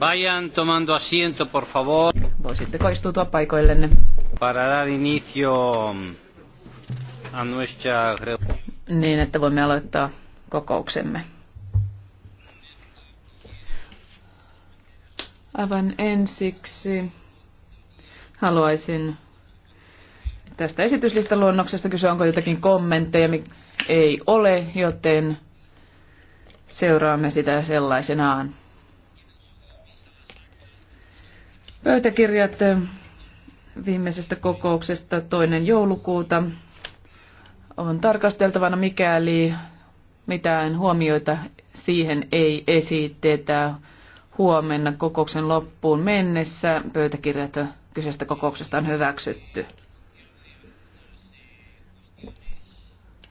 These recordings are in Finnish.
Vayan tomando asiento, por favor. Voisitteko istutua paikoillenne? Para dar inicio a nuestra... Niin, että voimme aloittaa kokouksemme. Aivan ensiksi haluaisin tästä esityslistaluonnoksesta kysyä, onko jotakin kommentteja, ei ole, joten seuraamme sitä sellaisenaan. Pöytäkirjat eh, viimeisestä kokouksesta toinen joulukuuta on tarkasteltavana, mikäli mitään huomioita siihen ei esitetä huomenna kokouksen loppuun mennessä. Pöytäkirjat kyseisestä kokouksesta on hyväksytty.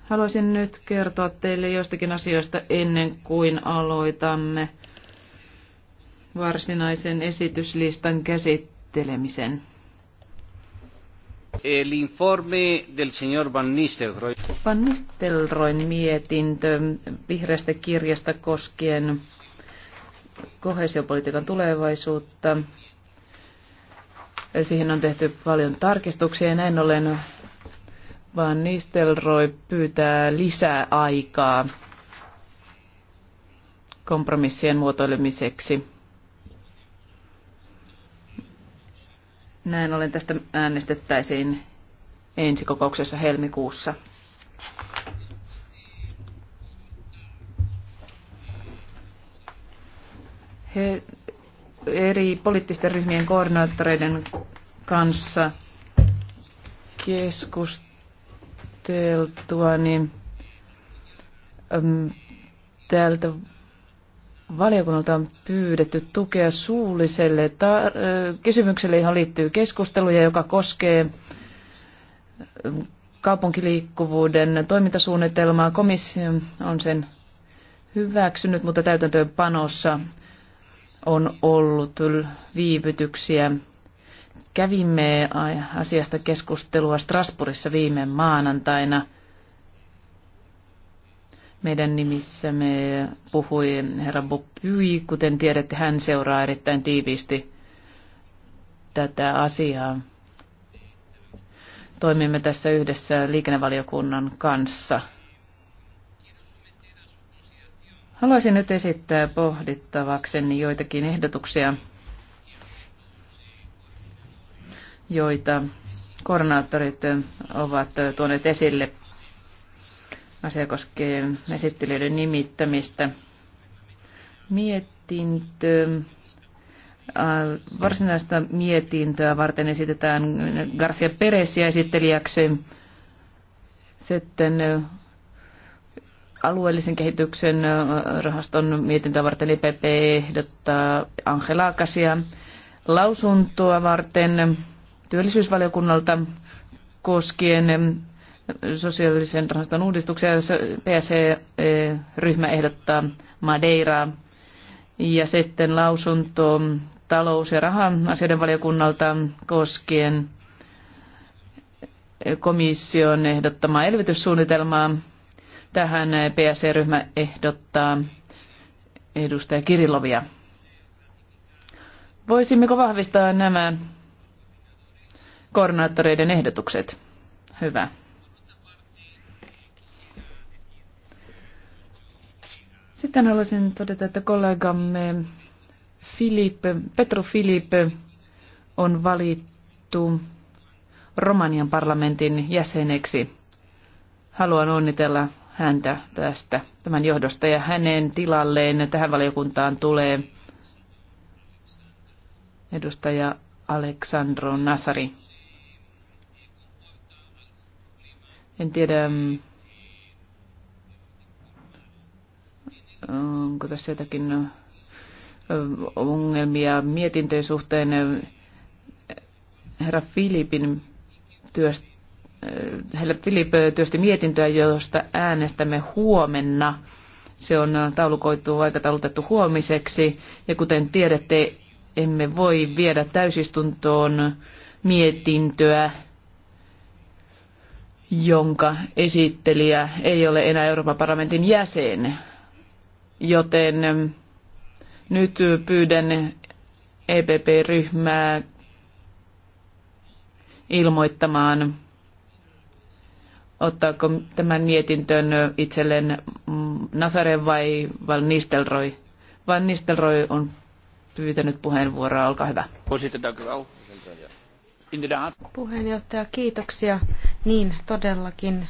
Haluaisin nyt kertoa teille jostakin asioista ennen kuin aloitamme varsinaisen esityslistan käsittelemisen. El informe del señor Van Nistelrooy. Van Nistelrooyn mietintö vihreästä kirjasta koskien kohesiopolitiikan tulevaisuutta. Siihen on tehty paljon tarkistuksia ja näin ollen Van Nistelrooy pyytää lisää aikaa kompromissien muotoilemiseksi. Näin ollen tästä äänestettäisiin ensi kokouksessa helmikuussa. He, eri poliittisten ryhmien koordinaattoreiden kanssa keskusteltua, niin äm, täältä valiokunnalta on pyydetty tukea suulliselle ta- kysymykselle, johon liittyy keskusteluja, joka koskee kaupunkiliikkuvuuden toimintasuunnitelmaa. Komissio on sen hyväksynyt, mutta täytäntöönpanossa on ollut viivytyksiä. Kävimme asiasta keskustelua Strasbourgissa viime maanantaina – meidän nimissämme puhui herra Bopyi. Kuten tiedätte, hän seuraa erittäin tiiviisti tätä asiaa. Toimimme tässä yhdessä liikennevaliokunnan kanssa. Haluaisin nyt esittää pohdittavakseni joitakin ehdotuksia, joita koordinaattorit ovat tuoneet esille Asia koskee esittelijöiden nimittämistä. Mietintö. Äh, varsinaista mietintöä varten esitetään Garcia Peresia esittelijäksi. Sitten äh, alueellisen kehityksen äh, rahaston mietintöä varten IPP e ehdottaa Angela Akasia. lausuntoa varten työllisyysvaliokunnalta koskien sosiaalisen rahaston uudistuksia. PSE-ryhmä ehdottaa Madeiraa. Ja sitten lausunto talous- ja raha-asioiden valiokunnalta koskien komission ehdottamaa elvytyssuunnitelmaa. Tähän PSE-ryhmä ehdottaa edustaja Kirilovia. Voisimmeko vahvistaa nämä koordinaattoreiden ehdotukset? Hyvä. Sitten haluaisin todeta, että kollegamme Filippe, Petro Filipe on valittu Romanian parlamentin jäseneksi. Haluan onnitella häntä tästä tämän johdosta ja hänen tilalleen tähän valiokuntaan tulee edustaja Aleksandro Nasari. En tiedä, Onko tässä jotakin ongelmia mietintöjen suhteen? Herra Filipin työstä Helle Filip työsti mietintöä, josta äänestämme huomenna. Se on taulukoitu aikataulutettu huomiseksi. Ja kuten tiedätte, emme voi viedä täysistuntoon mietintöä, jonka esittelijä ei ole enää Euroopan parlamentin jäsen joten nyt pyydän EPP-ryhmää ilmoittamaan, ottaako tämän mietintön itselleen Nazare vai Van Nistelrooy. Van Nistelrooy on pyytänyt puheenvuoroa, olkaa hyvä. Puheenjohtaja, kiitoksia. Niin, todellakin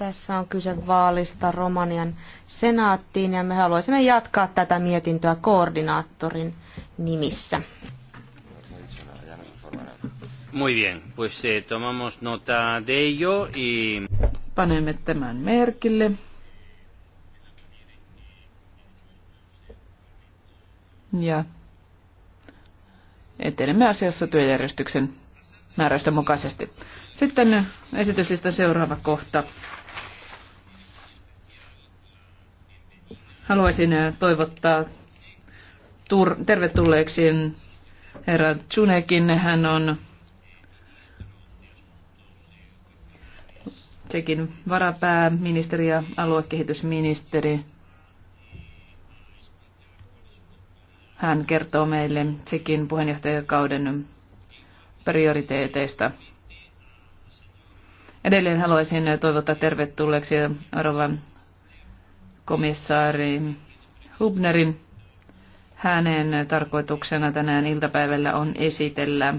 Tässä on kyse vaalista Romanian senaattiin ja me haluaisimme jatkaa tätä mietintöä koordinaattorin nimissä. Muy bien, pues eh, tomamos nota de ello y... Panemme tämän merkille. Ja etenemme asiassa työjärjestyksen määräysten mukaisesti. Sitten esityslistan seuraava kohta. Haluaisin äh, toivottaa tur- tervetulleeksi herra Tsunekin. Hän on Tsekin varapääministeri ja aluekehitysministeri. Hän kertoo meille Tsekin puheenjohtajakauden prioriteeteista. Edelleen haluaisin toivottaa tervetulleeksi Rovan komissaari Hubnerin. Hänen tarkoituksena tänään iltapäivällä on esitellä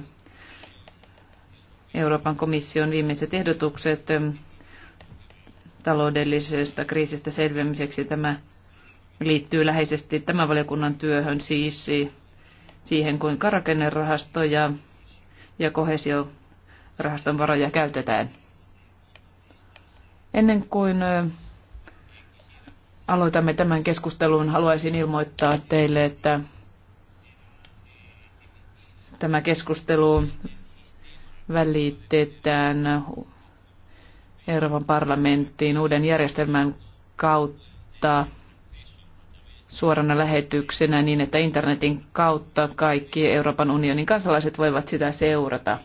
Euroopan komission viimeiset ehdotukset taloudellisesta kriisistä selviämiseksi. Tämä liittyy läheisesti tämän valiokunnan työhön, siis siihen kuinka ja, ja kohesiorahaston varoja käytetään. Ennen kuin aloitamme tämän keskustelun, haluaisin ilmoittaa teille, että tämä keskustelu välitetään Euroopan parlamenttiin uuden järjestelmän kautta suorana lähetyksenä niin, että internetin kautta kaikki Euroopan unionin kansalaiset voivat sitä seurata.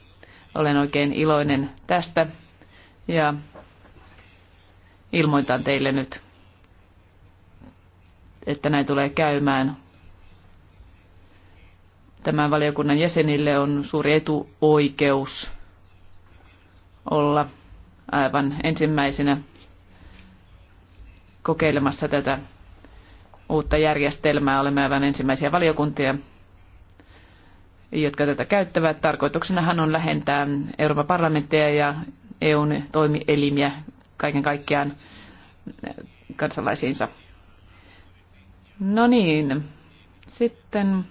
Olen oikein iloinen tästä ja ilmoitan teille nyt että näin tulee käymään. Tämän valiokunnan jäsenille on suuri etuoikeus olla aivan ensimmäisenä kokeilemassa tätä uutta järjestelmää. Olemme aivan ensimmäisiä valiokuntia, jotka tätä käyttävät. Tarkoituksenahan on lähentää Euroopan parlamenttia ja EUn toimielimiä kaiken kaikkiaan kansalaisiinsa. No niin, sitten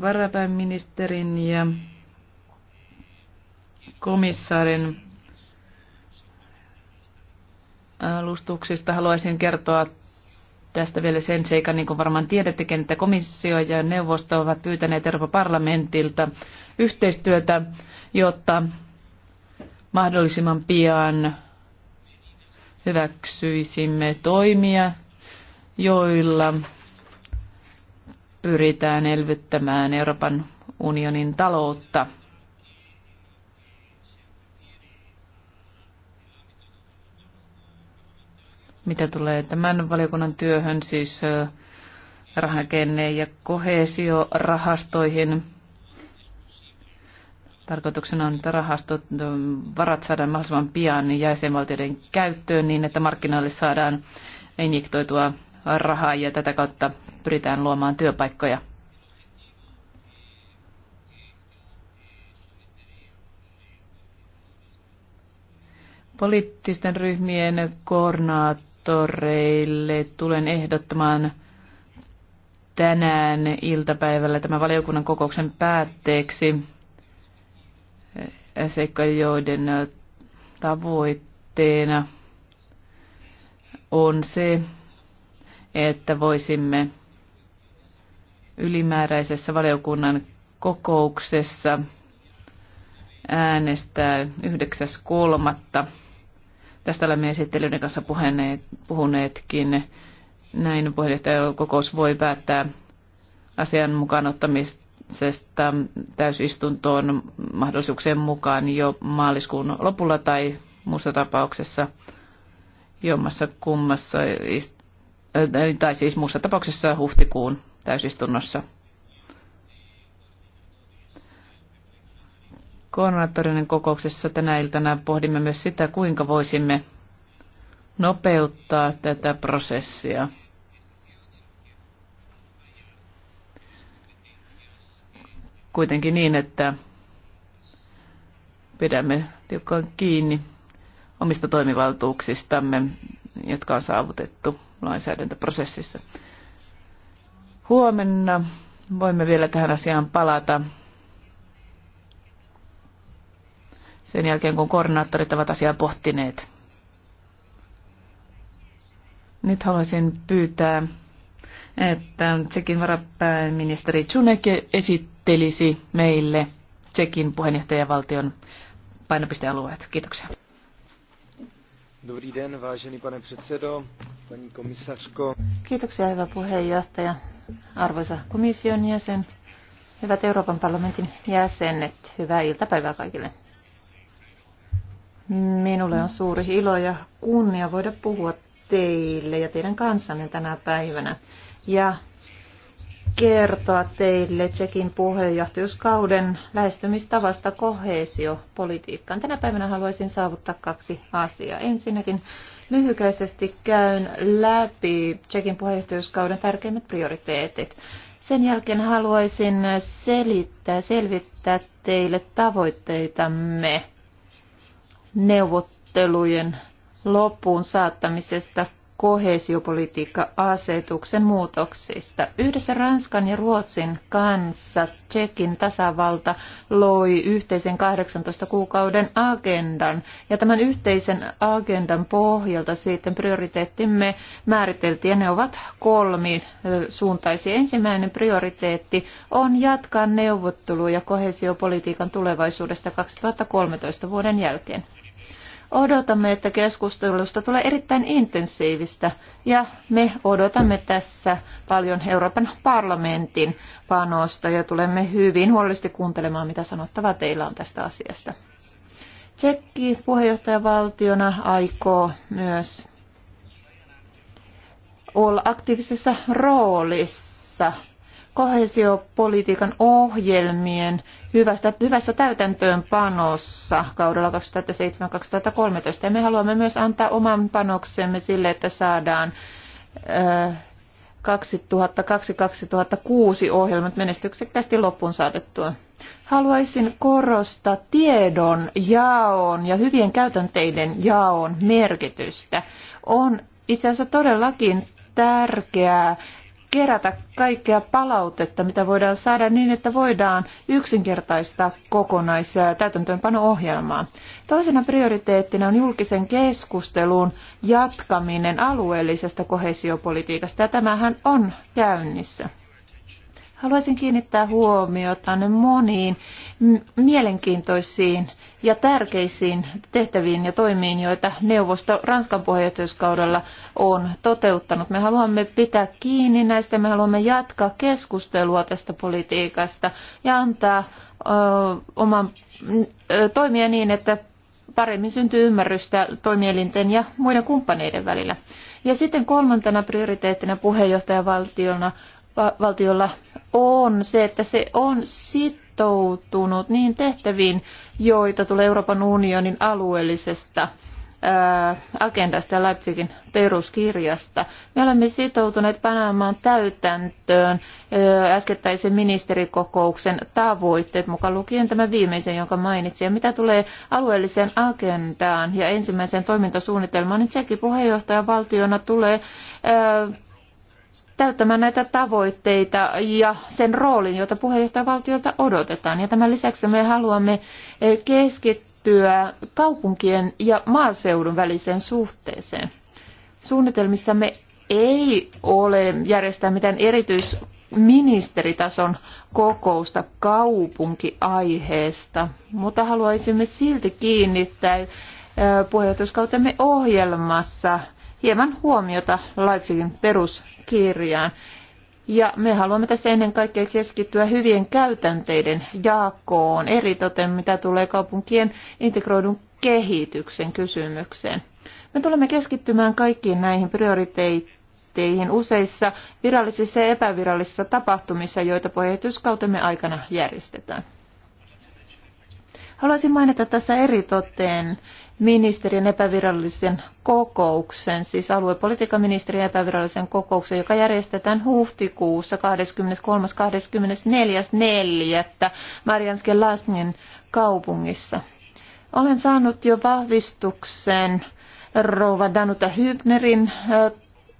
varapääministerin ja komissaarin alustuksista haluaisin kertoa tästä vielä sen seikan, niin kuin varmaan tiedättekin, että komissio ja neuvosto ovat pyytäneet Euroopan parlamentilta yhteistyötä, jotta mahdollisimman pian hyväksyisimme toimia, joilla pyritään elvyttämään Euroopan unionin taloutta. Mitä tulee tämän valiokunnan työhön, siis rahakenne- ja kohesiorahastoihin, Tarkoituksena on, että rahastot, varat saadaan mahdollisimman pian jäsenvaltioiden käyttöön niin, että markkinoille saadaan injektoitua rahaa ja tätä kautta pyritään luomaan työpaikkoja. Poliittisten ryhmien koordinaattoreille tulen ehdottamaan tänään iltapäivällä tämän valiokunnan kokouksen päätteeksi seikkajoiden tavoitteena on se, että voisimme ylimääräisessä valiokunnan kokouksessa äänestää 9.3. Tästä olemme esittelyiden kanssa puhuneet, puhuneetkin. Näin puheenjohtajakokous voi päättää asian mukaan ottamisesta täysistuntoon mahdollisuuksien mukaan jo maaliskuun lopulla tai muussa tapauksessa jommassa kummassa tai siis muussa tapauksessa huhtikuun täysistunnossa. Koordinaattorinen kokouksessa tänä iltana pohdimme myös sitä, kuinka voisimme nopeuttaa tätä prosessia. Kuitenkin niin, että pidämme tiukkaan kiinni omista toimivaltuuksistamme jotka on saavutettu lainsäädäntöprosessissa. Huomenna voimme vielä tähän asiaan palata sen jälkeen, kun koordinaattorit ovat asiaa pohtineet. Nyt haluaisin pyytää, että Tsekin varapääministeri Chunek esittelisi meille Tsekin puheenjohtajavaltion painopistealueet. Kiitoksia. Dobrý den, vážený pane předsedo, paní komisařko. Kiitoksia, hyvä puheenjohtaja, arvoisa komission jäsen, hyvät Euroopan parlamentin jäsenet, hyvää iltapäivää kaikille. Minulle on suuri ilo ja kunnia voida puhua teille ja teidän kanssanne tänä päivänä. Ja kertoa teille Tsekin puheenjohtajuuskauden lähestymistavasta kohesiopolitiikkaan. Tänä päivänä haluaisin saavuttaa kaksi asiaa. Ensinnäkin lyhykäisesti käyn läpi Tsekin puheenjohtajuuskauden tärkeimmät prioriteetit. Sen jälkeen haluaisin selittää, selvittää teille tavoitteitamme neuvottelujen loppuun saattamisesta koheesiopolitiikka asetuksen muutoksista. Yhdessä Ranskan ja Ruotsin kanssa Tsekin tasavalta loi yhteisen 18 kuukauden agendan. Ja tämän yhteisen agendan pohjalta sitten prioriteettimme määriteltiin ja ne ovat kolmi suuntaisia. Ensimmäinen prioriteetti on jatkaa neuvotteluja koheesiopolitiikan tulevaisuudesta 2013 vuoden jälkeen. Odotamme, että keskustelusta tulee erittäin intensiivistä ja me odotamme tässä paljon Euroopan parlamentin panosta ja tulemme hyvin huolellisesti kuuntelemaan, mitä sanottavaa teillä on tästä asiasta. Tsekki puheenjohtajavaltiona aikoo myös olla aktiivisessa roolissa kohesiopolitiikan ohjelmien hyvästä, hyvässä täytäntöönpanossa kaudella 2007-2013. Ja me haluamme myös antaa oman panoksemme sille, että saadaan 2002-2006 ohjelmat menestyksekkäästi loppuun saatettua. Haluaisin korostaa tiedon jaon ja hyvien käytänteiden jaon merkitystä. On itse asiassa todellakin tärkeää kerätä kaikkea palautetta, mitä voidaan saada niin, että voidaan yksinkertaistaa kokonais- ja täytäntöönpano-ohjelmaa. Toisena prioriteettina on julkisen keskustelun jatkaminen alueellisesta kohesiopolitiikasta, ja tämähän on käynnissä. Haluaisin kiinnittää huomiota moniin mielenkiintoisiin ja tärkeisiin tehtäviin ja toimiin, joita neuvosto Ranskan puheenjohtajuuskaudella on toteuttanut. Me haluamme pitää kiinni näistä, me haluamme jatkaa keskustelua tästä politiikasta ja antaa ö, oman, ö, toimia niin, että paremmin syntyy ymmärrystä toimielinten ja muiden kumppaneiden välillä. Ja sitten kolmantena prioriteettina puheenjohtajavaltiona valtiolla on se, että se on sitoutunut niihin tehtäviin, joita tulee Euroopan unionin alueellisesta agendasta ja Leipzigin peruskirjasta. Me olemme sitoutuneet Panamaan täytäntöön äskettäisen ministerikokouksen tavoitteet, mukaan lukien tämä viimeisen, jonka mainitsin. Ja mitä tulee alueelliseen agendaan ja ensimmäiseen toimintasuunnitelmaan, niin Tsekin puheenjohtajavaltiona tulee täyttämään näitä tavoitteita ja sen roolin, jota puheenjohtajavaltiolta odotetaan. Ja tämän lisäksi me haluamme eh, keskittyä kaupunkien ja maaseudun väliseen suhteeseen. Suunnitelmissamme ei ole järjestää mitään erityisministeritason kokousta kaupunkiaiheesta, mutta haluaisimme silti kiinnittää eh, puheenjohtajuuskautemme ohjelmassa – hieman huomiota Leipzigin peruskirjaan. Ja me haluamme tässä ennen kaikkea keskittyä hyvien käytänteiden jaakoon, eritoten mitä tulee kaupunkien integroidun kehityksen kysymykseen. Me tulemme keskittymään kaikkiin näihin prioriteetteihin useissa virallisissa ja epävirallisissa tapahtumissa, joita puheenjohtajuuskautemme aikana järjestetään. Haluaisin mainita tässä eritoten ministerin epävirallisen kokouksen, siis aluepolitiikan ministerin epävirallisen kokouksen, joka järjestetään huhtikuussa 23.–24.4. Marianske Lasnin kaupungissa. Olen saanut jo vahvistuksen rouva Danuta Hübnerin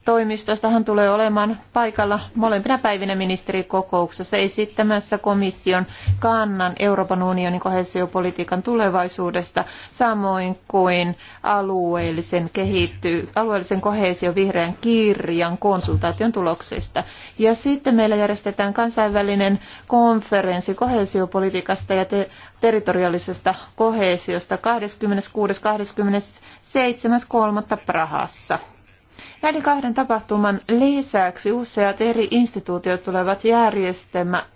toimistostahan tulee olemaan paikalla molempina päivinä ministerikokouksessa esittämässä komission kannan Euroopan unionin kohesiopolitiikan tulevaisuudesta, samoin kuin alueellisen, kehitty, alueellisen kohesion vihreän kirjan konsultaation tuloksista. Ja sitten meillä järjestetään kansainvälinen konferenssi kohesiopolitiikasta ja te- territoriaalisesta kohesiosta kolmatta Prahassa. Näiden kahden tapahtuman lisäksi useat eri instituutiot tulevat järjestämään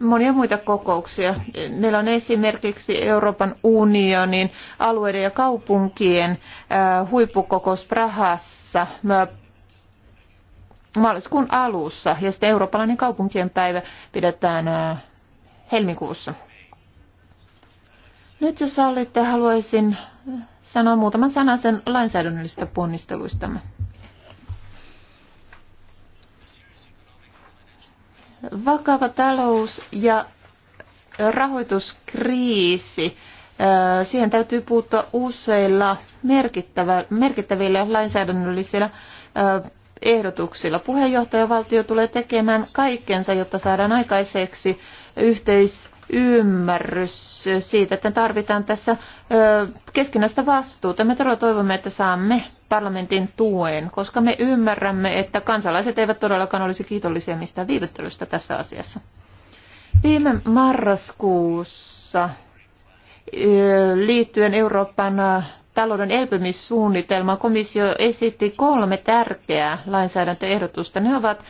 monia muita kokouksia. Meillä on esimerkiksi Euroopan unionin alueiden ja kaupunkien äh, huippukokous Prahassa äh, maaliskuun alussa ja sitten eurooppalainen kaupunkien päivä pidetään äh, helmikuussa. Nyt jos sallitte, haluaisin sanoa muutaman sanan sen lainsäädännöllisistä ponnisteluistamme. Vakava talous ja rahoituskriisi. Siihen täytyy puuttua useilla merkittävillä lainsäädännöllisillä ehdotuksilla. Puheenjohtajavaltio tulee tekemään kaikkensa, jotta saadaan aikaiseksi yhteis ymmärrys siitä, että tarvitaan tässä keskinäistä vastuuta. Me todella toivomme, että saamme parlamentin tuen, koska me ymmärrämme, että kansalaiset eivät todellakaan olisi kiitollisia mistään viivyttelystä tässä asiassa. Viime marraskuussa liittyen Euroopan talouden elpymissuunnitelma komissio esitti kolme tärkeää lainsäädäntöehdotusta. Ne, ovat,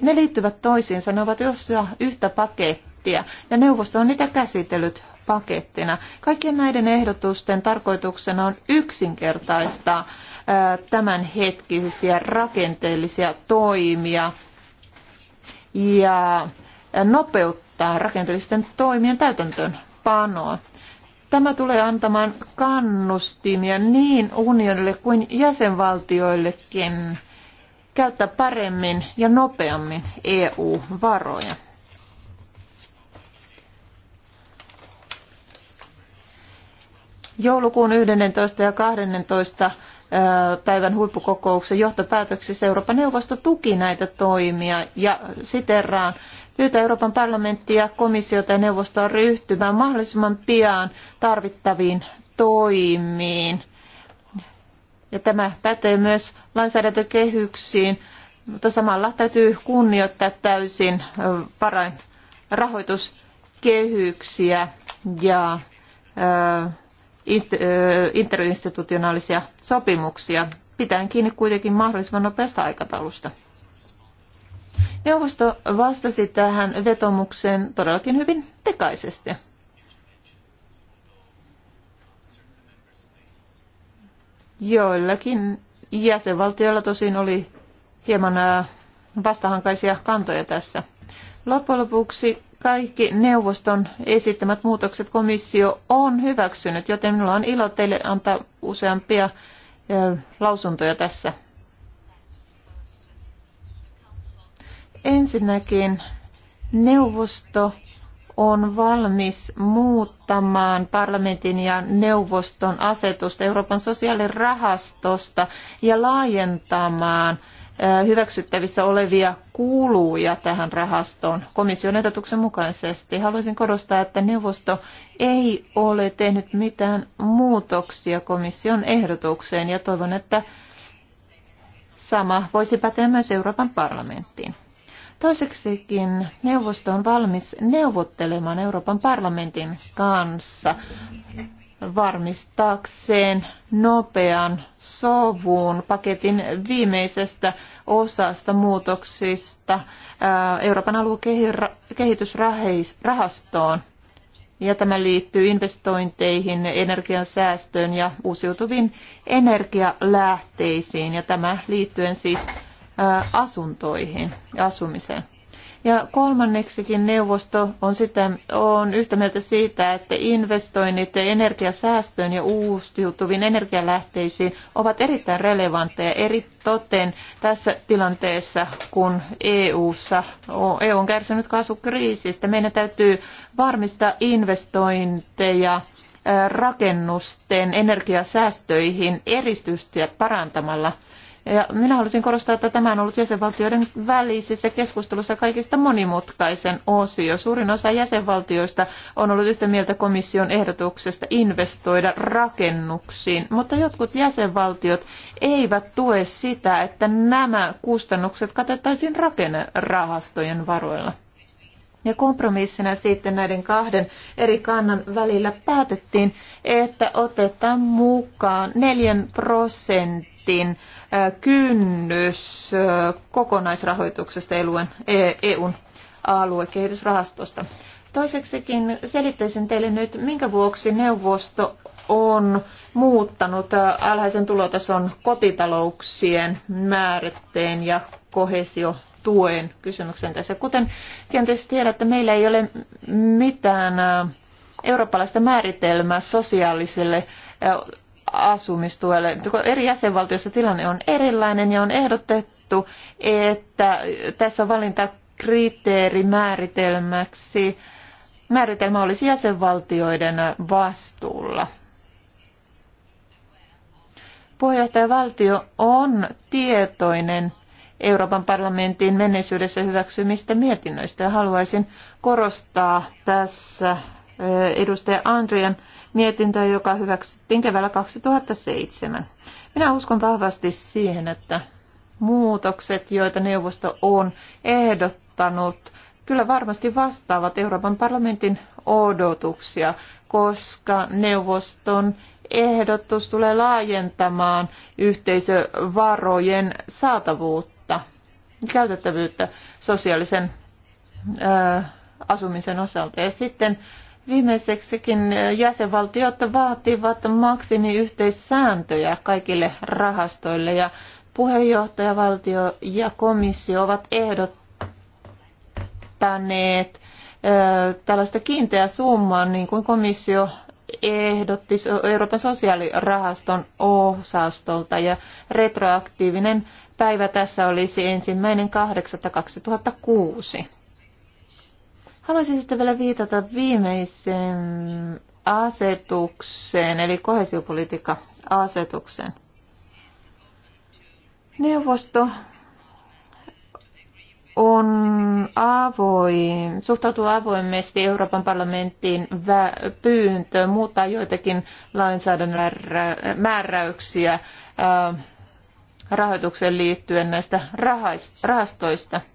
ne liittyvät toisiinsa, ne ovat osa yhtä pakettia pakettia, ja neuvosto on niitä käsitellyt pakettina. Kaikkien näiden ehdotusten tarkoituksena on yksinkertaistaa tämänhetkisiä rakenteellisia toimia ja nopeuttaa rakenteellisten toimien täytäntöönpanoa. Tämä tulee antamaan kannustimia niin unionille kuin jäsenvaltioillekin käyttää paremmin ja nopeammin EU-varoja. Joulukuun 11. ja 12. päivän huippukokouksen johtopäätöksissä Euroopan neuvosto tuki näitä toimia ja siteraan pyytää Euroopan parlamenttia, komissiota ja neuvostoa ryhtymään mahdollisimman pian tarvittaviin toimiin. Ja tämä pätee myös lainsäädäntökehyksiin, mutta samalla täytyy kunnioittaa täysin parain rahoituskehyksiä ja interinstitutionaalisia sopimuksia, pitäen kiinni kuitenkin mahdollisimman nopeasta aikataulusta. Neuvosto vastasi tähän vetomukseen todellakin hyvin tekaisesti. Joillakin jäsenvaltioilla tosin oli hieman vastahankaisia kantoja tässä. Loppujen lopuksi kaikki neuvoston esittämät muutokset komissio on hyväksynyt, joten minulla on ilo teille antaa useampia lausuntoja tässä. Ensinnäkin neuvosto on valmis muuttamaan parlamentin ja neuvoston asetusta Euroopan sosiaalirahastosta ja laajentamaan hyväksyttävissä olevia kuuluja tähän rahastoon komission ehdotuksen mukaisesti. Haluaisin korostaa, että neuvosto ei ole tehnyt mitään muutoksia komission ehdotukseen ja toivon, että sama voisi päteä myös Euroopan parlamenttiin. Toiseksikin neuvosto on valmis neuvottelemaan Euroopan parlamentin kanssa varmistaakseen nopean sovun paketin viimeisestä osasta muutoksista äh, Euroopan aluekehitysrahastoon. Ja tämä liittyy investointeihin, energiansäästöön ja uusiutuviin energialähteisiin ja tämä liittyen siis äh, asuntoihin ja asumiseen. Ja kolmanneksikin neuvosto on, sitä, on yhtä mieltä siitä, että investoinnit energiasäästöön ja uusiutuviin energialähteisiin ovat erittäin relevantteja eri toten tässä tilanteessa, kun EU-ssa, EU on kärsinyt kasvukriisistä. Meidän täytyy varmistaa investointeja rakennusten energiasäästöihin eristystä parantamalla ja minä haluaisin korostaa, että tämä on ollut jäsenvaltioiden välisissä keskustelussa kaikista monimutkaisen osio. Suurin osa jäsenvaltioista on ollut yhtä mieltä komission ehdotuksesta investoida rakennuksiin, mutta jotkut jäsenvaltiot eivät tue sitä, että nämä kustannukset katettaisiin rakennerahastojen varoilla. Ja kompromissina sitten näiden kahden eri kannan välillä päätettiin, että otetaan mukaan 4 prosentin asetettiin kynnys kokonaisrahoituksesta EUn e, e aluekehitysrahastosta. Toiseksikin selittäisin teille nyt, minkä vuoksi neuvosto on muuttanut alhaisen tulotason kotitalouksien määritteen ja kohesiotuen kysymyksen tässä. Kuten kenties tiedätte, meillä ei ole mitään eurooppalaista määritelmää sosiaaliselle asumistuelle. Eri jäsenvaltioissa tilanne on erilainen ja on ehdotettu, että tässä on valintakriteeri määritelmäksi. Määritelmä olisi jäsenvaltioiden vastuulla. Puheenjohtajavaltio on tietoinen Euroopan parlamentin menneisyydessä hyväksymistä mietinnöistä. Haluaisin korostaa tässä eh, edustaja Andrian mietintöä, joka hyväksyttiin keväällä 2007. Minä uskon vahvasti siihen, että muutokset, joita neuvosto on ehdottanut, kyllä varmasti vastaavat Euroopan parlamentin odotuksia, koska neuvoston ehdotus tulee laajentamaan yhteisövarojen saatavuutta ja käytettävyyttä sosiaalisen ö, asumisen osalta. Ja sitten Viimeiseksikin äh, jäsenvaltiot vaativat maksimiyhteissääntöjä kaikille rahastoille ja puheenjohtajavaltio ja komissio ovat ehdottaneet äh, tällaista kiinteää summaa, niin kuin komissio ehdotti Euroopan sosiaalirahaston osastolta ja retroaktiivinen päivä tässä olisi ensimmäinen 8.2006. Haluaisin sitten vielä viitata viimeiseen asetukseen, eli kohesiopolitiikka asetukseen. Neuvosto on avoin, suhtautuu avoimesti Euroopan parlamenttiin pyyntöön muuttaa joitakin lainsäädännön määräyksiä rahoitukseen liittyen näistä rahastoista –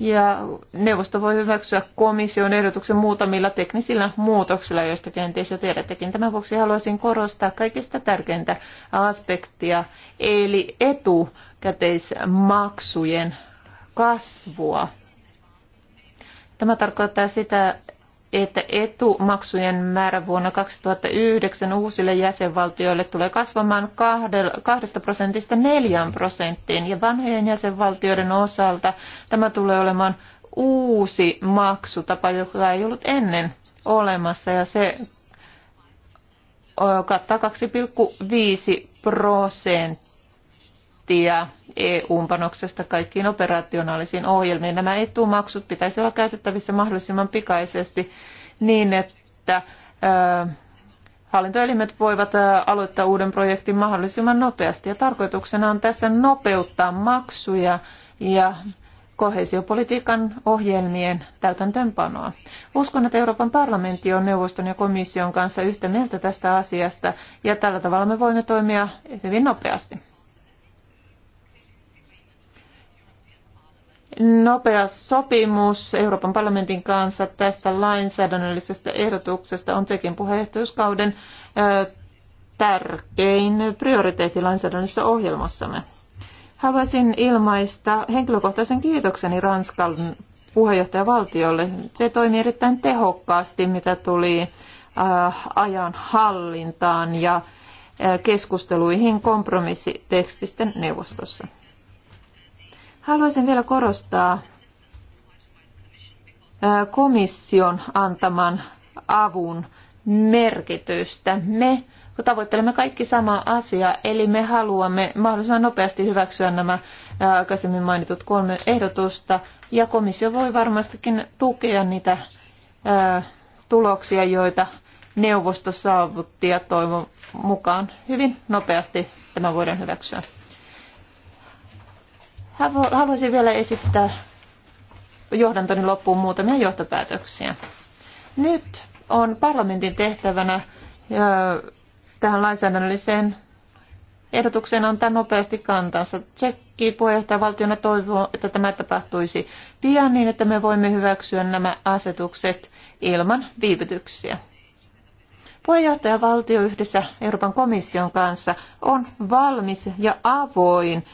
ja neuvosto voi hyväksyä komission ehdotuksen muutamilla teknisillä muutoksilla, joista kenties jo tiedättekin. Tämän vuoksi haluaisin korostaa kaikista tärkeintä aspektia, eli etukäteismaksujen kasvua. Tämä tarkoittaa sitä, että etumaksujen määrä vuonna 2009 uusille jäsenvaltioille tulee kasvamaan 2 prosentista 4 prosenttiin ja vanhojen jäsenvaltioiden osalta tämä tulee olemaan uusi maksutapa, joka ei ollut ennen olemassa ja se kattaa 2,5 prosenttia prosenttia EU-panoksesta kaikkiin operationaalisiin ohjelmiin. Nämä etumaksut pitäisi olla käytettävissä mahdollisimman pikaisesti niin, että hallintoelimet voivat aloittaa uuden projektin mahdollisimman nopeasti. Ja tarkoituksena on tässä nopeuttaa maksuja ja kohesiopolitiikan ohjelmien täytäntöönpanoa. Uskon, että Euroopan parlamentti on neuvoston ja komission kanssa yhtä mieltä tästä asiasta ja tällä tavalla me voimme toimia hyvin nopeasti. nopea sopimus Euroopan parlamentin kanssa tästä lainsäädännöllisestä ehdotuksesta on Tsekin puheenjohtajuuskauden tärkein prioriteetti lainsäädännössä ohjelmassamme. Haluaisin ilmaista henkilökohtaisen kiitokseni Ranskan puheenjohtajavaltiolle. Se toimi erittäin tehokkaasti, mitä tuli ajan hallintaan ja keskusteluihin kompromissitekstisten neuvostossa. Haluaisin vielä korostaa komission antaman avun merkitystä. Me tavoittelemme kaikki samaa asiaa, eli me haluamme mahdollisimman nopeasti hyväksyä nämä aikaisemmin mainitut kolme ehdotusta, ja komissio voi varmastikin tukea niitä tuloksia, joita neuvosto saavutti, ja toivon mukaan hyvin nopeasti tämä voidaan hyväksyä. Haluaisin vielä esittää johdantoni loppuun muutamia johtopäätöksiä. Nyt on parlamentin tehtävänä tähän lainsäädännölliseen ehdotukseen antaa nopeasti kantansa. Tsekki puheenjohtajavaltiona toivoo, että tämä tapahtuisi pian niin, että me voimme hyväksyä nämä asetukset ilman viivytyksiä. Puheenjohtajavaltio yhdessä Euroopan komission kanssa on valmis ja avoin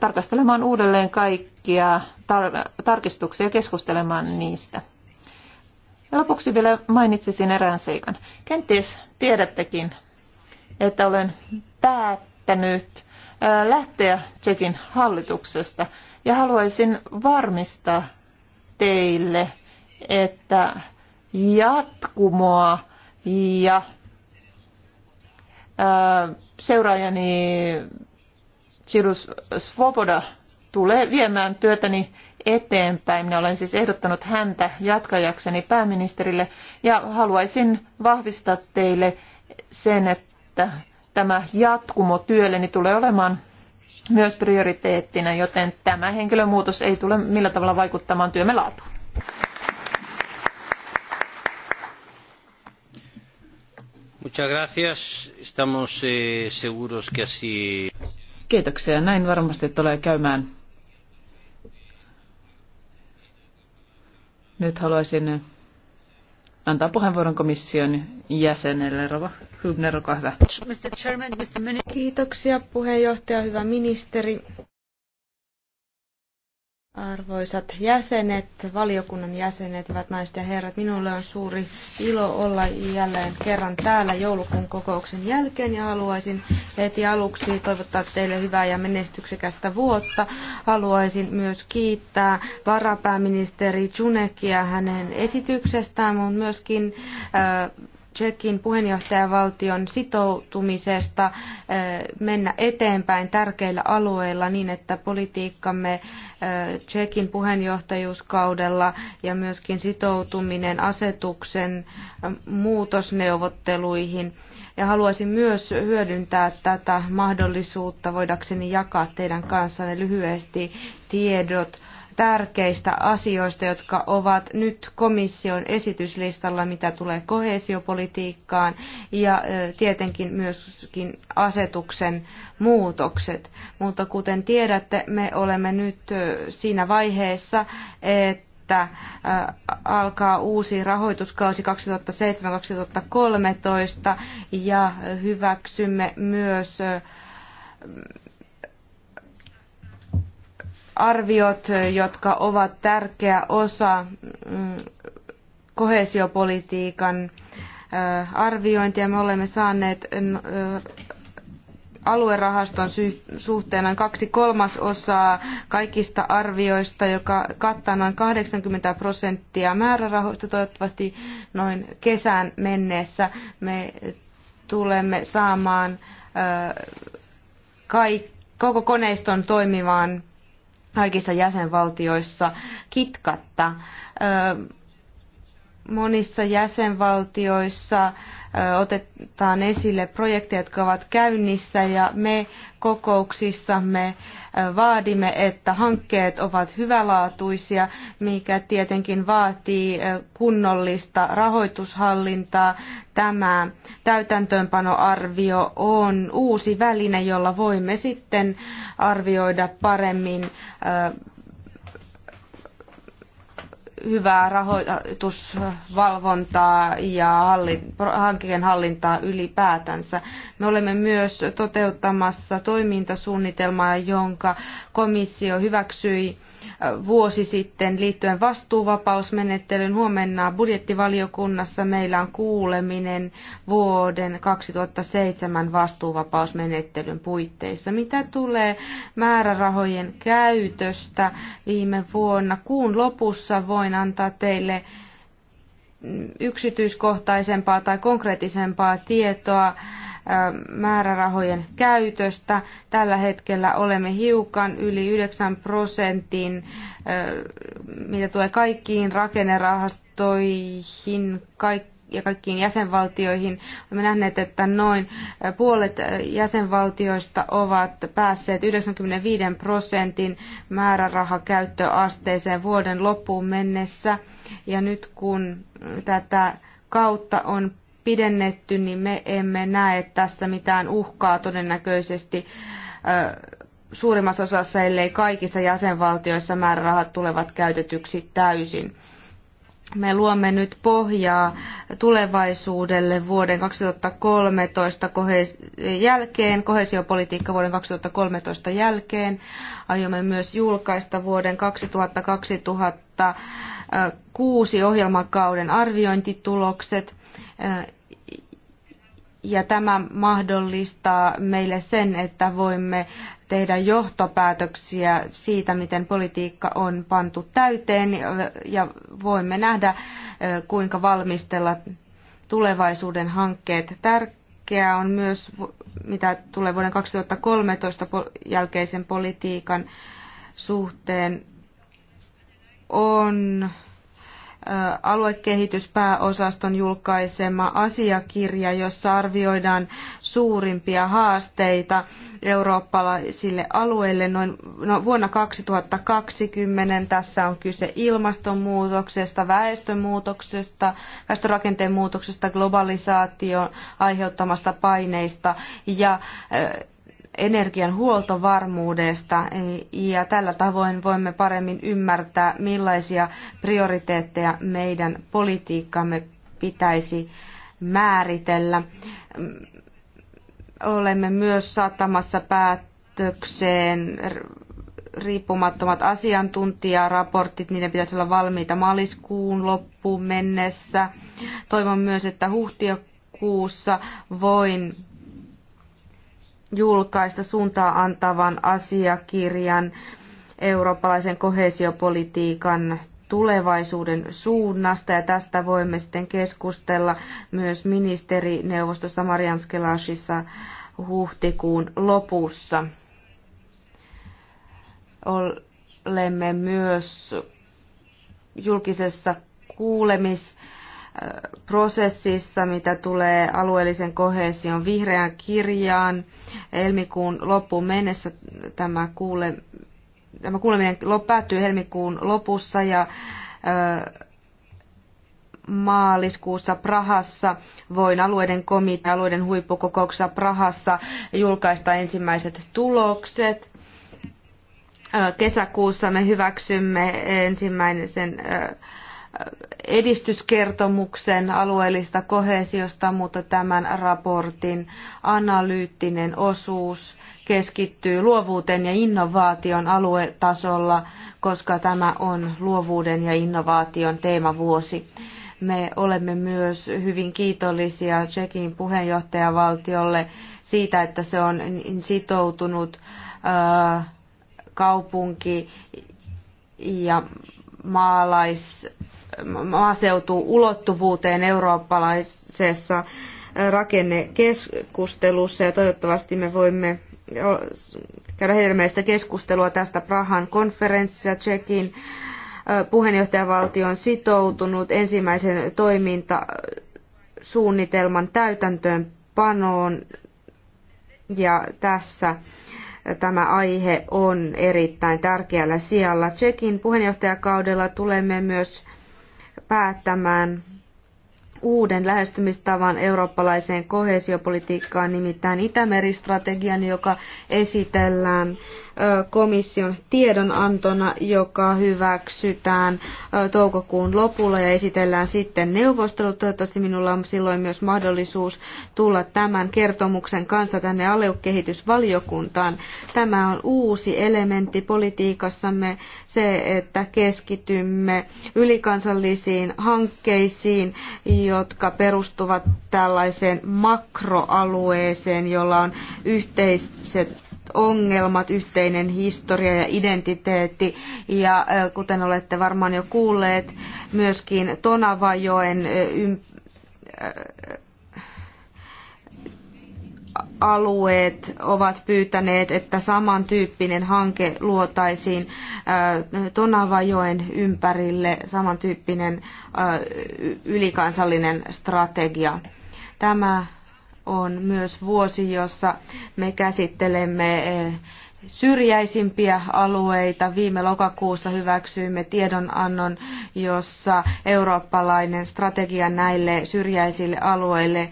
tarkastelemaan uudelleen kaikkia tar- tarkistuksia ja keskustelemaan niistä. Ja lopuksi vielä mainitsisin erään seikan. Kenties tiedättekin, että olen päättänyt lähteä Tsekin hallituksesta ja haluaisin varmistaa teille, että jatkumoa ja seuraajani Chirus Svoboda tulee viemään työtäni eteenpäin. Minä olen siis ehdottanut häntä jatkajakseni pääministerille ja haluaisin vahvistaa teille sen, että tämä jatkumo työlleni tulee olemaan myös prioriteettina, joten tämä henkilömuutos ei tule millä tavalla vaikuttamaan työmme laatuun. Eh, Kiitoksia. Näin varmasti tulee käymään. Nyt haluaisin antaa puheenvuoron komission jäsenelle. Rova Hübner, olkaa hyvä. Kiitoksia puheenjohtaja, hyvä ministeri. Arvoisat jäsenet, valiokunnan jäsenet, hyvät naiset ja herrat, minulle on suuri ilo olla jälleen kerran täällä joulukuun kokouksen jälkeen ja haluaisin heti aluksi toivottaa teille hyvää ja menestyksekästä vuotta. Haluaisin myös kiittää varapääministeri Junekia hänen esityksestään, mutta myöskin äh, Tsekin puheenjohtajavaltion sitoutumisesta eh, mennä eteenpäin tärkeillä alueilla niin, että politiikkamme eh, Tsekin puheenjohtajuuskaudella ja myöskin sitoutuminen asetuksen eh, muutosneuvotteluihin. Ja haluaisin myös hyödyntää tätä mahdollisuutta voidakseni jakaa teidän kanssanne lyhyesti tiedot tärkeistä asioista, jotka ovat nyt komission esityslistalla, mitä tulee kohesiopolitiikkaan ja tietenkin myöskin asetuksen muutokset. Mutta kuten tiedätte, me olemme nyt siinä vaiheessa, että että alkaa uusi rahoituskausi 2007-2013 ja hyväksymme myös arviot, jotka ovat tärkeä osa mm, kohesiopolitiikan äh, arviointia. Me olemme saaneet äh, aluerahaston suhteen noin kaksi kolmasosaa kaikista arvioista, joka kattaa noin 80 prosenttia määrärahoista toivottavasti noin kesään mennessä. Me tulemme saamaan äh, koko koneiston toimimaan kaikissa jäsenvaltioissa kitkatta. Monissa jäsenvaltioissa otetaan esille projekteja, jotka ovat käynnissä ja me kokouksissamme vaadimme, että hankkeet ovat hyvälaatuisia, mikä tietenkin vaatii kunnollista rahoitushallintaa. Tämä täytäntöönpanoarvio on uusi väline, jolla voimme sitten arvioida paremmin hyvää rahoitusvalvontaa ja hallin, hankkeen hallintaa ylipäätänsä. Me olemme myös toteuttamassa toimintasuunnitelmaa, jonka komissio hyväksyi vuosi sitten liittyen vastuuvapausmenettelyyn. Huomenna budjettivaliokunnassa meillä on kuuleminen vuoden 2007 vastuuvapausmenettelyn puitteissa. Mitä tulee määrärahojen käytöstä viime vuonna? Kuun lopussa voin antaa teille yksityiskohtaisempaa tai konkreettisempaa tietoa määrärahojen käytöstä. Tällä hetkellä olemme hiukan yli 9 prosentin, mitä tulee kaikkiin rakennerahastoihin, ja kaikkiin jäsenvaltioihin. Olemme nähneet, että noin puolet jäsenvaltioista ovat päässeet 95 prosentin määrärahakäyttöasteeseen vuoden loppuun mennessä. Ja nyt kun tätä kautta on pidennetty, niin me emme näe tässä mitään uhkaa todennäköisesti suurimmassa osassa, ellei kaikissa jäsenvaltioissa määrärahat tulevat käytetyksi täysin. Me luomme nyt pohjaa tulevaisuudelle vuoden 2013 jälkeen, kohesiopolitiikka vuoden 2013 jälkeen. Aiomme myös julkaista vuoden 2000 2006 ohjelmakauden arviointitulokset ja tämä mahdollistaa meille sen, että voimme tehdä johtopäätöksiä siitä, miten politiikka on pantu täyteen ja voimme nähdä, kuinka valmistella tulevaisuuden hankkeet. Tärkeää on myös, mitä tulee vuoden 2013 jälkeisen politiikan suhteen, on aluekehityspääosaston julkaisema asiakirja, jossa arvioidaan suurimpia haasteita eurooppalaisille alueille noin no, vuonna 2020. Tässä on kyse ilmastonmuutoksesta, väestönmuutoksesta, väestörakenteen muutoksesta, globalisaation aiheuttamasta paineista ja äh, energian huoltovarmuudesta e, ja tällä tavoin voimme paremmin ymmärtää, millaisia prioriteetteja meidän politiikkamme pitäisi määritellä. Olemme myös saattamassa päätökseen riippumattomat asiantuntijaraportit, niiden pitäisi olla valmiita maaliskuun loppuun mennessä. Toivon myös, että huhtikuussa voin julkaista suuntaa antavan asiakirjan eurooppalaisen kohesiopolitiikan tulevaisuuden suunnasta ja tästä voimme sitten keskustella myös ministerineuvostossa Marianskelasissa huhtikuun lopussa. Olemme myös julkisessa kuulemis- prosessissa, mitä tulee alueellisen kohesion vihreään kirjaan. Helmikuun loppuun mennessä tämä, kuule, tämä kuuleminen päättyy helmikuun lopussa ja maaliskuussa Prahassa. Voin alueiden komitea, alueiden huippukokouksessa Prahassa julkaista ensimmäiset tulokset. Kesäkuussa me hyväksymme ensimmäisen edistyskertomuksen alueellista kohesiosta, mutta tämän raportin analyyttinen osuus keskittyy luovuuteen ja innovaation aluetasolla, koska tämä on luovuuden ja innovaation teemavuosi. Me olemme myös hyvin kiitollisia Tsekin puheenjohtajavaltiolle siitä, että se on sitoutunut kaupunki- ja maalais- maaseutuulottuvuuteen eurooppalaisessa rakennekeskustelussa ja toivottavasti me voimme käydä hedelmällistä keskustelua tästä Prahan konferenssissa Tsekin puheenjohtajavaltio on sitoutunut ensimmäisen toimintasuunnitelman täytäntöönpanoon ja tässä tämä aihe on erittäin tärkeällä sijalla. Tsekin puheenjohtajakaudella tulemme myös päättämään uuden lähestymistavan eurooppalaiseen kohesiopolitiikkaan, nimittäin Itämeri-strategian, joka esitellään komission tiedonantona, joka hyväksytään toukokuun lopulla ja esitellään sitten neuvostelut. Toivottavasti minulla on silloin myös mahdollisuus tulla tämän kertomuksen kanssa tänne aluekehitysvaliokuntaan. Tämä on uusi elementti politiikassamme, se, että keskitymme ylikansallisiin hankkeisiin, jotka perustuvat tällaiseen makroalueeseen, jolla on yhteiset ongelmat, yhteinen historia ja identiteetti. Ja kuten olette varmaan jo kuulleet, myöskin Tonavajoen ymp- alueet ovat pyytäneet, että samantyyppinen hanke luotaisiin Tonavajoen ympärille, samantyyppinen ylikansallinen strategia. Tämä on myös vuosi, jossa me käsittelemme eh, syrjäisimpiä alueita. Viime lokakuussa hyväksyimme tiedonannon, jossa eurooppalainen strategia näille syrjäisille alueille eh,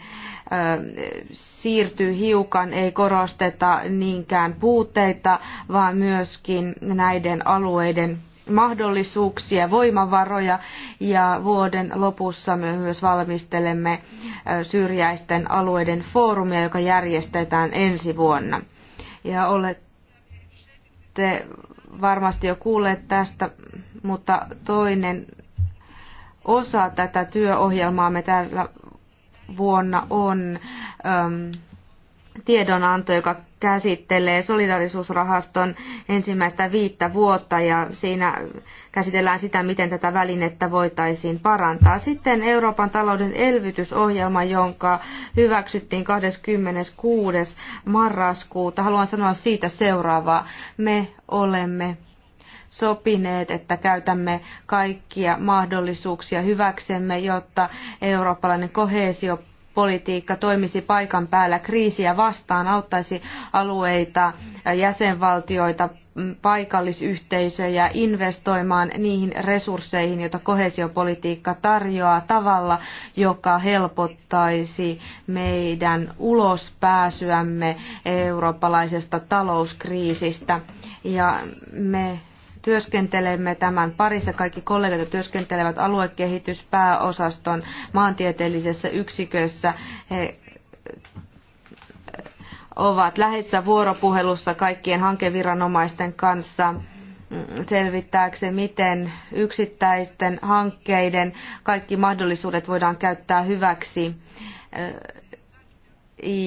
siirtyy hiukan, ei korosteta niinkään puutteita, vaan myöskin näiden alueiden mahdollisuuksia, voimavaroja ja vuoden lopussa me myös valmistelemme syrjäisten alueiden foorumia, joka järjestetään ensi vuonna. Ja olette varmasti jo kuulleet tästä, mutta toinen osa tätä työohjelmaa me tällä vuonna on äm, tiedonanto, joka käsittelee solidarisuusrahaston ensimmäistä viittä vuotta ja siinä käsitellään sitä, miten tätä välinettä voitaisiin parantaa. Sitten Euroopan talouden elvytysohjelma, jonka hyväksyttiin 26. marraskuuta. Haluan sanoa siitä seuraavaa. Me olemme sopineet, että käytämme kaikkia mahdollisuuksia hyväksemme, jotta eurooppalainen kohesio politiikka toimisi paikan päällä kriisiä vastaan, auttaisi alueita, jäsenvaltioita, mm, paikallisyhteisöjä investoimaan niihin resursseihin, joita kohesiopolitiikka tarjoaa tavalla, joka helpottaisi meidän ulospääsyämme eurooppalaisesta talouskriisistä. Ja me työskentelemme tämän parissa. Kaikki kollegat työskentelevät aluekehityspääosaston maantieteellisessä yksikössä. He eh, ovat läheisessä vuoropuhelussa kaikkien hankeviranomaisten kanssa mm, selvittääkseen, miten yksittäisten hankkeiden kaikki mahdollisuudet voidaan käyttää hyväksi eh,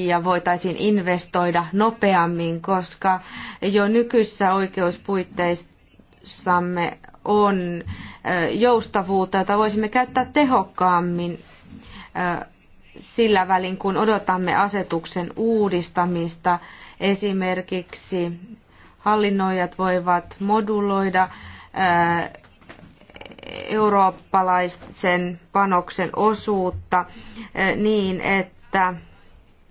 ja voitaisiin investoida nopeammin, koska jo nykyisissä oikeuspuitteissa työssämme on joustavuutta, jota voisimme käyttää tehokkaammin sillä välin, kun odotamme asetuksen uudistamista. Esimerkiksi hallinnoijat voivat moduloida eurooppalaisen panoksen osuutta niin, että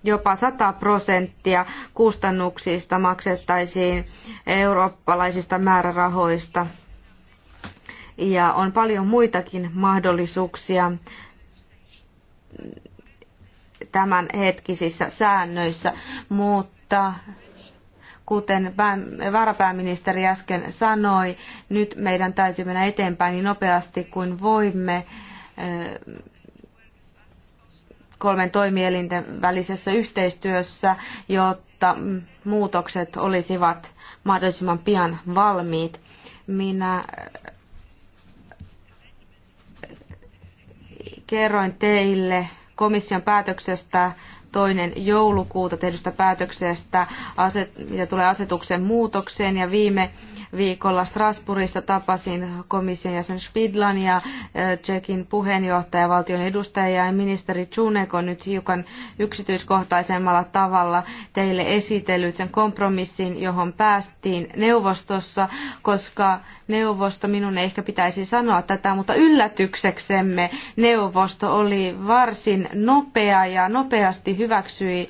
jopa 100 prosenttia kustannuksista maksettaisiin eurooppalaisista määrärahoista. Ja on paljon muitakin mahdollisuuksia tämänhetkisissä säännöissä, mutta kuten varapääministeri äsken sanoi, nyt meidän täytyy mennä eteenpäin niin nopeasti kuin voimme kolmen toimielinten välisessä yhteistyössä, jotta muutokset olisivat mahdollisimman pian valmiit. Minä äh, kerroin teille komission päätöksestä toinen joulukuuta tehdystä päätöksestä, mitä tulee asetuksen muutokseen ja viime viikolla Strasbourgissa tapasin komission jäsen Spidlan ja Tsekin puheenjohtaja, valtion edustaja ja ministeri Chuneko nyt hiukan yksityiskohtaisemmalla tavalla teille esitellyt sen kompromissin, johon päästiin neuvostossa, koska neuvosto, minun ei ehkä pitäisi sanoa tätä, mutta yllätykseksemme neuvosto oli varsin nopea ja nopeasti hyväksyi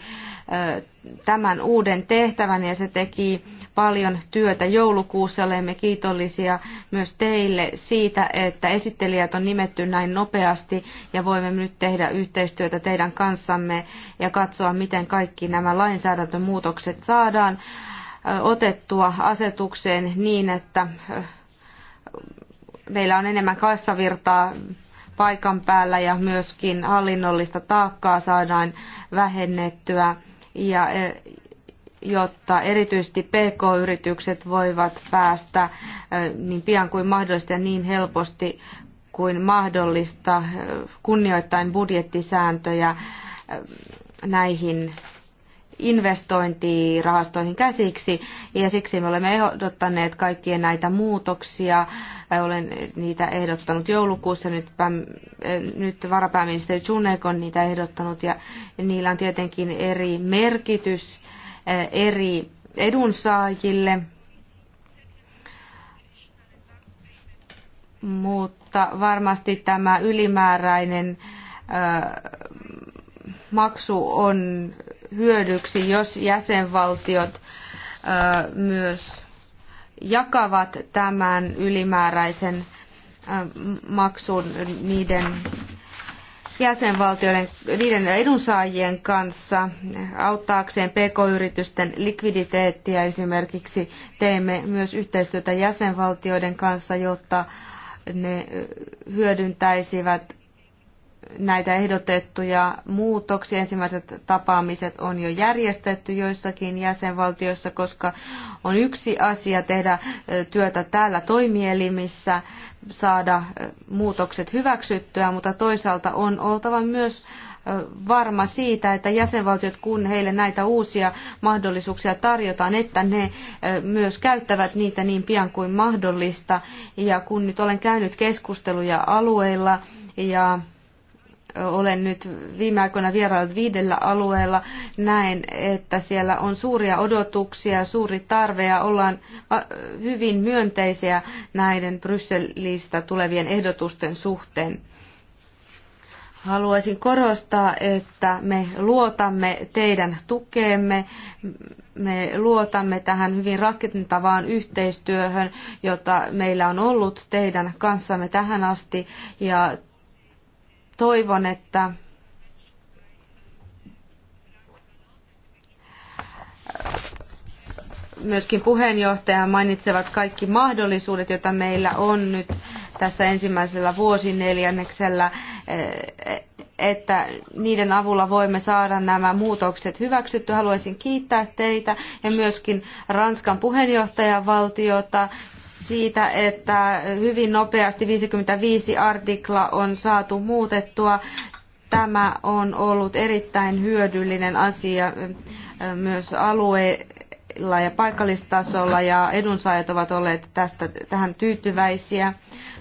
tämän uuden tehtävän ja se teki paljon työtä joulukuussa. Olemme kiitollisia myös teille siitä, että esittelijät on nimetty näin nopeasti ja voimme nyt tehdä yhteistyötä teidän kanssamme ja katsoa, miten kaikki nämä lainsäädäntömuutokset saadaan otettua asetukseen niin, että meillä on enemmän kassavirtaa paikan päällä ja myöskin hallinnollista taakkaa saadaan vähennettyä ja jotta erityisesti PK-yritykset voivat päästä niin pian kuin mahdollista ja niin helposti kuin mahdollista kunnioittain budjettisääntöjä näihin investointirahastoihin käsiksi ja siksi me olemme ehdottaneet kaikkia näitä muutoksia. Olen niitä ehdottanut joulukuussa, nyt, nyt varapääministeri Junek on niitä ehdottanut ja niillä on tietenkin eri merkitys Eh, eri edunsaajille, mutta varmasti tämä ylimääräinen eh, maksu on hyödyksi, jos jäsenvaltiot eh, myös jakavat tämän ylimääräisen maksun niiden jäsenvaltioiden, niiden edunsaajien kanssa auttaakseen pk-yritysten likviditeettiä esimerkiksi. Teemme myös yhteistyötä jäsenvaltioiden kanssa, jotta ne hyödyntäisivät näitä ehdotettuja muutoksia. Ensimmäiset tapaamiset on jo järjestetty joissakin jäsenvaltioissa, koska on yksi asia tehdä työtä täällä toimielimissä, saada muutokset hyväksyttyä, mutta toisaalta on oltava myös varma siitä, että jäsenvaltiot, kun heille näitä uusia mahdollisuuksia tarjotaan, että ne myös käyttävät niitä niin pian kuin mahdollista. Ja kun nyt olen käynyt keskusteluja alueilla ja olen nyt viime aikoina vieraillut viidellä alueella. Näen, että siellä on suuria odotuksia, suuri tarve ja ollaan hyvin myönteisiä näiden Brysselistä tulevien ehdotusten suhteen. Haluaisin korostaa, että me luotamme teidän tukeemme, me luotamme tähän hyvin rakentavaan yhteistyöhön, jota meillä on ollut teidän kanssamme tähän asti, ja Toivon, että äh, myöskin puheenjohtaja mainitsevat kaikki mahdollisuudet, joita meillä on nyt tässä ensimmäisellä vuosineljänneksellä, äh, että niiden avulla voimme saada nämä muutokset hyväksytty. Haluaisin kiittää teitä ja myöskin Ranskan puheenjohtajavaltiota siitä, että hyvin nopeasti 55 artikla on saatu muutettua. Tämä on ollut erittäin hyödyllinen asia myös alueilla ja paikallistasolla ja edunsaajat ovat olleet tästä, tähän tyytyväisiä.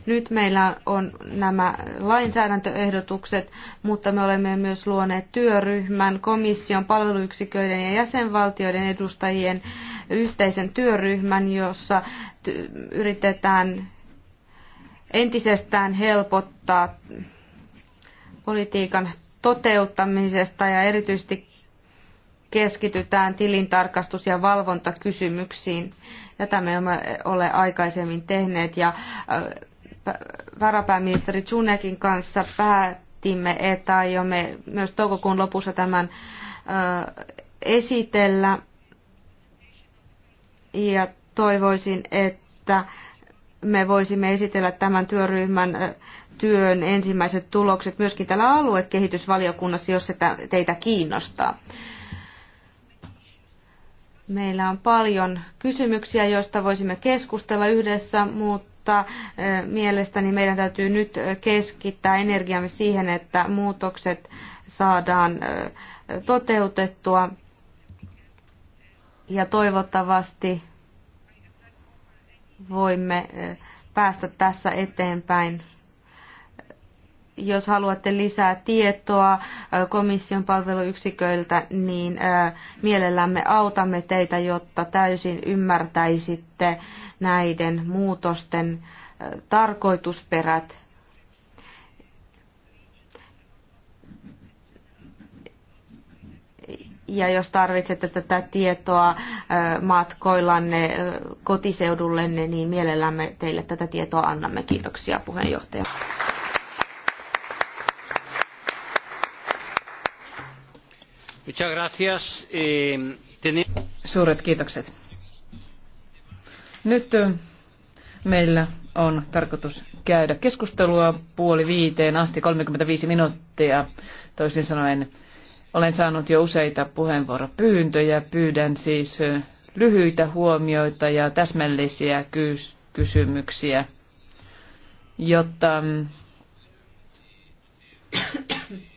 Nyt meillä on nämä lainsäädäntöehdotukset, mutta me olemme myös luoneet työryhmän komission palveluyksiköiden ja jäsenvaltioiden edustajien yhteisen työryhmän, jossa yritetään entisestään helpottaa politiikan toteuttamisesta ja erityisesti keskitytään tilintarkastus- ja valvontakysymyksiin. Tätä me emme ole aikaisemmin tehneet ja varapääministeri Junekin kanssa päätimme, että aiomme myös toukokuun lopussa tämän esitellä ja toivoisin, että me voisimme esitellä tämän työryhmän työn ensimmäiset tulokset myöskin täällä aluekehitysvaliokunnassa, jos se teitä kiinnostaa. Meillä on paljon kysymyksiä, joista voisimme keskustella yhdessä, mutta mielestäni meidän täytyy nyt keskittää energiamme siihen, että muutokset saadaan toteutettua ja toivottavasti voimme eh, päästä tässä eteenpäin. Jos haluatte lisää tietoa eh, komission palveluyksiköiltä, niin eh, mielellämme autamme teitä, jotta täysin ymmärtäisitte näiden muutosten tarkoitusperät Ja jos tarvitsette tätä tietoa matkoillanne kotiseudullenne, niin mielellämme teille tätä tietoa annamme. Kiitoksia puheenjohtaja. Eh, Suuret kiitokset. Nyt meillä on tarkoitus käydä keskustelua puoli viiteen asti 35 minuuttia, toisin sanoen olen saanut jo useita puheenvuoropyyntöjä. Pyydän siis lyhyitä huomioita ja täsmällisiä kysymyksiä, jotta mm,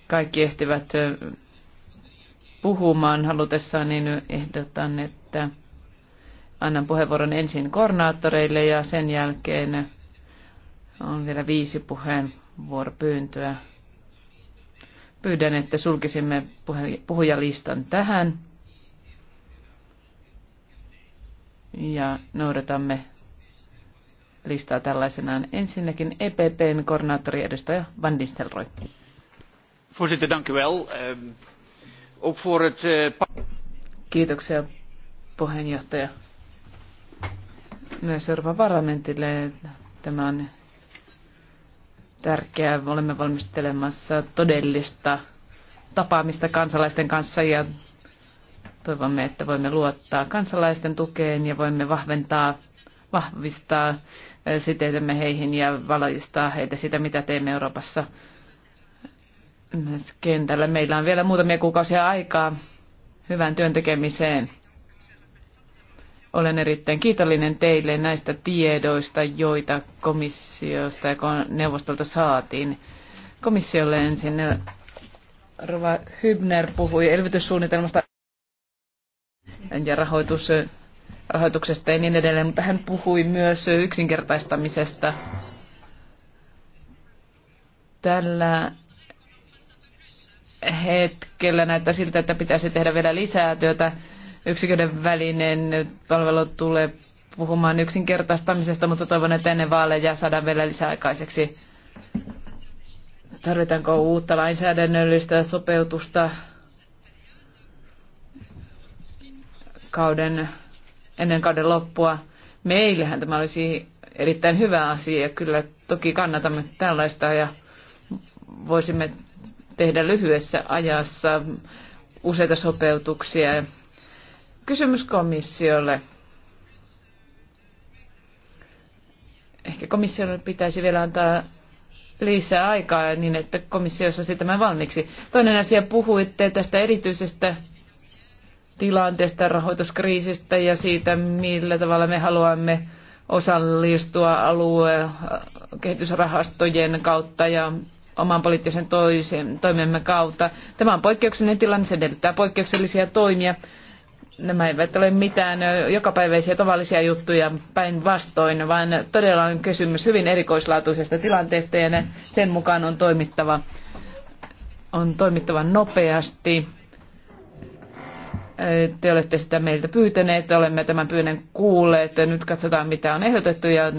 kaikki ehtivät puhumaan halutessaan, niin ehdotan, että annan puheenvuoron ensin koordinaattoreille ja sen jälkeen on vielä viisi puheenvuoropyyntöä Pyydän, että sulkisimme puhujalistan tähän ja noudatamme listaa tällaisenaan. Ensinnäkin EPPn koordinaattori edustaja Van Dinstelroy. Voorzitter, dank u wel. Ehm, ook voor het... Eh, Kiitoksia puheenjohtaja. Myös Euroopan parlamentille tämä on tärkeää. Olemme valmistelemassa todellista tapaamista kansalaisten kanssa ja toivomme, että voimme luottaa kansalaisten tukeen ja voimme vahventaa, vahvistaa siteitämme heihin ja valoistaa heitä sitä, mitä teemme Euroopassa myös kentällä. Meillä on vielä muutamia kuukausia aikaa hyvän työn tekemiseen. Olen erittäin kiitollinen teille näistä tiedoista, joita komissiosta ja neuvostolta saatiin. Komissiolle ensin Rova Hybner puhui elvytyssuunnitelmasta ja rahoitus, rahoituksesta ja niin edelleen, mutta hän puhui myös yksinkertaistamisesta. Tällä hetkellä näyttää siltä, että pitäisi tehdä vielä lisää työtä yksiköiden välinen palvelu tulee puhumaan yksinkertaistamisesta, mutta toivon, että ennen vaaleja saadaan vielä lisäaikaiseksi. Tarvitaanko uutta lainsäädännöllistä sopeutusta kauden, ennen kauden loppua? Meillähän tämä olisi erittäin hyvä asia. Kyllä toki kannatamme tällaista ja voisimme tehdä lyhyessä ajassa useita sopeutuksia Kysymys komissiolle. Ehkä komissiolle pitäisi vielä antaa lisää aikaa niin, että komissio saisi tämän valmiiksi. Toinen asia, puhuitte tästä erityisestä tilanteesta, rahoituskriisistä ja siitä, millä tavalla me haluamme osallistua alue kehitysrahastojen kautta ja oman poliittisen toisen, toimemme kautta. Tämä on poikkeuksellinen tilanne, se edellyttää poikkeuksellisia toimia nämä eivät ole mitään jokapäiväisiä tavallisia juttuja päinvastoin, vaan todella on kysymys hyvin erikoislaatuisesta tilanteesta ja sen mukaan on toimittava, on toimittava nopeasti. Te olette sitä meiltä pyytäneet, olemme tämän pyynnön kuulleet. Nyt katsotaan, mitä on ehdotettu ja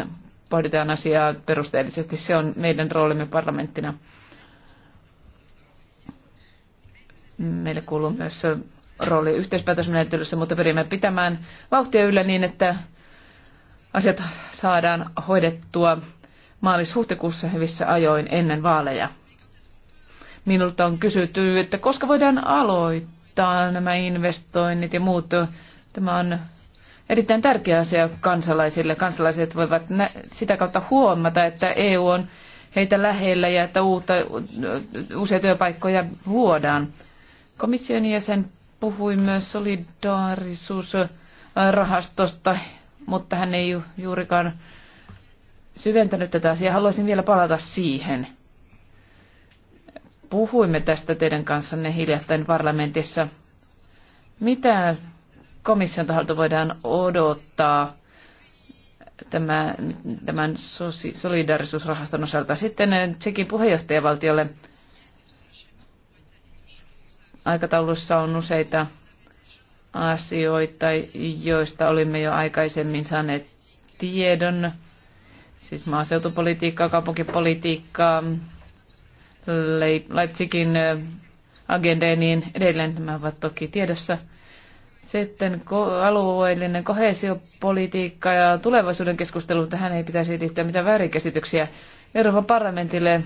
pohditaan asiaa perusteellisesti. Se on meidän roolimme parlamenttina. Meille kuuluu myös rooli yhteispäätösmenettelyssä, mutta pyrimme pitämään vauhtia yllä niin, että asiat saadaan hoidettua maalis-huhtikuussa hyvissä ajoin ennen vaaleja. Minulta on kysytty, että koska voidaan aloittaa nämä investoinnit ja muut. Tämä on erittäin tärkeä asia kansalaisille. Kansalaiset voivat sitä kautta huomata, että EU on heitä lähellä ja että uutta, uusia työpaikkoja luodaan. Komission jäsen puhui myös solidaarisuusrahastosta, mutta hän ei juurikaan syventänyt tätä asiaa. Haluaisin vielä palata siihen. Puhuimme tästä teidän kanssanne hiljattain parlamentissa. Mitä komission taholta voidaan odottaa tämän, tämän solidaarisuusrahaston osalta? Sitten Tsekin puheenjohtajavaltiolle aikataulussa on useita asioita, joista olimme jo aikaisemmin saaneet tiedon, siis maaseutupolitiikkaa, kaupunkipolitiikkaa, Leipzigin agenda ja niin edelleen. Nämä ovat toki tiedossa. Sitten alueellinen kohesiopolitiikka ja tulevaisuuden keskustelu, tähän ei pitäisi liittyä mitään väärinkäsityksiä. Euroopan parlamentille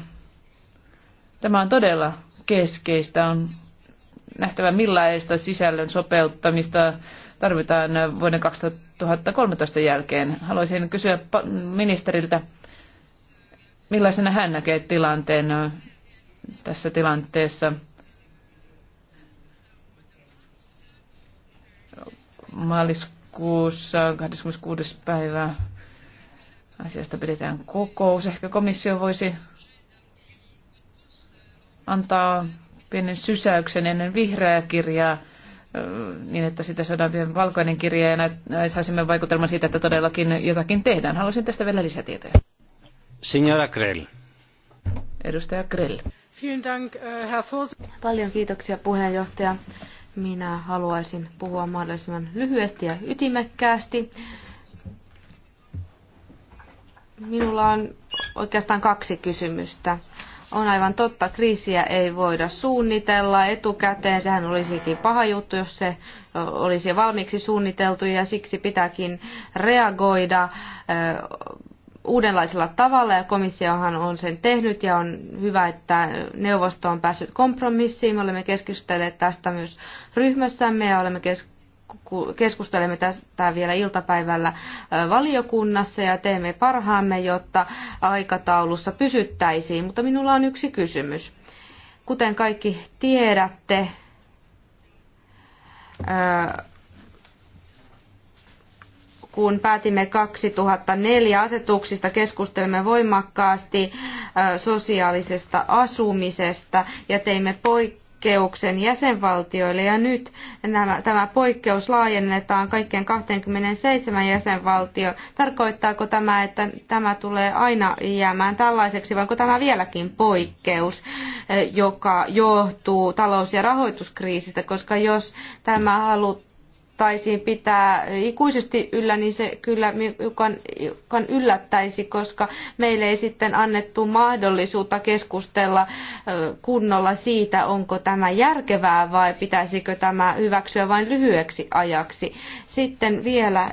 tämä on todella keskeistä. On nähtävä millaista sisällön sopeuttamista tarvitaan vuoden 2013 jälkeen. Haluaisin kysyä ministeriltä, millaisena hän näkee tilanteen tässä tilanteessa. Maaliskuussa 26. päivä asiasta pidetään kokous. Ehkä komissio voisi antaa pienen sysäyksen ennen vihreää kirjaa niin, että sitä saadaan vielä valkoinen kirja ja saisimme vaikutelman siitä, että todellakin jotakin tehdään. Haluaisin tästä vielä lisätietoja. Signora Grell. Edustaja Grell. Äh, Paljon kiitoksia puheenjohtaja. Minä haluaisin puhua mahdollisimman lyhyesti ja ytimekkäästi. Minulla on oikeastaan kaksi kysymystä. On aivan totta, kriisiä ei voida suunnitella etukäteen. Sehän olisikin paha juttu, jos se olisi valmiiksi suunniteltu ja siksi pitääkin reagoida uudenlaisella tavalla ja komissiohan on sen tehnyt ja on hyvä, että neuvosto on päässyt kompromissiin. Me olemme keskustelleet tästä myös ryhmässämme ja olemme keskustelleet keskustelemme tästä vielä iltapäivällä valiokunnassa ja teemme parhaamme, jotta aikataulussa pysyttäisiin. Mutta minulla on yksi kysymys. Kuten kaikki tiedätte, kun päätimme 2004 asetuksista, keskustelimme voimakkaasti sosiaalisesta asumisesta ja teimme poikkeuksia poikkeuksen jäsenvaltioille ja nyt nämä, tämä poikkeus laajennetaan kaikkien 27 jäsenvaltioon. Tarkoittaako tämä, että tämä tulee aina jäämään tällaiseksi vai onko tämä vieläkin poikkeus, eh, joka johtuu talous- ja rahoituskriisistä, koska jos tämä halutaan haluttaisiin pitää ikuisesti yllä, niin se kyllä hiukan yllättäisi, koska meille ei sitten annettu mahdollisuutta keskustella kunnolla siitä, onko tämä järkevää vai pitäisikö tämä hyväksyä vain lyhyeksi ajaksi. Sitten vielä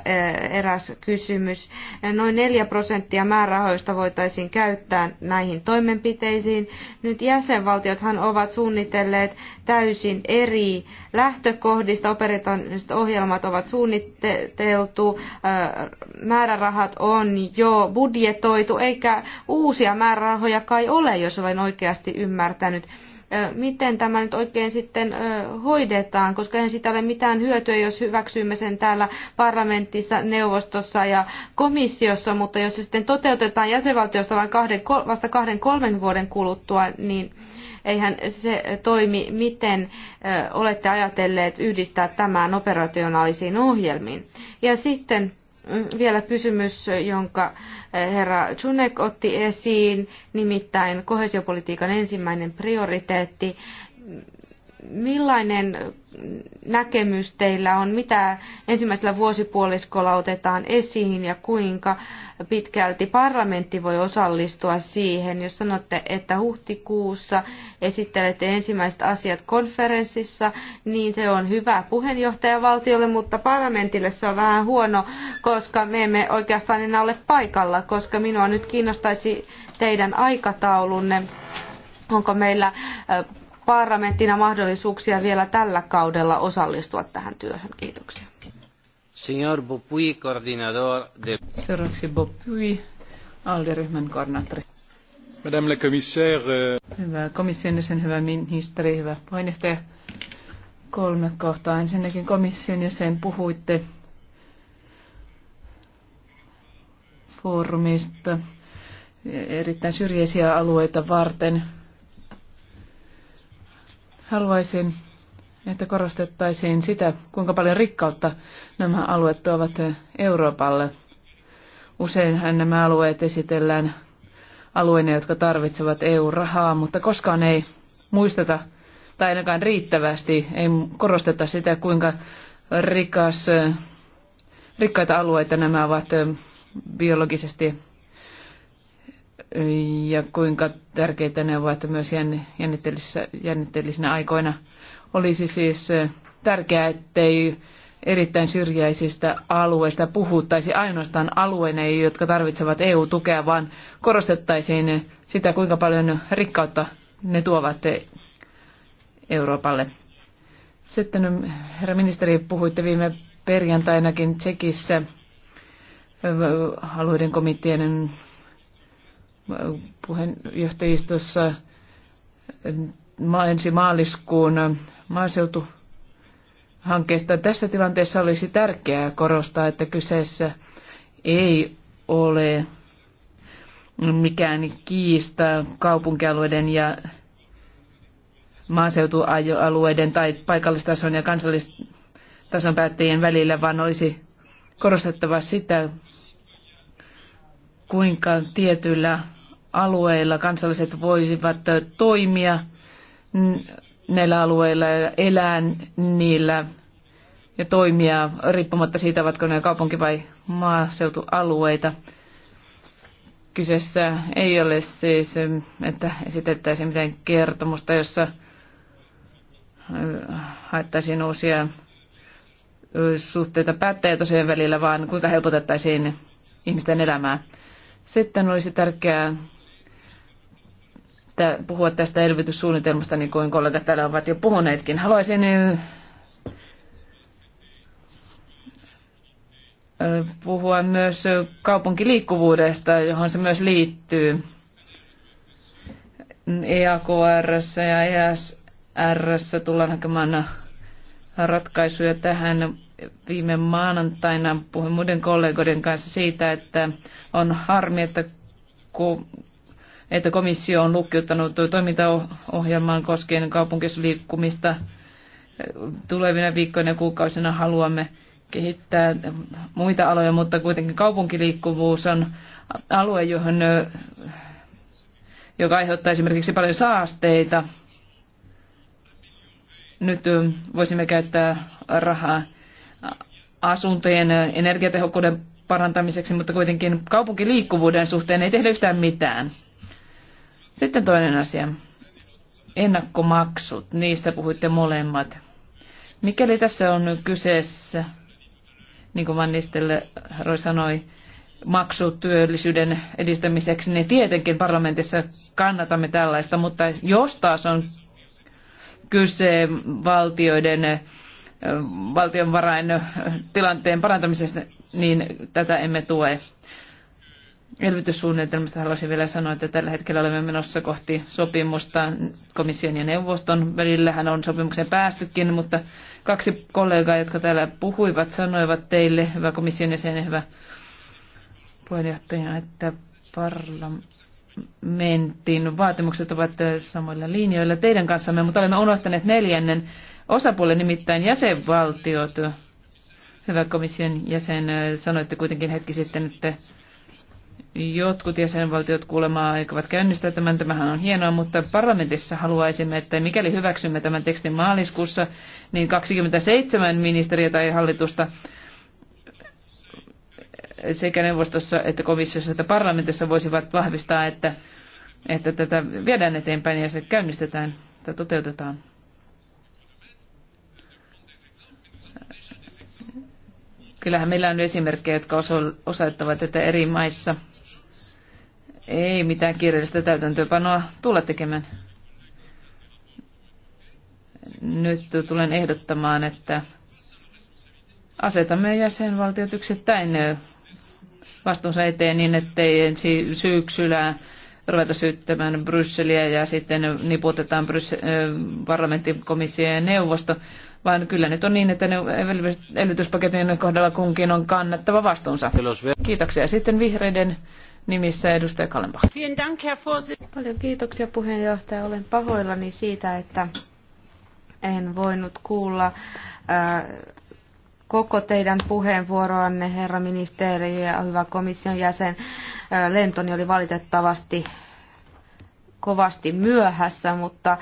eräs kysymys. Noin 4 prosenttia määrärahoista voitaisiin käyttää näihin toimenpiteisiin. Nyt jäsenvaltiothan ovat suunnitelleet täysin eri lähtökohdista operatiivista ohjelmat ohjelmat ovat suunniteltu, määrärahat on jo budjetoitu, eikä uusia määrärahoja kai ole, jos olen oikeasti ymmärtänyt miten tämä nyt oikein sitten hoidetaan, koska eihän sitä ole mitään hyötyä, jos hyväksymme sen täällä parlamentissa, neuvostossa ja komissiossa, mutta jos se sitten toteutetaan jäsenvaltiosta vain kahden, vasta kahden kolmen vuoden kuluttua, niin Eihän se toimi, miten olette ajatelleet yhdistää tämän operationaalisiin ohjelmiin. Ja sitten mm, vielä kysymys, jonka herra Junek otti esiin, nimittäin kohesiopolitiikan ensimmäinen prioriteetti millainen näkemys teillä on, mitä ensimmäisellä vuosipuoliskolla otetaan esiin ja kuinka pitkälti parlamentti voi osallistua siihen, jos sanotte, että huhtikuussa esittelette ensimmäiset asiat konferenssissa, niin se on hyvä puheenjohtajavaltiolle, mutta parlamentille se on vähän huono, koska me emme oikeastaan enää ole paikalla, koska minua nyt kiinnostaisi teidän aikataulunne. Onko meillä parlamenttina mahdollisuuksia vielä tällä kaudella osallistua tähän työhön. Kiitoksia. Signor Bopui, coordinador de... Seuraavaksi Bopui, ALDE-ryhmän koordinaattori. Madame la commissaire... Euh, hyvä komission jäsen, hyvä ministeri, hyvä puheenjohtaja. Kolme kohtaa. Ensinnäkin komission jäsen puhuitte foorumista erittäin syrjäisiä alueita varten. Haluaisin, että korostettaisiin sitä, kuinka paljon rikkautta nämä alueet tuovat Euroopalle. Useinhan nämä alueet esitellään alueina, jotka tarvitsevat EU-rahaa, mutta koskaan ei muisteta, tai ainakaan riittävästi, ei korosteta sitä, kuinka rikas, rikkaita alueita nämä ovat biologisesti ja kuinka tärkeitä ne ovat myös jännitteellisinä aikoina. Olisi siis tärkeää, ettei erittäin syrjäisistä alueista puhuttaisi ainoastaan alueen, jotka tarvitsevat EU-tukea, vaan korostettaisiin sitä, kuinka paljon rikkautta ne tuovat Euroopalle. Sitten herra ministeri, puhuitte viime perjantainakin Tsekissä alueiden komitean puheenjohtajistossa ensi maaliskuun maaseutuhankkeesta. Tässä tilanteessa olisi tärkeää korostaa, että kyseessä ei ole mikään kiista kaupunkialueiden ja maaseutualueiden tai paikallistason ja kansallistason päättäjien välillä, vaan olisi korostettava sitä, kuinka tietyillä alueilla kansalaiset voisivat toimia näillä alueilla ja elää niillä ja toimia riippumatta siitä, ovatko ne kaupunki- vai maaseutualueita. Kyseessä ei ole siis, että esitettäisiin mitään kertomusta, jossa haettaisiin uusia suhteita päättäjä tosiaan välillä, vaan kuinka helpotettaisiin ihmisten elämää. Sitten olisi tärkeää puhua tästä elvytyssuunnitelmasta, niin kuin kollegat täällä ovat jo puhuneetkin. Haluaisin puhua myös kaupunkiliikkuvuudesta, johon se myös liittyy. EAKR ja ESR tullaan hakemaan ratkaisuja tähän. Viime maanantaina puhuin muiden kollegoiden kanssa siitä, että on harmi, että että komissio on lukkiuttanut toimintaohjelmaan koskien kaupunkisliikkumista. Tulevina viikkoina ja kuukausina haluamme kehittää muita aloja, mutta kuitenkin kaupunkiliikkuvuus on alue, johon, joka aiheuttaa esimerkiksi paljon saasteita. Nyt voisimme käyttää rahaa asuntojen energiatehokkuuden parantamiseksi, mutta kuitenkin kaupunkiliikkuvuuden suhteen ei tehdä yhtään mitään. Sitten toinen asia. Ennakkomaksut. Niistä puhuitte molemmat. Mikäli tässä on kyseessä, niin kuin vannistelle Roi sanoi, maksut työllisyyden edistämiseksi, niin tietenkin parlamentissa kannatamme tällaista, mutta jos taas on kyse valtioiden valtionvarain tilanteen parantamisesta, niin tätä emme tue elvytyssuunnitelmasta haluaisin vielä sanoa, että tällä hetkellä olemme menossa kohti sopimusta komission ja neuvoston. Välillähän on sopimuksen päästykin, mutta kaksi kollegaa, jotka täällä puhuivat, sanoivat teille, hyvä komission ja sen hyvä puheenjohtaja, että parlamentin vaatimukset ovat samoilla linjoilla teidän kanssamme, mutta olemme unohtaneet neljännen osapuolen, nimittäin jäsenvaltiot. Hyvä komission jäsen, sanoitte kuitenkin hetki sitten, että Jotkut jäsenvaltiot kuulemma aikovat käynnistää tämän, tämähän on hienoa, mutta parlamentissa haluaisimme, että mikäli hyväksymme tämän tekstin maaliskuussa, niin 27 ministeriä tai hallitusta sekä neuvostossa että komissiossa että parlamentissa voisivat vahvistaa, että, että tätä viedään eteenpäin ja se käynnistetään tai toteutetaan. Kyllähän meillä on esimerkkejä, jotka osoittavat, että eri maissa ei mitään kirjallista täytäntöönpanoa tulla tekemään. Nyt tulen ehdottamaan, että asetamme jäsenvaltiot yksittäin vastuunsa eteen niin, ettei ensi syksyllä ruveta syyttämään Brysseliä ja sitten niputetaan Brys- parlamentin komissio ja neuvosto vaan kyllä nyt on niin, että ne elvytyspaketin kohdalla kunkin on kannattava vastuunsa. Kiitoksia. Sitten vihreiden nimissä edustaja Kalempa. Paljon kiitoksia puheenjohtaja. Olen pahoillani siitä, että en voinut kuulla äh, koko teidän puheenvuoroanne, herra ministeri ja hyvä komission jäsen. Äh, lentoni oli valitettavasti kovasti myöhässä, mutta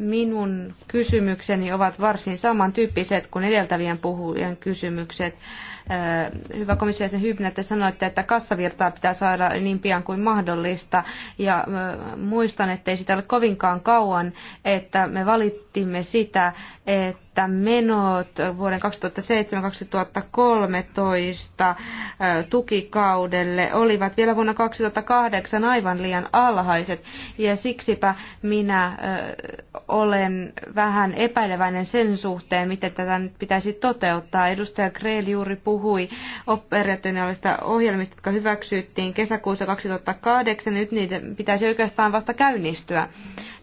minun kysymykseni ovat varsin samantyyppiset kuin edeltävien puhujien kysymykset. Hyvä komissio sen Hybner, sanoitte, että kassavirtaa pitää saada niin pian kuin mahdollista. Ja muistan, että ei sitä ole kovinkaan kauan, että me valittimme sitä, että että menot vuoden 2007-2013 tukikaudelle olivat vielä vuonna 2008 aivan liian alhaiset ja siksipä minä olen vähän epäileväinen sen suhteen, miten tätä nyt pitäisi toteuttaa. Edustaja Kreel juuri puhui operationaalista ohjelmista, jotka hyväksyttiin kesäkuussa 2008. Nyt niitä pitäisi oikeastaan vasta käynnistyä.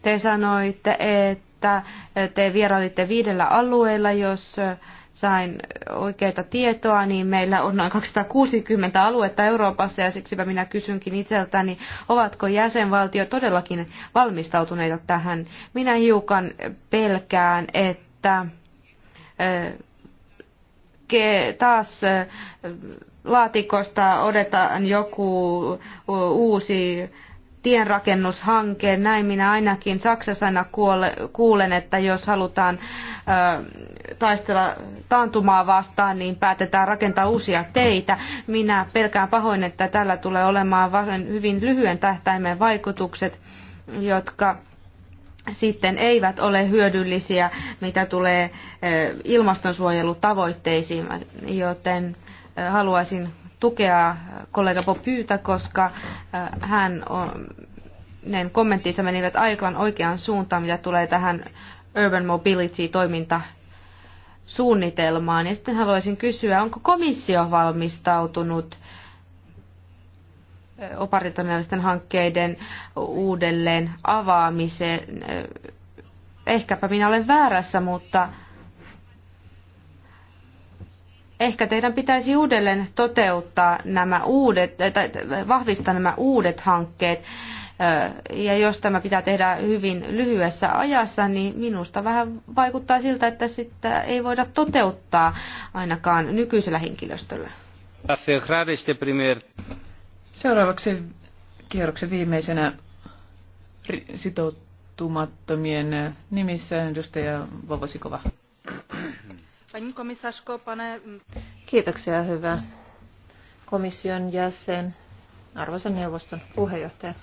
Te sanoitte, että että te vierailitte viidellä alueella, jos sain oikeita tietoa, niin meillä on noin 260 aluetta Euroopassa ja siksipä minä kysynkin itseltäni, ovatko jäsenvaltio todellakin valmistautuneita tähän. Minä hiukan pelkään, että eh, taas eh, laatikosta odetaan joku eh, uusi tienrakennushanke. Näin minä ainakin Saksassa aina kuulen, että jos halutaan taistella taantumaa vastaan, niin päätetään rakentaa uusia teitä. Minä pelkään pahoin, että tällä tulee olemaan vain hyvin lyhyen tähtäimen vaikutukset, jotka sitten eivät ole hyödyllisiä, mitä tulee ilmastonsuojelutavoitteisiin, joten haluaisin tukea kollega Popyytä, koska äh, hän on, ne kommenttinsa menivät aikaan oikeaan suuntaan, mitä tulee tähän Urban Mobility-toiminta suunnitelmaan. Ja sitten haluaisin kysyä, onko komissio valmistautunut äh, operationaalisten hankkeiden uudelleen avaamiseen? Äh, ehkäpä minä olen väärässä, mutta ehkä teidän pitäisi uudelleen toteuttaa nämä uudet, tai vahvistaa nämä uudet hankkeet. Ja jos tämä pitää tehdä hyvin lyhyessä ajassa, niin minusta vähän vaikuttaa siltä, että sitä ei voida toteuttaa ainakaan nykyisellä henkilöstöllä. Seuraavaksi kierroksen viimeisenä sitoutumattomien nimissä edustaja Vovosikova. Paní komisařko, pane... Mm. Kiitoksia, hyvä komission jäsen, arvoisa neuvoston puheenjohtaja.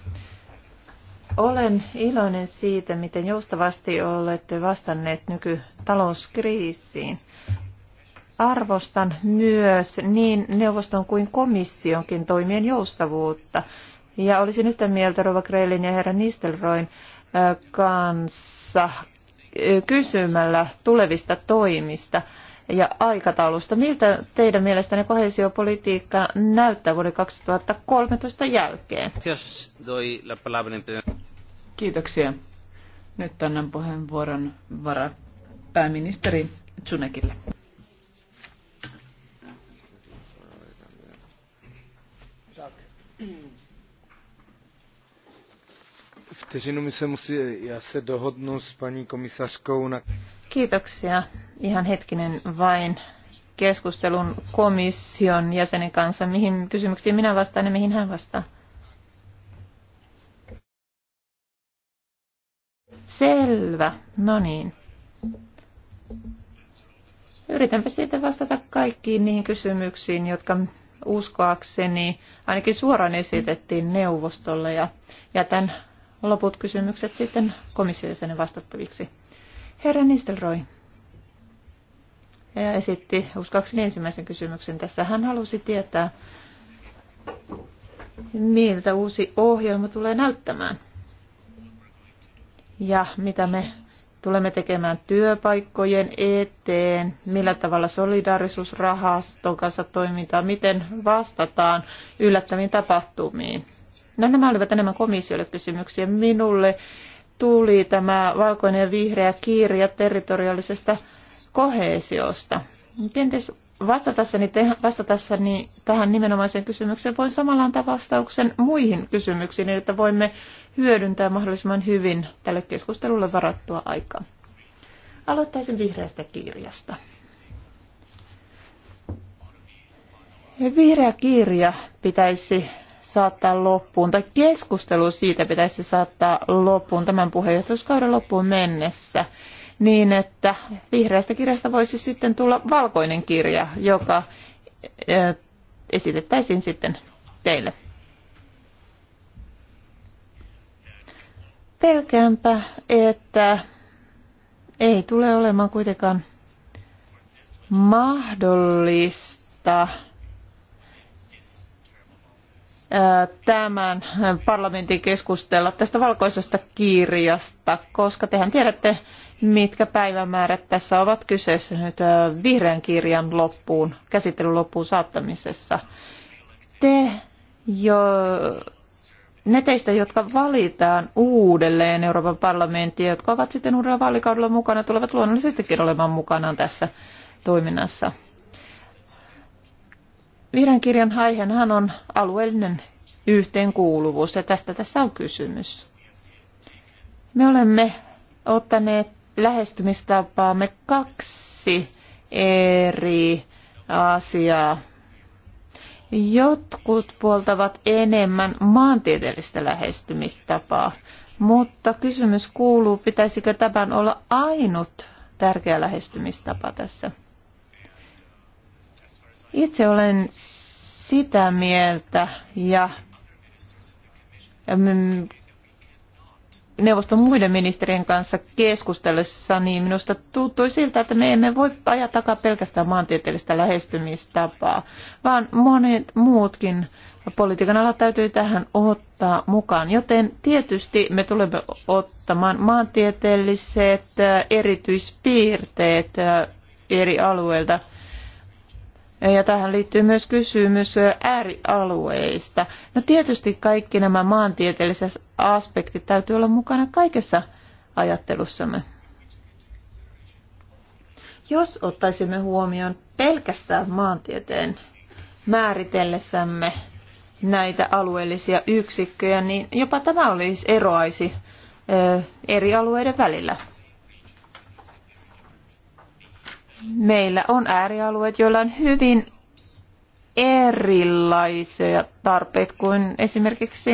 Olen iloinen siitä, miten joustavasti olette vastanneet nykytalouskriisiin. Arvostan myös niin neuvoston kuin komissionkin toimien joustavuutta. Ja olisin yhtä mieltä Rova Kreilin ja herra Nistelroin äh, kanssa äh, kysymällä tulevista toimista ja aikataulusta. Miltä teidän mielestänne kohesiopolitiikka näyttää vuoden 2013 jälkeen? Kiitoksia. Nyt annan puheenvuoron pääministeri Tsunekille. vteřinu mi se musí já se dohodnu s paní komisařkou na Kiitoksia. Ihan hetkinen vain keskustelun komission jäsenen kanssa. Mihin kysymyksiin minä vastaan ja mihin hän vastaa? Selvä. No niin. Yritänpä sitten vastata kaikkiin niihin kysymyksiin, jotka uskoakseni ainakin suoraan esitettiin neuvostolle ja jätän loput kysymykset sitten komission vastattaviksi. Herra Nistelrooy esitti uskoakseni ensimmäisen kysymyksen tässä. Hän halusi tietää, miltä uusi ohjelma tulee näyttämään ja mitä me tulemme tekemään työpaikkojen eteen, millä tavalla solidaarisuusrahaston kanssa toimintaa, miten vastataan yllättäviin tapahtumiin. No nämä olivat enemmän komissiolle kysymyksiä. Minulle tuli tämä valkoinen ja vihreä kirja territoriaalisesta kohesiosta. Kenties vastatessani, te, vastatessani tähän nimenomaiseen kysymykseen voin samalla antaa vastauksen muihin kysymyksiin, niin että voimme hyödyntää mahdollisimman hyvin tälle keskustelulle varattua aikaa. Aloittaisin vihreästä kirjasta. Vihreä kirja pitäisi saattaa loppuun, tai keskustelu siitä pitäisi saattaa loppuun tämän puheenjohtajuuskauden loppuun mennessä, niin että vihreästä kirjasta voisi sitten tulla valkoinen kirja, joka esitettäisiin sitten teille. Pelkäänpä, että ei tule olemaan kuitenkaan mahdollista tämän parlamentin keskustella tästä valkoisesta kirjasta, koska tehän tiedätte, mitkä päivämäärät tässä ovat kyseessä nyt vihreän kirjan loppuun, käsittelyn loppuun saattamisessa. Te jo, ne teistä, jotka valitaan uudelleen Euroopan parlamenttiin, jotka ovat sitten uudella vaalikaudella mukana, tulevat luonnollisestikin olemaan mukana tässä toiminnassa. Vihreän kirjan aiheenhan on alueellinen yhteenkuuluvuus ja tästä tässä on kysymys. Me olemme ottaneet lähestymistapaamme kaksi eri asiaa. Jotkut puoltavat enemmän maantieteellistä lähestymistapaa, mutta kysymys kuuluu, pitäisikö tämän olla ainut tärkeä lähestymistapa tässä. Itse olen sitä mieltä ja mm, neuvoston muiden ministerien kanssa keskustellessa, niin minusta tuntui siltä, että me emme voi ajaa takaa pelkästään maantieteellistä lähestymistapaa, vaan monet muutkin politiikan alat täytyy tähän ottaa mukaan. Joten tietysti me tulemme ottamaan maantieteelliset äh, erityispiirteet äh, eri alueilta – ja tähän liittyy myös kysymys äärialueista. No tietysti kaikki nämä maantieteelliset aspektit täytyy olla mukana kaikessa ajattelussamme. Jos ottaisimme huomioon pelkästään maantieteen määritellessämme näitä alueellisia yksikköjä, niin jopa tämä olisi eroaisi eri alueiden välillä meillä on äärialueet, joilla on hyvin erilaisia tarpeet kuin esimerkiksi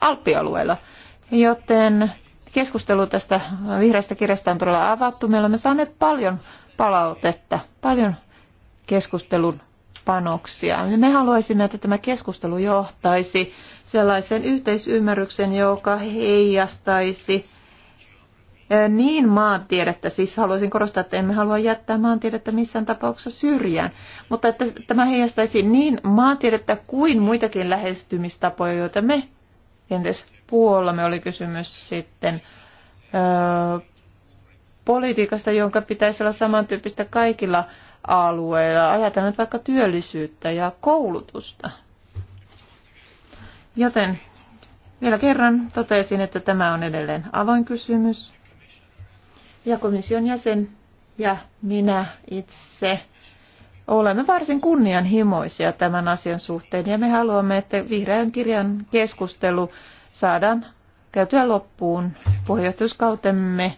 alppialueilla. Joten keskustelu tästä vihreästä kirjasta on todella avattu. Me olemme saaneet paljon palautetta, paljon keskustelun panoksia. Me haluaisimme, että tämä keskustelu johtaisi sellaiseen yhteisymmärryksen, joka heijastaisi niin maantiedettä, siis haluaisin korostaa, että emme halua jättää maantiedettä missään tapauksessa syrjään, mutta että tämä heijastaisi niin maantiedettä kuin muitakin lähestymistapoja, joita me kenties me oli kysymys sitten ö, politiikasta, jonka pitäisi olla samantyyppistä kaikilla alueilla. Ajatellaan vaikka työllisyyttä ja koulutusta. Joten vielä kerran totesin, että tämä on edelleen avoin kysymys ja komission jäsen ja minä itse olemme varsin kunnianhimoisia tämän asian suhteen ja me haluamme, että vihreän kirjan keskustelu saadaan käytyä loppuun pohjoituskautemme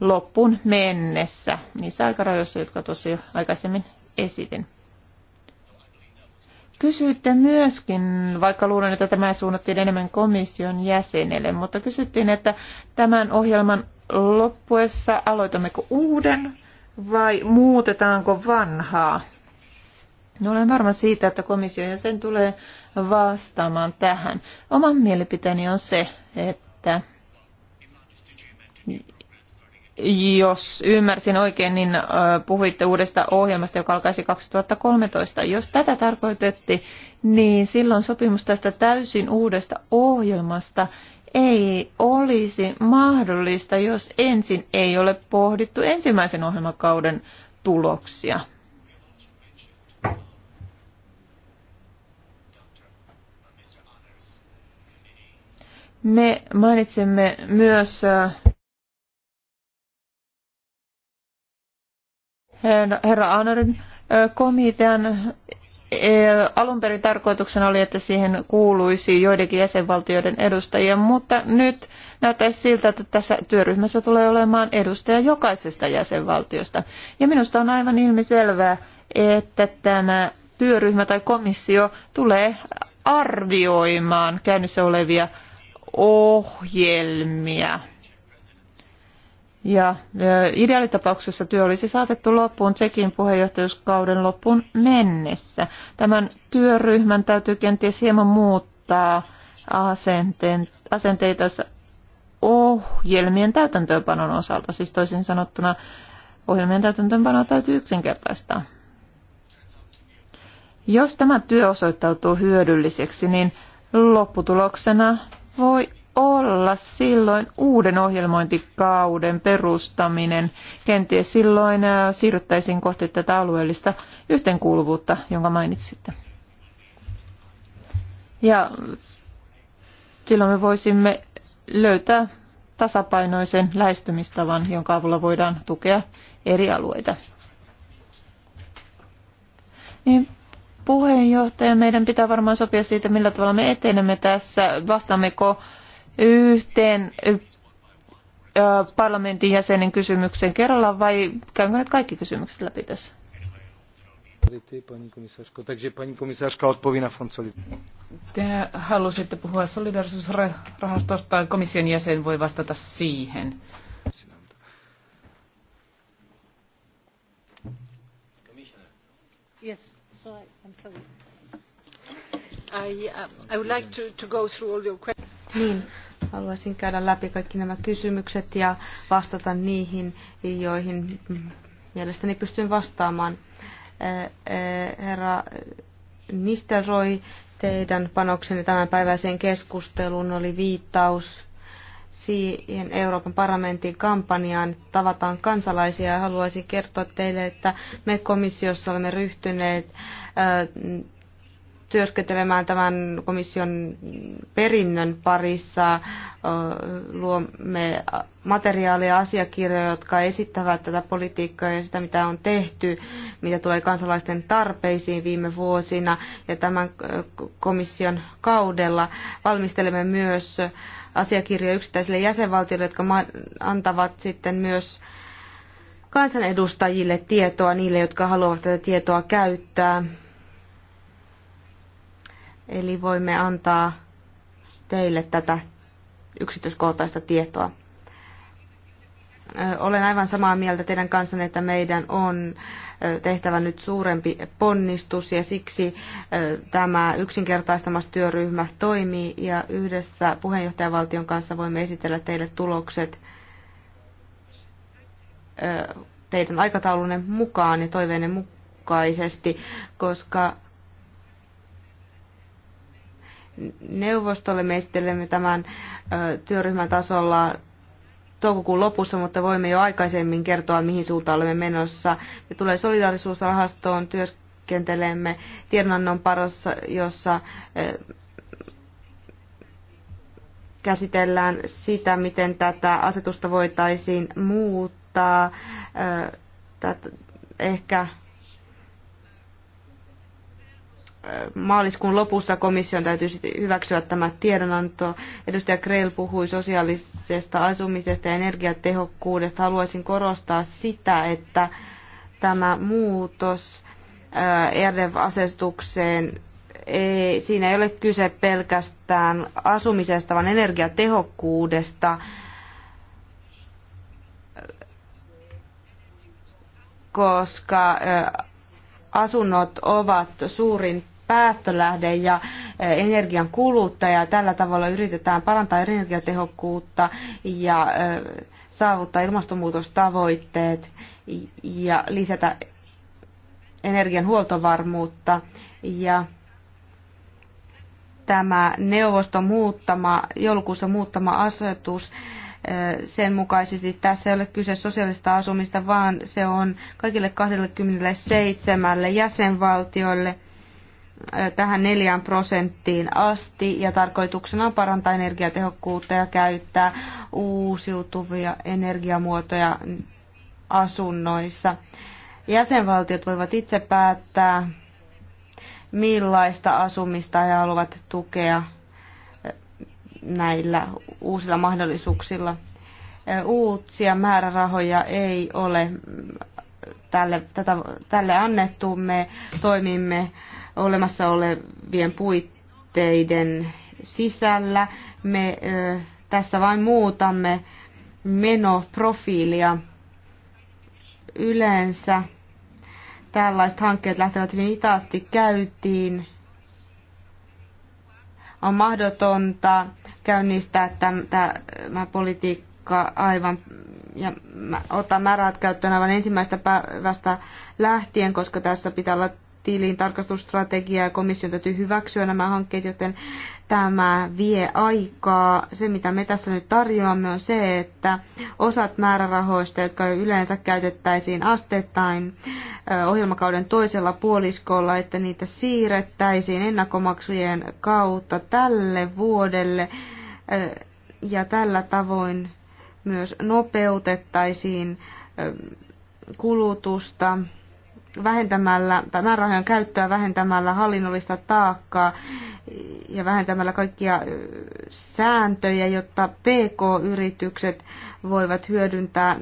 loppuun mennessä niissä aikarajoissa, jotka tuossa jo aikaisemmin esitin. Kysyitte myöskin, vaikka luulen, että tämä suunnattiin enemmän komission jäsenelle, mutta kysyttiin, että tämän ohjelman loppuessa, aloitammeko uuden vai muutetaanko vanhaa? No olen varma siitä, että komission jäsen tulee vastaamaan tähän. Oman mielipiteeni on se, että jos ymmärsin oikein, niin puhuitte uudesta ohjelmasta, joka alkaisi 2013. Jos tätä tarkoitettiin, niin silloin sopimus tästä täysin uudesta ohjelmasta ei olisi mahdollista, jos ensin ei ole pohdittu ensimmäisen ohjelmakauden tuloksia. Me mainitsemme myös äh, herra Anorin äh, komitean Alun perin tarkoituksena oli, että siihen kuuluisi joidenkin jäsenvaltioiden edustajia, mutta nyt näyttäisi siltä, että tässä työryhmässä tulee olemaan edustaja jokaisesta jäsenvaltiosta. Ja minusta on aivan ilmiselvää, että tämä työryhmä tai komissio tulee arvioimaan käynnissä olevia ohjelmia ja ideaalitapauksessa työ olisi saatettu loppuun Tsekin puheenjohtajuuskauden loppuun mennessä. Tämän työryhmän täytyy kenties hieman muuttaa asenteen, asenteita ohjelmien täytäntöönpanon osalta. Siis toisin sanottuna ohjelmien täytäntöönpanoa täytyy yksinkertaistaa. Jos tämä työ osoittautuu hyödylliseksi, niin lopputuloksena voi olla silloin uuden ohjelmointikauden perustaminen. Kenties silloin äh, siirryttäisiin kohti tätä alueellista yhteenkuuluvuutta, jonka mainitsitte. Ja silloin me voisimme löytää tasapainoisen lähestymistavan, jonka avulla voidaan tukea eri alueita. Niin puheenjohtaja, meidän pitää varmaan sopia siitä, millä tavalla me etenemme tässä. Vastaammeko yhteen parlamentin jäsenen kysymyksen kerrallaan vai käynkö nyt kaikki kysymykset läpi tässä? Te halusitte puhua solidarisuusrahastosta. Komission jäsen voi vastata siihen. Yes, sorry, I'm sorry. I, uh, I would like to, to go through all your questions. Niin, haluaisin käydä läpi kaikki nämä kysymykset ja vastata niihin, joihin mielestäni pystyn vastaamaan. Herra Nisteroi teidän panoksenne tämän päiväiseen keskusteluun oli viittaus siihen Euroopan parlamentin kampanjaan tavataan kansalaisia ja haluaisin kertoa teille, että me komissiossa olemme ryhtyneet työskentelemään tämän komission perinnön parissa. Luomme materiaalia asiakirjoja, jotka esittävät tätä politiikkaa ja sitä, mitä on tehty, mitä tulee kansalaisten tarpeisiin viime vuosina. Ja tämän komission kaudella valmistelemme myös asiakirjoja yksittäisille jäsenvaltioille, jotka antavat sitten myös kansanedustajille tietoa, niille, jotka haluavat tätä tietoa käyttää Eli voimme antaa teille tätä yksityiskohtaista tietoa. Olen aivan samaa mieltä teidän kanssanne, että meidän on tehtävä nyt suurempi ponnistus ja siksi tämä yksinkertaistamastyöryhmä toimii ja yhdessä puheenjohtajavaltion kanssa voimme esitellä teille tulokset teidän aikataulunne mukaan ja toiveenne mukaisesti, koska neuvostolle. Me esittelemme tämän työryhmän tasolla toukokuun lopussa, mutta voimme jo aikaisemmin kertoa, mihin suuntaan olemme menossa. Me tulee solidaarisuusrahastoon, työskentelemme tiedonannon parassa, jossa käsitellään sitä, miten tätä asetusta voitaisiin muuttaa. Tätä ehkä maaliskuun lopussa komission täytyy hyväksyä tämä tiedonanto. Edustaja Krell puhui sosiaalisesta asumisesta ja energiatehokkuudesta. Haluaisin korostaa sitä, että tämä muutos ERDEV-asetukseen ei, siinä ei ole kyse pelkästään asumisesta, vaan energiatehokkuudesta. koska asunnot ovat suurin päästölähde ja eh, energian kuluttaja. Tällä tavalla yritetään parantaa energiatehokkuutta ja eh, saavuttaa ilmastonmuutostavoitteet ja lisätä energian huoltovarmuutta. Ja tämä neuvoston muuttama, joulukuussa muuttama asetus eh, sen mukaisesti tässä ei ole kyse sosiaalista asumista, vaan se on kaikille 27 jäsenvaltioille tähän neljään prosenttiin asti ja tarkoituksena on parantaa energiatehokkuutta ja käyttää uusiutuvia energiamuotoja asunnoissa. Jäsenvaltiot voivat itse päättää, millaista asumista he haluavat tukea näillä uusilla mahdollisuuksilla. Uutsia määrärahoja ei ole tälle, tätä, tälle annettu. Me toimimme olemassa olevien puitteiden sisällä. Me tässä vain muutamme menoprofiilia. Yleensä tällaiset hankkeet lähtevät hyvin hitaasti käyntiin. On mahdotonta käynnistää tämä politiikka aivan ja ottaa määrät käyttöön aivan ensimmäistä päivästä lähtien, koska tässä pitää olla tilintarkastusstrategiaa ja komission täytyy hyväksyä nämä hankkeet, joten tämä vie aikaa. Se, mitä me tässä nyt tarjoamme, on se, että osat määrärahoista, jotka yleensä käytettäisiin asteittain ohjelmakauden toisella puoliskolla, että niitä siirrettäisiin ennakkomaksujen kautta tälle vuodelle ja tällä tavoin myös nopeutettaisiin kulutusta vähentämällä tai määrärahojen käyttöä vähentämällä hallinnollista taakkaa ja vähentämällä kaikkia sääntöjä, jotta PK-yritykset voivat hyödyntää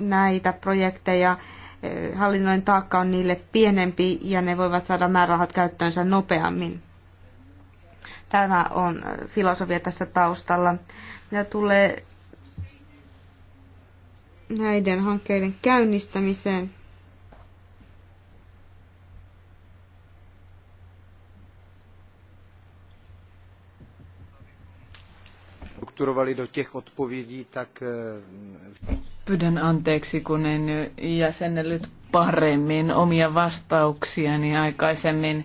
näitä projekteja. Hallinnoin taakka on niille pienempi ja ne voivat saada määrärahat käyttöönsä nopeammin. Tämä on filosofia tässä taustalla. Ja tulee näiden hankkeiden käynnistämiseen strukturovali do těch odpovědí, tak... Eh, Pyydän anteeksi, kun en jäsennellyt paremmin omia vastauksiani aikaisemmin.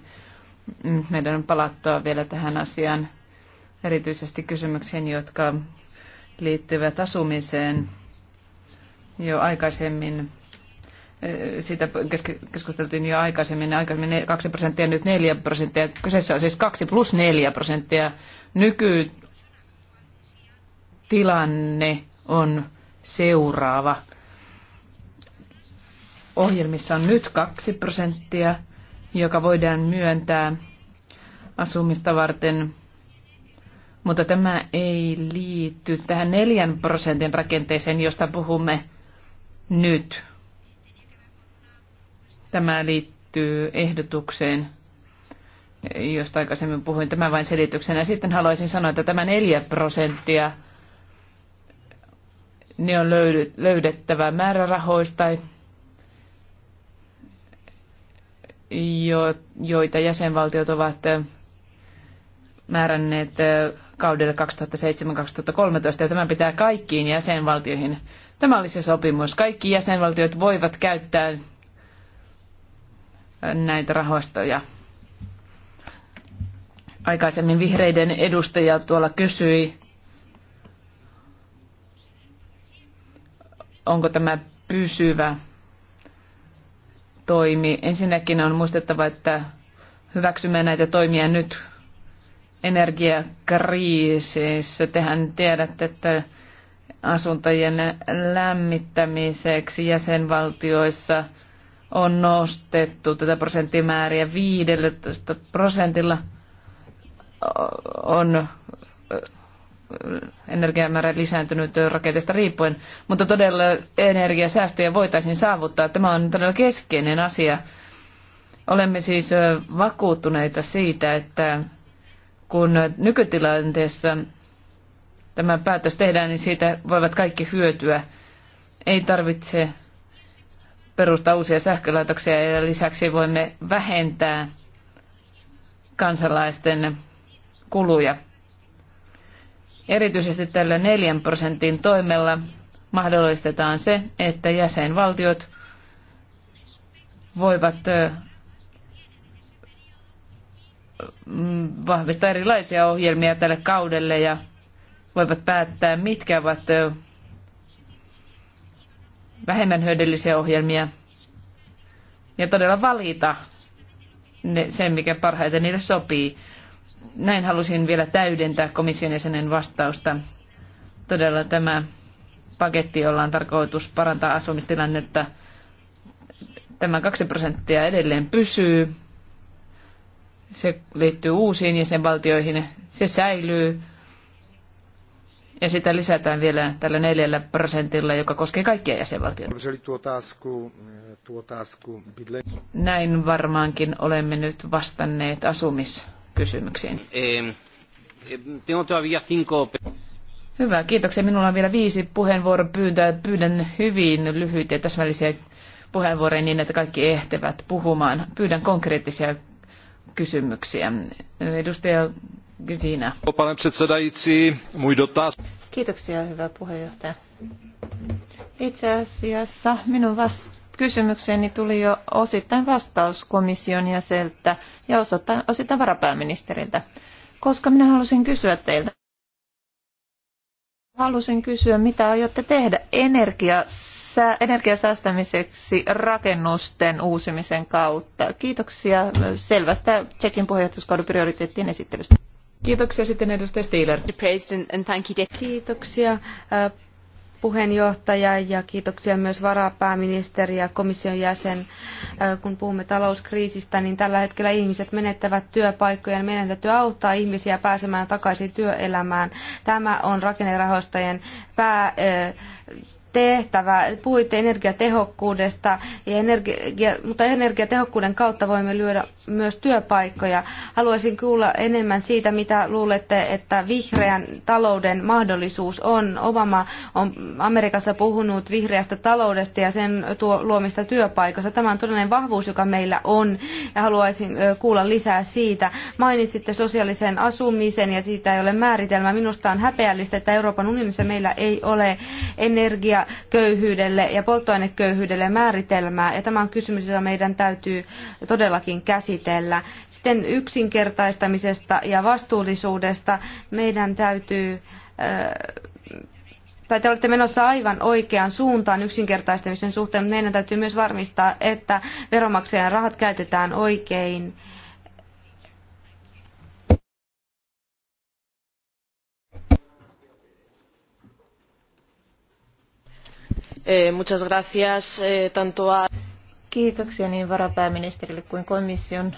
Mm, meidän on palattua vielä tähän asiaan, erityisesti kysymyksiin, jotka liittyvät asumiseen jo aikaisemmin eh, Sitä keskusteltiin jo aikaisemmin, aikaisemmin 2 prosenttia, nyt 4 prosenttia. Kyseessä on siis 2 plus 4 prosenttia. Nyky tilanne on seuraava. Ohjelmissa on nyt 2 prosenttia, joka voidaan myöntää asumista varten, mutta tämä ei liity tähän 4 prosentin rakenteeseen, josta puhumme nyt. Tämä liittyy ehdotukseen, josta aikaisemmin puhuin. Tämä vain selityksenä. Sitten haluaisin sanoa, että tämä 4 prosenttia – ne on löydettävä määrärahoista, joita jäsenvaltiot ovat määränneet kaudelle 2007-2013, ja tämä pitää kaikkiin jäsenvaltioihin. Tämä oli se sopimus. Kaikki jäsenvaltiot voivat käyttää näitä rahastoja. Aikaisemmin vihreiden edustaja tuolla kysyi, onko tämä pysyvä toimi. Ensinnäkin on muistettava, että hyväksymme näitä toimia nyt energiakriisissä. Tehän tiedätte, että asuntojen lämmittämiseksi jäsenvaltioissa on nostettu tätä prosenttimääriä 15 prosentilla on energiamäärä lisääntynyt rakenteesta riippuen, mutta todella energiasäästöjä voitaisiin saavuttaa. Tämä on todella keskeinen asia. Olemme siis vakuuttuneita siitä, että kun nykytilanteessa tämä päätös tehdään, niin siitä voivat kaikki hyötyä. Ei tarvitse perustaa uusia sähkölaitoksia ja lisäksi voimme vähentää kansalaisten kuluja. Erityisesti tällä neljän prosentin toimella mahdollistetaan se, että jäsenvaltiot voivat mm, vahvistaa erilaisia ohjelmia tälle kaudelle ja voivat päättää, mitkä ovat vähemmän hyödyllisiä ohjelmia ja todella valita ne, sen, mikä parhaiten niille sopii näin halusin vielä täydentää komission jäsenen vastausta. Todella tämä paketti, jolla on tarkoitus parantaa asumistilannetta, tämä 2 prosenttia edelleen pysyy. Se liittyy uusiin jäsenvaltioihin. Se säilyy. Ja sitä lisätään vielä tällä neljällä prosentilla, joka koskee kaikkia jäsenvaltioita. Näin varmaankin olemme nyt vastanneet asumis kysymyksiin. Eh, hyvä, kiitoksia. Minulla on vielä viisi puheenvuoropyyntöä. Pyydän hyvin lyhyitä ja täsmällisiä puheenvuoroja niin, että kaikki ehtevät puhumaan. Pyydän konkreettisia kysymyksiä. Edustaja Gesina. Kiitoksia, hyvä puheenjohtaja. Itse asiassa minun vastaukseni Kysymykseeni tuli jo osittain vastaus komission jäseltä ja osittain varapääministeriltä, koska minä halusin kysyä teiltä. Halusin kysyä, mitä aiotte tehdä energiasä, energiasäästämiseksi rakennusten uusimisen kautta. Kiitoksia selvästä Tsekin puheenjohtajuuskauden prioriteettien esittelystä. Kiitoksia sitten edustaja Steeler. Kiitoksia äh, puheenjohtaja ja kiitoksia myös varapääministeri ja komission jäsen. Äh, kun puhumme talouskriisistä, niin tällä hetkellä ihmiset menettävät työpaikkoja. Meidän täytyy auttaa ihmisiä pääsemään takaisin työelämään. Tämä on rakennerahoistajien pää, äh, tehtävä puhuitte energiatehokkuudesta, ja energia, mutta energiatehokkuuden kautta voimme lyödä myös työpaikkoja. Haluaisin kuulla enemmän siitä, mitä luulette, että vihreän talouden mahdollisuus on. Obama on Amerikassa puhunut vihreästä taloudesta ja sen tuo, luomista työpaikoista. Tämä on todellinen vahvuus, joka meillä on ja haluaisin kuulla lisää siitä. Mainitsitte sosiaalisen asumisen ja siitä ei ole määritelmää. Minusta on häpeällistä, että Euroopan unionissa meillä ei ole energiaköyhyydelle ja polttoaineköyhyydelle määritelmää. Ja tämä on kysymys, jota meidän täytyy todellakin käsitellä käsitellä. Sitten yksinkertaistamisesta ja vastuullisuudesta meidän täytyy tai te olette menossa aivan oikeaan suuntaan yksinkertaistamisen suhteen, mutta meidän täytyy myös varmistaa, että veronmaksajan rahat käytetään oikein. Eh, muchas gracias eh, tanto a Kiitoksia niin varapääministerille kuin komission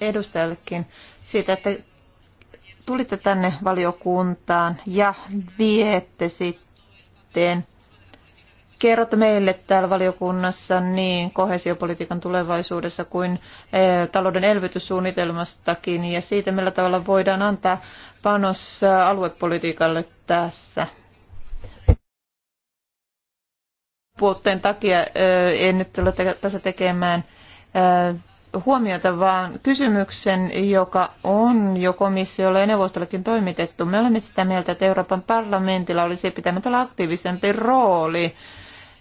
edustajallekin siitä, että tulitte tänne valiokuntaan ja viette sitten kerrot meille täällä valiokunnassa niin kohesiopolitiikan tulevaisuudessa kuin talouden elvytyssuunnitelmastakin ja siitä, millä tavalla voidaan antaa panos aluepolitiikalle tässä. puutteen takia en nyt tule tässä tekemään huomiota, vaan kysymyksen, joka on jo komissiolle ja neuvostollekin toimitettu. Me olemme sitä mieltä, että Euroopan parlamentilla olisi pitämättä olla aktiivisempi rooli.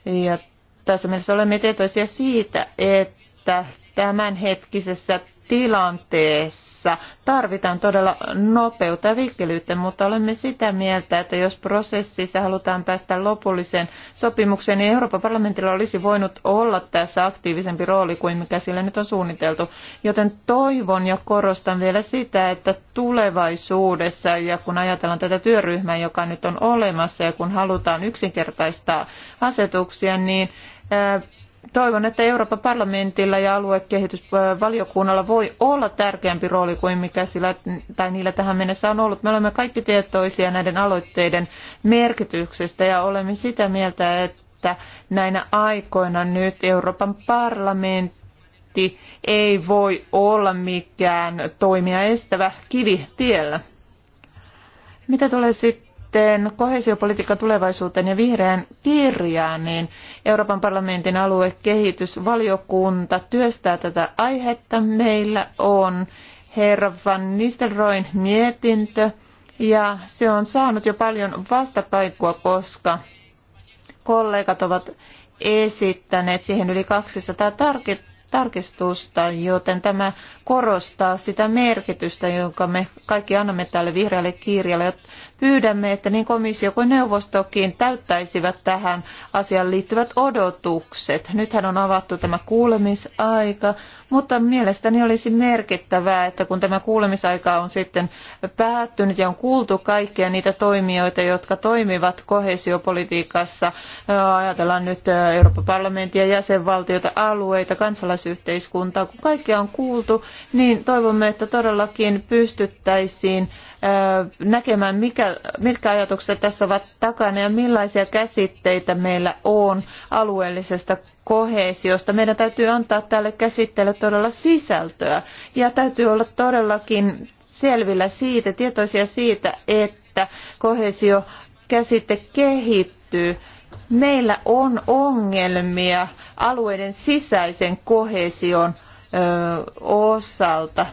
Ja tässä mielessä olemme tietoisia siitä, että tämänhetkisessä tilanteessa prosessissa tarvitaan todella nopeutta ja vikkelyyttä, mutta olemme sitä mieltä, että jos prosessissa halutaan päästä lopulliseen sopimukseen, niin Euroopan parlamentilla olisi voinut olla tässä aktiivisempi rooli kuin mikä sillä nyt on suunniteltu. Joten toivon ja korostan vielä sitä, että tulevaisuudessa ja kun ajatellaan tätä työryhmää, joka nyt on olemassa ja kun halutaan yksinkertaistaa asetuksia, niin toivon, että Euroopan parlamentilla ja aluekehitysvaliokunnalla voi olla tärkeämpi rooli kuin mikä sillä tai niillä tähän mennessä on ollut. Me olemme kaikki tietoisia näiden aloitteiden merkityksestä ja olemme sitä mieltä, että näinä aikoina nyt Euroopan parlamentti ei voi olla mikään toimia estävä kivi tiellä. Mitä tulee sitten sitten kohesiopolitiikan tulevaisuuteen ja vihreään kirjaan, niin Euroopan parlamentin aluekehitysvaliokunta työstää tätä aihetta. Meillä on herra Van Nistelrooyn mietintö ja se on saanut jo paljon vastakaikua, koska kollegat ovat esittäneet siihen yli 200 tarki- tarkistusta, joten tämä korostaa sitä merkitystä, jonka me kaikki annamme tälle vihreälle kirjalle. Pyydämme, että niin komissio kuin neuvostokin täyttäisivät tähän asiaan liittyvät odotukset. Nythän on avattu tämä kuulemisaika, mutta mielestäni olisi merkittävää, että kun tämä kuulemisaika on sitten päättynyt ja on kuultu kaikkia niitä toimijoita, jotka toimivat kohesiopolitiikassa, ajatellaan nyt Euroopan parlamenttia, jäsenvaltioita, alueita, kansalaisyhteiskuntaa, kun kaikkia on kuultu, niin toivomme, että todellakin pystyttäisiin näkemään, mikä, mitkä ajatukset tässä ovat takana ja millaisia käsitteitä meillä on alueellisesta kohesiosta. Meidän täytyy antaa tälle käsitteelle todella sisältöä ja täytyy olla todellakin selvillä siitä, tietoisia siitä, että koheesio käsite kehittyy. Meillä on ongelmia alueiden sisäisen kohesion osalta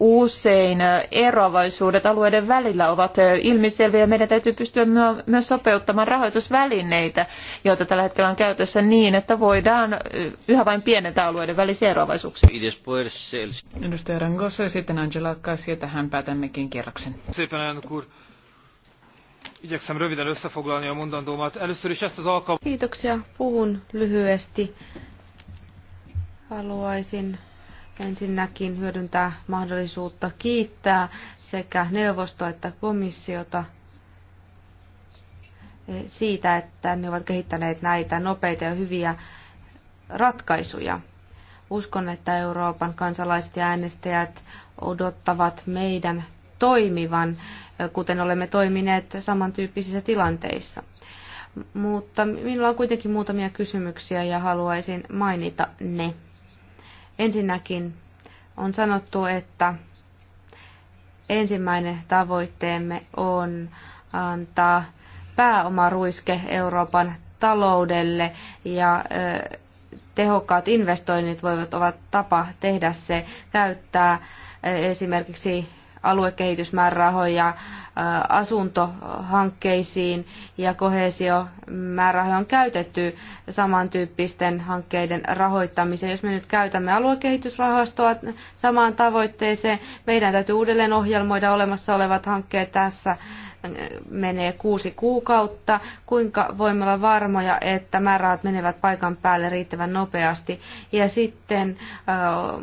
usein eroavaisuudet alueiden välillä ovat ilmiselviä ja meidän täytyy pystyä myös sopeuttamaan rahoitusvälineitä, joita tällä hetkellä on käytössä niin, että voidaan yhä vain pienentää alueiden välisiä eroavaisuuksia. Edustaja Rangoso ja sitten Angela Kassi ja tähän päätämmekin kierroksen. Igyekszem röviden összefoglalni a mondandómat. Először is ezt Kiitoksia. Puhun lyhyesti. Haluaisin ensinnäkin hyödyntää mahdollisuutta kiittää sekä neuvostoa että komissiota eh, siitä, että ne ovat kehittäneet näitä nopeita ja hyviä ratkaisuja. Uskon, että Euroopan kansalaiset ja äänestäjät odottavat meidän toimivan, eh, kuten olemme toimineet samantyyppisissä tilanteissa. Mutta minulla on kuitenkin muutamia kysymyksiä ja haluaisin mainita ne. Ensinnäkin on sanottu, että ensimmäinen tavoitteemme on antaa pääomaruiske Euroopan taloudelle ja tehokkaat investoinnit voivat ovat tapa tehdä se, täyttää esimerkiksi aluekehitysmäärärahoja asuntohankkeisiin ja kohesiomäärärahoja on käytetty samantyyppisten hankkeiden rahoittamiseen. Jos me nyt käytämme aluekehitysrahastoa samaan tavoitteeseen, meidän täytyy uudelleen ohjelmoida olemassa olevat hankkeet tässä menee kuusi kuukautta. Kuinka voimme olla varmoja, että määrärahat menevät paikan päälle riittävän nopeasti? Ja sitten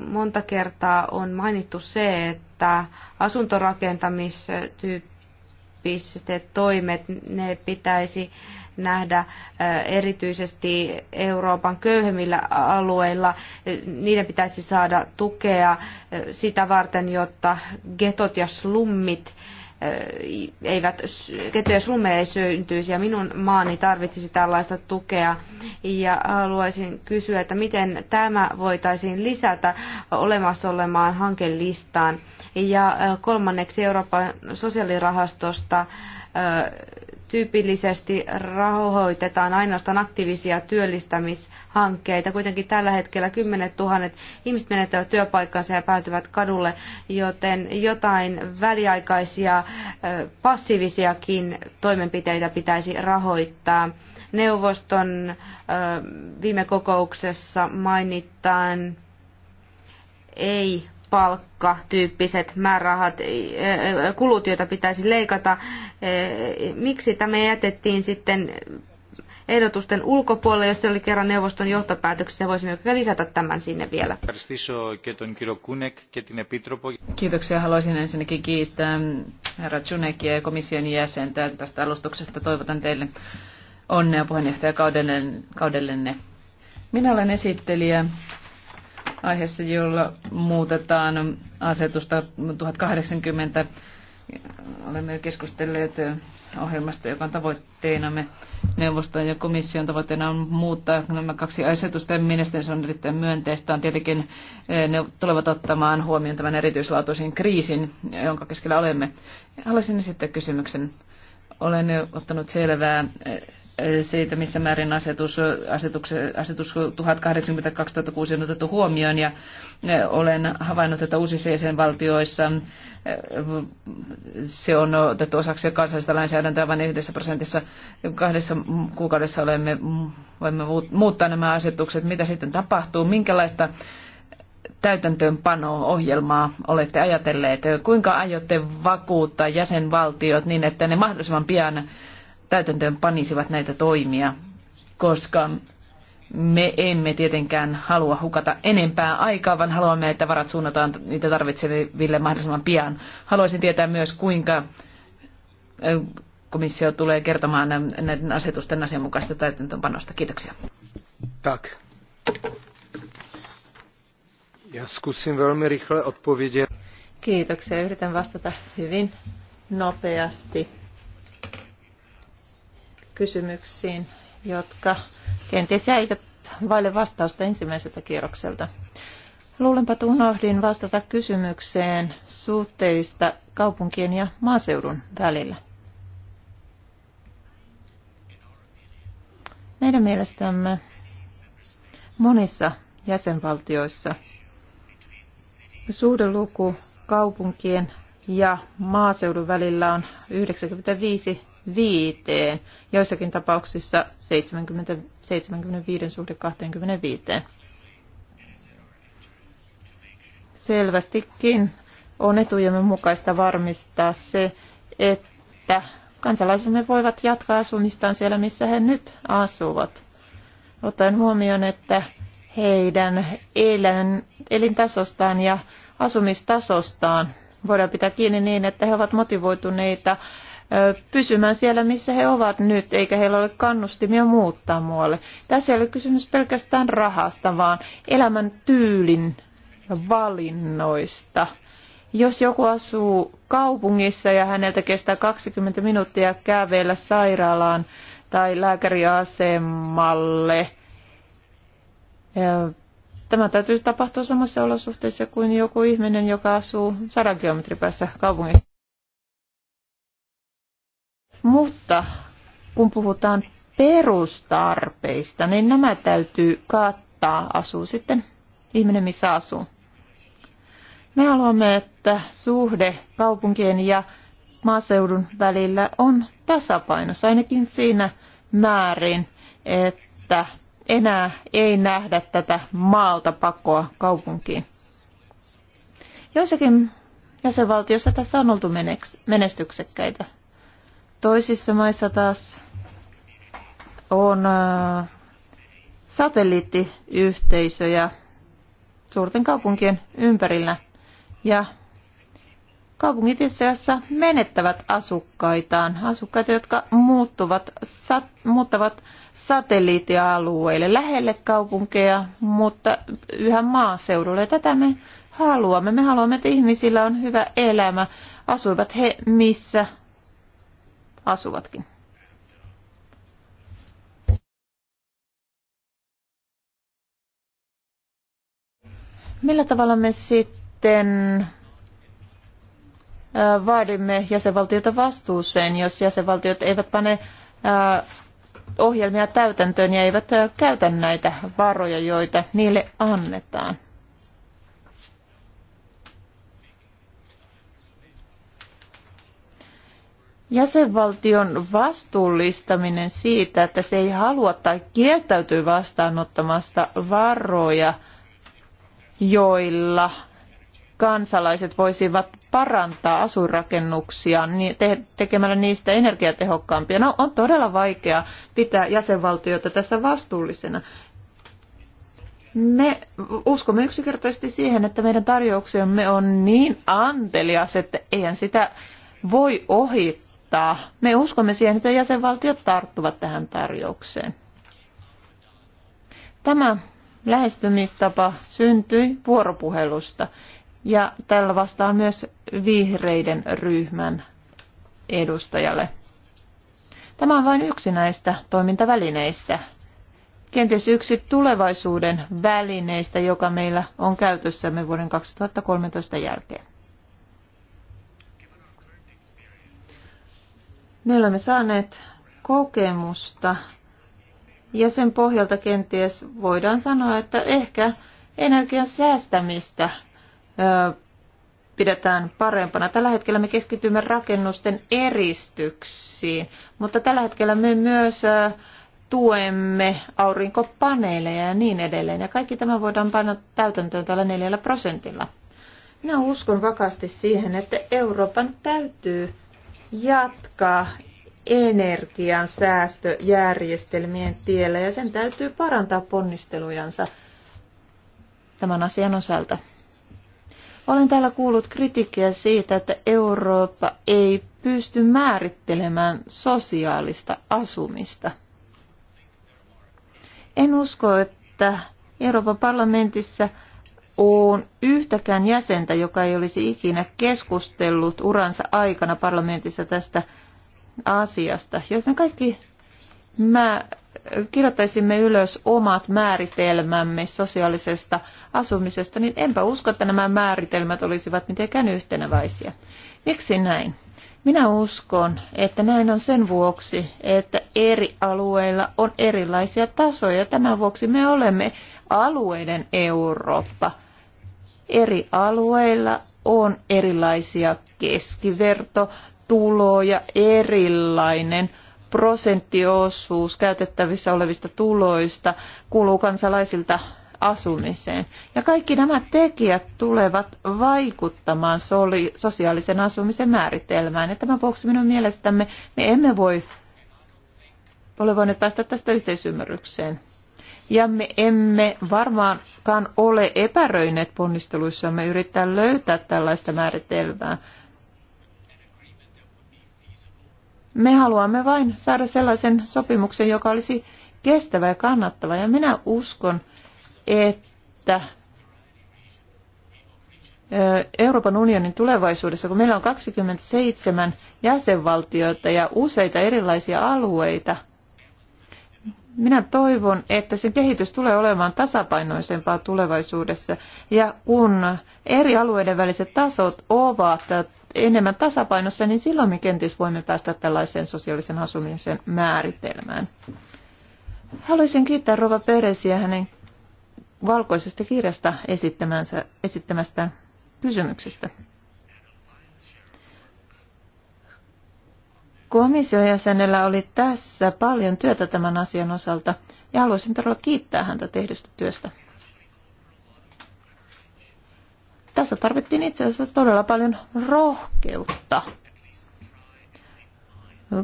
monta kertaa on mainittu se, että asuntorakentamistyyppiset toimet, ne pitäisi nähdä erityisesti Euroopan köyhemmillä alueilla. Niiden pitäisi saada tukea sitä varten, jotta getot ja slummit eivät, kettuja slummeja ei syntyisi ja minun maani tarvitsisi tällaista tukea. Ja haluaisin kysyä, että miten tämä voitaisiin lisätä olemassa olemaan hankelistaan. Ja kolmanneksi Euroopan sosiaalirahastosta tyypillisesti rahoitetaan ainoastaan aktiivisia työllistämishankkeita. Kuitenkin tällä hetkellä kymmenet tuhannet ihmiset menettävät työpaikkansa ja päätyvät kadulle, joten jotain väliaikaisia passiivisiakin toimenpiteitä pitäisi rahoittaa. Neuvoston viime kokouksessa mainittaan, ei palkkatyyppiset määrärahat, e, e, kulut, joita pitäisi leikata. E, miksi tämä jätettiin sitten ehdotusten ulkopuolelle, jos se oli kerran neuvoston johtopäätöksessä, voisimme lisätä tämän sinne vielä. Kiitoksia. Haluaisin ensinnäkin kiittää herra Junekia ja komission jäsentä tästä alustuksesta. Toivotan teille onnea puheenjohtajakaudellenne. Minä olen esittelijä aiheessa, jolla muutetaan asetusta 1080. Olemme keskustelleet ohjelmasta, joka on tavoitteenamme neuvoston ja komission tavoitteena on muuttaa nämä kaksi asetusta. Mielestäni se on erittäin myönteistä. On tietenkin eh, ne tulevat ottamaan huomioon tämän erityislaatuisen kriisin, jonka keskellä olemme. Haluaisin esittää kysymyksen. Olen ottanut selvää eh, siitä, missä määrin asetus, asetus, asetus 1080-2006 on otettu huomioon ja e, olen havainnut, että uusissa jäsenvaltioissa e, se on otettu osaksi kansallista lainsäädäntöä vain yhdessä prosentissa. Kahdessa kuukaudessa olemme, voimme muuttaa nämä asetukset. Mitä sitten tapahtuu? Minkälaista täytäntöönpano-ohjelmaa olette ajatelleet? Kuinka aiotte vakuuttaa jäsenvaltiot niin, että ne mahdollisimman pian täytäntöön panisivat näitä toimia, koska me emme tietenkään halua hukata enempää aikaa, vaan haluamme, että varat suunnataan niitä tarvitseville mahdollisimman pian. Haluaisin tietää myös, kuinka komissio tulee kertomaan näiden asetusten asianmukaista täytäntöönpanosta. Kiitoksia. Tak. Ja skusin velmi rihle odpovědět. Kiitoksia. Yritän vastata hyvin nopeasti kysymyksiin, jotka kenties jäivät vaille vastausta ensimmäiseltä kierrokselta. Luulenpa, että unohdin vastata kysymykseen suhteista kaupunkien ja maaseudun välillä. Meidän mielestämme monissa jäsenvaltioissa suhdeluku kaupunkien ja maaseudun välillä on 95 viiteen, joissakin tapauksissa 70, 75 suhde 25. Selvästikin on etujemme mukaista varmistaa se, että kansalaisemme voivat jatkaa asumistaan siellä, missä he nyt asuvat. Ottaen huomioon, että heidän elän, elintasostaan ja asumistasostaan voidaan pitää kiinni niin, että he ovat motivoituneita pysymään siellä, missä he ovat nyt, eikä heillä ole kannustimia muuttaa muualle. Tässä ei ole kysymys pelkästään rahasta, vaan elämän tyylin valinnoista. Jos joku asuu kaupungissa ja häneltä kestää 20 minuuttia kävellä sairaalaan tai lääkäriasemalle, Tämä täytyy tapahtua samassa olosuhteissa kuin joku ihminen, joka asuu 100 kilometrin päässä kaupungissa. Mutta kun puhutaan perustarpeista, niin nämä täytyy kattaa, asuu sitten ihminen missä asuu. Me haluamme, että suhde kaupunkien ja maaseudun välillä on tasapainossa, ainakin siinä määrin, että enää ei nähdä tätä maalta pakoa kaupunkiin. Joissakin jäsenvaltiossa tässä on oltu menestyksekkäitä. Toisissa maissa taas on äh, satelliittiyhteisöjä suurten kaupunkien ympärillä. Ja kaupungit itse asiassa menettävät asukkaitaan, asukkaita, jotka muuttuvat, sat, muuttavat satelliittialueille, lähelle kaupunkeja, mutta yhä maaseudulle. Tätä me haluamme. Me haluamme, että ihmisillä on hyvä elämä, asuivat he missä asuvatkin. Millä tavalla me sitten vaadimme jäsenvaltiota vastuuseen, jos jäsenvaltiot eivät pane ohjelmia täytäntöön ja eivät käytä näitä varoja, joita niille annetaan? Jäsenvaltion vastuullistaminen siitä, että se ei halua tai kieltäytyy vastaanottamasta varoja, joilla kansalaiset voisivat parantaa asuinrakennuksia tekemällä niistä energiatehokkaampia. No, on todella vaikea pitää jäsenvaltiota tässä vastuullisena. Me uskomme yksinkertaisesti siihen, että meidän tarjouksemme on niin antelias, että eihän sitä voi ohittaa tarjottaa. Me uskomme siihen, että jäsenvaltiot tarttuvat tähän tarjoukseen. Tämä lähestymistapa syntyi vuoropuhelusta ja tällä vastaan myös vihreiden ryhmän edustajalle. Tämä on vain yksi näistä toimintavälineistä. Kenties yksi tulevaisuuden välineistä, joka meillä on käytössämme vuoden 2013 jälkeen. Me olemme saaneet kokemusta ja sen pohjalta kenties voidaan sanoa, että ehkä energian säästämistä pidetään parempana. Tällä hetkellä me keskitymme rakennusten eristyksiin, mutta tällä hetkellä me myös tuemme aurinkopaneeleja ja niin edelleen. Ja kaikki tämä voidaan panna täytäntöön tällä neljällä prosentilla. Minä uskon vakaasti siihen, että Euroopan täytyy jatkaa energian säästöjärjestelmien tiellä ja sen täytyy parantaa ponnistelujansa tämän asian osalta. Olen täällä kuullut kritiikkiä siitä, että Eurooppa ei pysty määrittelemään sosiaalista asumista. En usko, että Euroopan parlamentissa – on yhtäkään jäsentä, joka ei olisi ikinä keskustellut uransa aikana parlamentissa tästä asiasta, joten kaikki mä kirjoittaisimme ylös omat määritelmämme sosiaalisesta asumisesta, niin enpä usko, että nämä määritelmät olisivat mitenkään yhteneväisiä. Miksi näin? Minä uskon, että näin on sen vuoksi, että eri alueilla on erilaisia tasoja. Tämän vuoksi me olemme alueiden Eurooppa eri alueilla on erilaisia keskivertotuloja, erilainen prosenttiosuus käytettävissä olevista tuloista kuluu kansalaisilta asumiseen. Ja kaikki nämä tekijät tulevat vaikuttamaan sosiaalisen asumisen määritelmään. Ja tämän vuoksi minun mielestämme me emme voi ole voineet päästä tästä yhteisymmärrykseen ja me emme varmaankaan ole epäröineet ponnisteluissamme yrittää löytää tällaista määritelmää. Me haluamme vain saada sellaisen sopimuksen, joka olisi kestävä ja kannattava. Ja minä uskon, että Euroopan unionin tulevaisuudessa, kun meillä on 27 jäsenvaltioita ja useita erilaisia alueita – minä toivon, että se kehitys tulee olemaan tasapainoisempaa tulevaisuudessa. Ja kun eri alueiden väliset tasot ovat enemmän tasapainossa, niin silloin me kenties voimme päästä tällaiseen sosiaalisen asumisen määritelmään. Haluaisin kiittää Rova Peresiä hänen valkoisesta kirjasta esittämästä kysymyksestä. Komission jäsenellä oli tässä paljon työtä tämän asian osalta ja haluaisin todella kiittää häntä tehdystä työstä. Tässä tarvittiin itse asiassa todella paljon rohkeutta,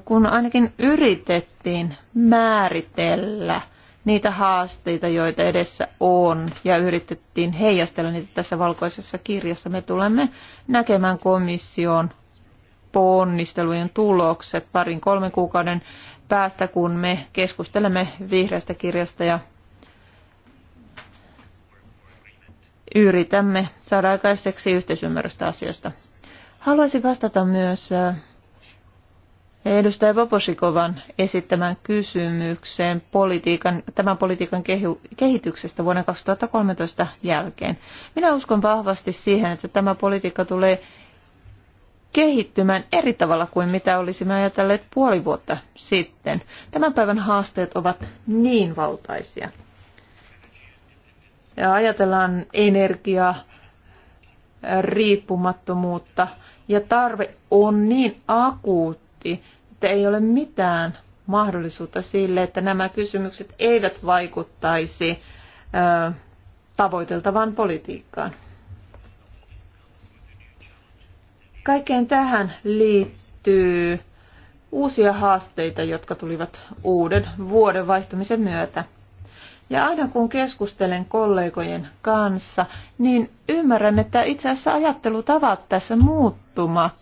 kun ainakin yritettiin määritellä niitä haasteita, joita edessä on, ja yritettiin heijastella niitä tässä valkoisessa kirjassa. Me tulemme näkemään komission ponnistelujen tulokset parin kolmen kuukauden päästä, kun me keskustelemme vihreästä kirjasta ja yritämme saada aikaiseksi yhteisymmärrystä asiasta. Haluaisin vastata myös äh, edustaja Voposikovan esittämään kysymykseen politiikan, tämän politiikan kehu, kehityksestä vuoden 2013 jälkeen. Minä uskon vahvasti siihen, että tämä politiikka tulee kehittymään eri tavalla kuin mitä olisimme ajatelleet puoli vuotta sitten. Tämän päivän haasteet ovat niin valtaisia. Ja ajatellaan energiaa, riippumattomuutta ja tarve on niin akuutti, että ei ole mitään mahdollisuutta sille, että nämä kysymykset eivät vaikuttaisi tavoiteltavaan politiikkaan. Kaikkeen tähän liittyy uusia haasteita, jotka tulivat uuden vuoden vaihtumisen myötä. Ja aina kun keskustelen kollegojen kanssa, niin ymmärrän, että itse asiassa ajattelutavat tässä muuttumat.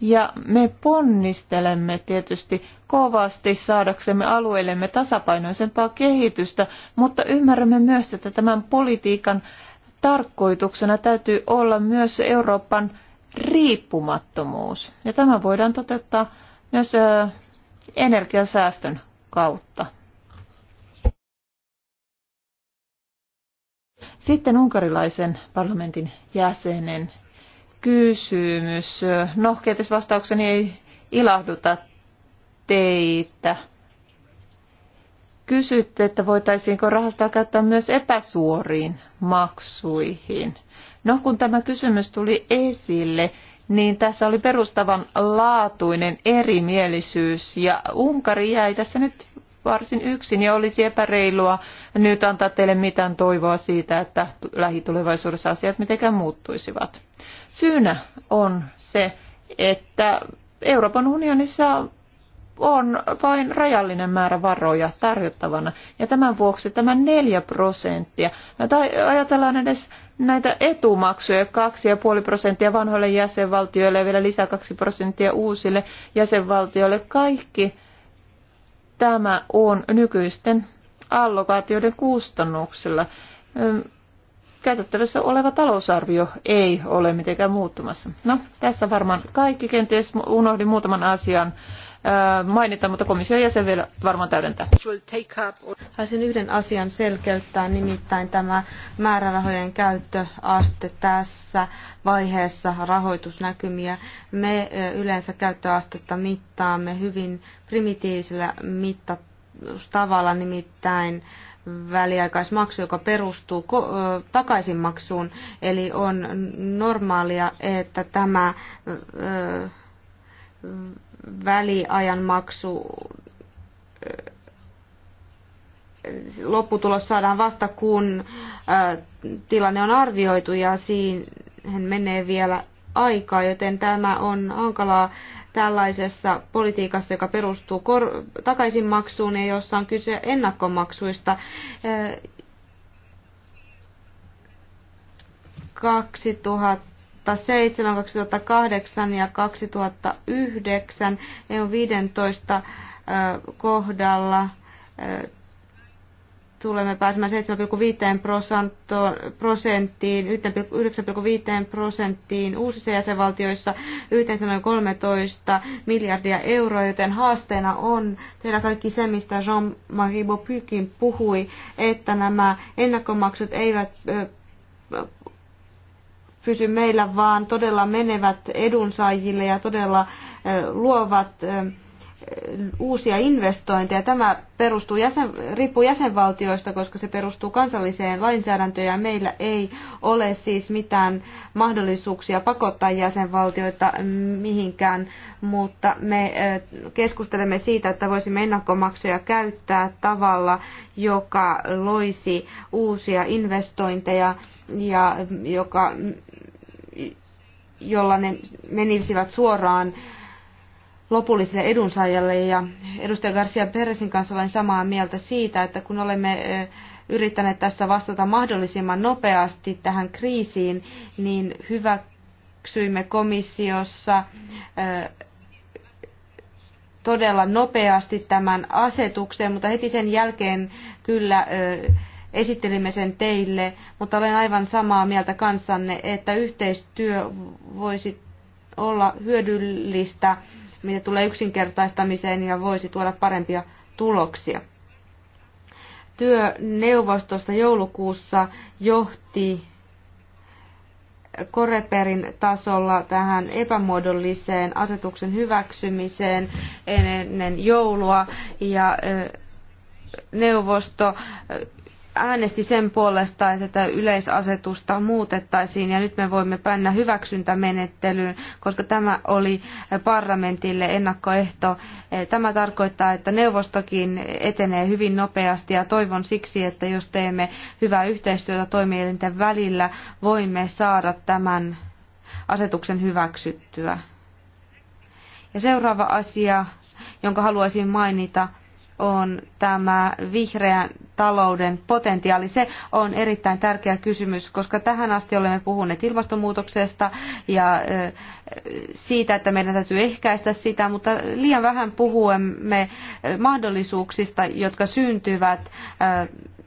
Ja me ponnistelemme tietysti kovasti saadaksemme alueellemme tasapainoisempaa kehitystä, mutta ymmärrämme myös, että tämän politiikan tarkoituksena täytyy olla myös Euroopan riippumattomuus. Ja tämä voidaan toteuttaa myös energiasäästön kautta. Sitten unkarilaisen parlamentin jäsenen kysymys. No, vastaukseni ei ilahduta teitä. Kysytte, että voitaisiinko rahastoa käyttää myös epäsuoriin maksuihin. No kun tämä kysymys tuli esille, niin tässä oli perustavanlaatuinen erimielisyys ja Unkari jäi tässä nyt varsin yksin ja olisi epäreilua nyt antaa teille mitään toivoa siitä, että lähitulevaisuudessa asiat mitenkään muuttuisivat. Syynä on se, että Euroopan unionissa on vain rajallinen määrä varoja tarjottavana. Ja tämän vuoksi tämä 4 prosenttia, tai ajatellaan edes näitä etumaksuja, 2,5 prosenttia vanhoille jäsenvaltioille ja vielä lisää 2 prosenttia uusille jäsenvaltioille, kaikki tämä on nykyisten allokaatioiden kustannuksella. Käytettävissä oleva talousarvio ei ole mitenkään muuttumassa. No, tässä varmaan kaikki. Kenties unohdin muutaman asian Äh, mainita, mutta komission jäsen vielä varmaan täydentää. Haluaisin yhden asian selkeyttää, nimittäin tämä määrärahojen käyttöaste tässä vaiheessa rahoitusnäkymiä. Me äh, yleensä käyttöastetta mittaamme hyvin primitiivisellä mittaustavalla, nimittäin väliaikaismaksu, joka perustuu äh, takaisinmaksuun. Eli on normaalia, että tämä väliajan maksu lopputulos saadaan vasta kun tilanne on arvioitu ja siihen menee vielä aikaa, joten tämä on hankalaa tällaisessa politiikassa, joka perustuu kor- takaisinmaksuun ja jossa on kyse ennakkomaksuista. 2000 2007, 2008 ja 2009 EU 15 kohdalla tulemme pääsemään 7,5 prosenttiin, 9,5 prosenttiin uusissa jäsenvaltioissa, yhteensä noin 13 miljardia euroa, joten haasteena on tehdä kaikki se, mistä Jean-Marie Bopykin puhui, että nämä ennakkomaksut eivät pysy meillä, vaan todella menevät edunsaajille ja todella luovat uusia investointeja. Tämä perustuu jäsen, riippuu jäsenvaltioista, koska se perustuu kansalliseen lainsäädäntöön ja meillä ei ole siis mitään mahdollisuuksia pakottaa jäsenvaltioita mihinkään, mutta me keskustelemme siitä, että voisimme ennakkomaksuja käyttää tavalla, joka loisi uusia investointeja ja joka jolla ne menisivät suoraan lopulliselle edunsaajalle. Ja edustaja Garcia Peresin kanssa olen samaa mieltä siitä, että kun olemme yrittäneet tässä vastata mahdollisimman nopeasti tähän kriisiin, niin hyväksyimme komissiossa todella nopeasti tämän asetuksen, mutta heti sen jälkeen kyllä esittelimme sen teille, mutta olen aivan samaa mieltä kanssanne, että yhteistyö voisi olla hyödyllistä, mitä tulee yksinkertaistamiseen ja voisi tuoda parempia tuloksia. Työneuvostosta joulukuussa johti Koreperin tasolla tähän epämuodolliseen asetuksen hyväksymiseen ennen joulua ja neuvosto äänesti sen puolesta, että tätä yleisasetusta muutettaisiin ja nyt me voimme panna hyväksyntämenettelyyn, koska tämä oli parlamentille ennakkoehto. Tämä tarkoittaa, että neuvostokin etenee hyvin nopeasti ja toivon siksi, että jos teemme hyvää yhteistyötä toimielinten välillä, voimme saada tämän asetuksen hyväksyttyä. Ja seuraava asia, jonka haluaisin mainita, on tämä vihreän talouden potentiaali. Se on erittäin tärkeä kysymys, koska tähän asti olemme puhuneet ilmastonmuutoksesta ja siitä, että meidän täytyy ehkäistä sitä, mutta liian vähän puhuemme mahdollisuuksista, jotka syntyvät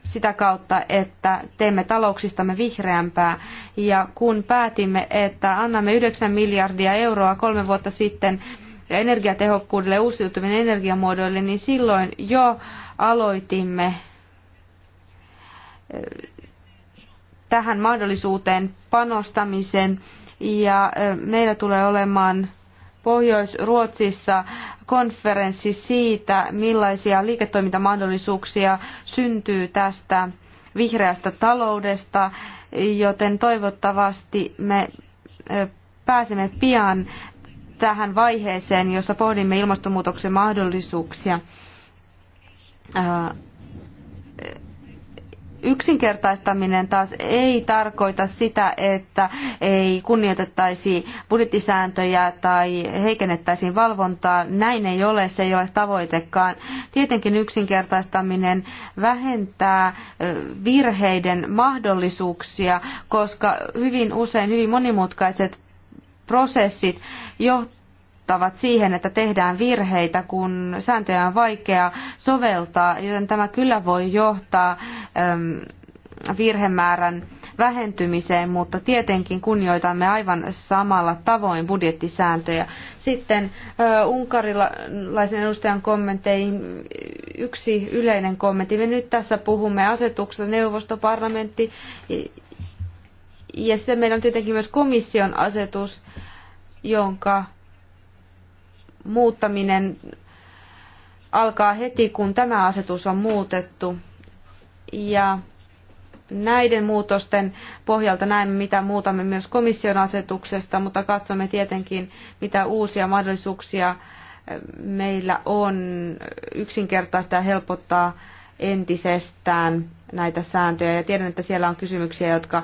sitä kautta, että teemme talouksistamme vihreämpää. Ja kun päätimme, että annamme 9 miljardia euroa kolme vuotta sitten ja energiatehokkuudelle ja uusiutuville energiamuodoille, niin silloin jo aloitimme tähän mahdollisuuteen panostamisen ja meillä tulee olemaan Pohjois-Ruotsissa konferenssi siitä, millaisia liiketoimintamahdollisuuksia syntyy tästä vihreästä taloudesta, joten toivottavasti me pääsemme pian tähän vaiheeseen, jossa pohdimme ilmastonmuutoksen mahdollisuuksia. Äh, yksinkertaistaminen taas ei tarkoita sitä, että ei kunnioitettaisi budjettisääntöjä tai heikennettäisiin valvontaa. Näin ei ole, se ei ole tavoitekaan. Tietenkin yksinkertaistaminen vähentää äh, virheiden mahdollisuuksia, koska hyvin usein hyvin monimutkaiset prosessit johtavat siihen, että tehdään virheitä, kun sääntöjä on vaikea soveltaa, joten tämä kyllä voi johtaa ähm, virhemäärän vähentymiseen, mutta tietenkin kunnioitamme aivan samalla tavoin budjettisääntöjä. Sitten unkarilaisen edustajan kommentteihin yksi yleinen kommentti. Me nyt tässä puhumme asetuksesta neuvostoparlamentti ja sitten meillä on tietenkin myös komission asetus, jonka muuttaminen alkaa heti, kun tämä asetus on muutettu. Ja näiden muutosten pohjalta näemme, mitä muutamme myös komission asetuksesta, mutta katsomme tietenkin, mitä uusia mahdollisuuksia eh, meillä on yksinkertaista ja helpottaa entisestään näitä sääntöjä. Ja tiedän, että siellä on kysymyksiä, jotka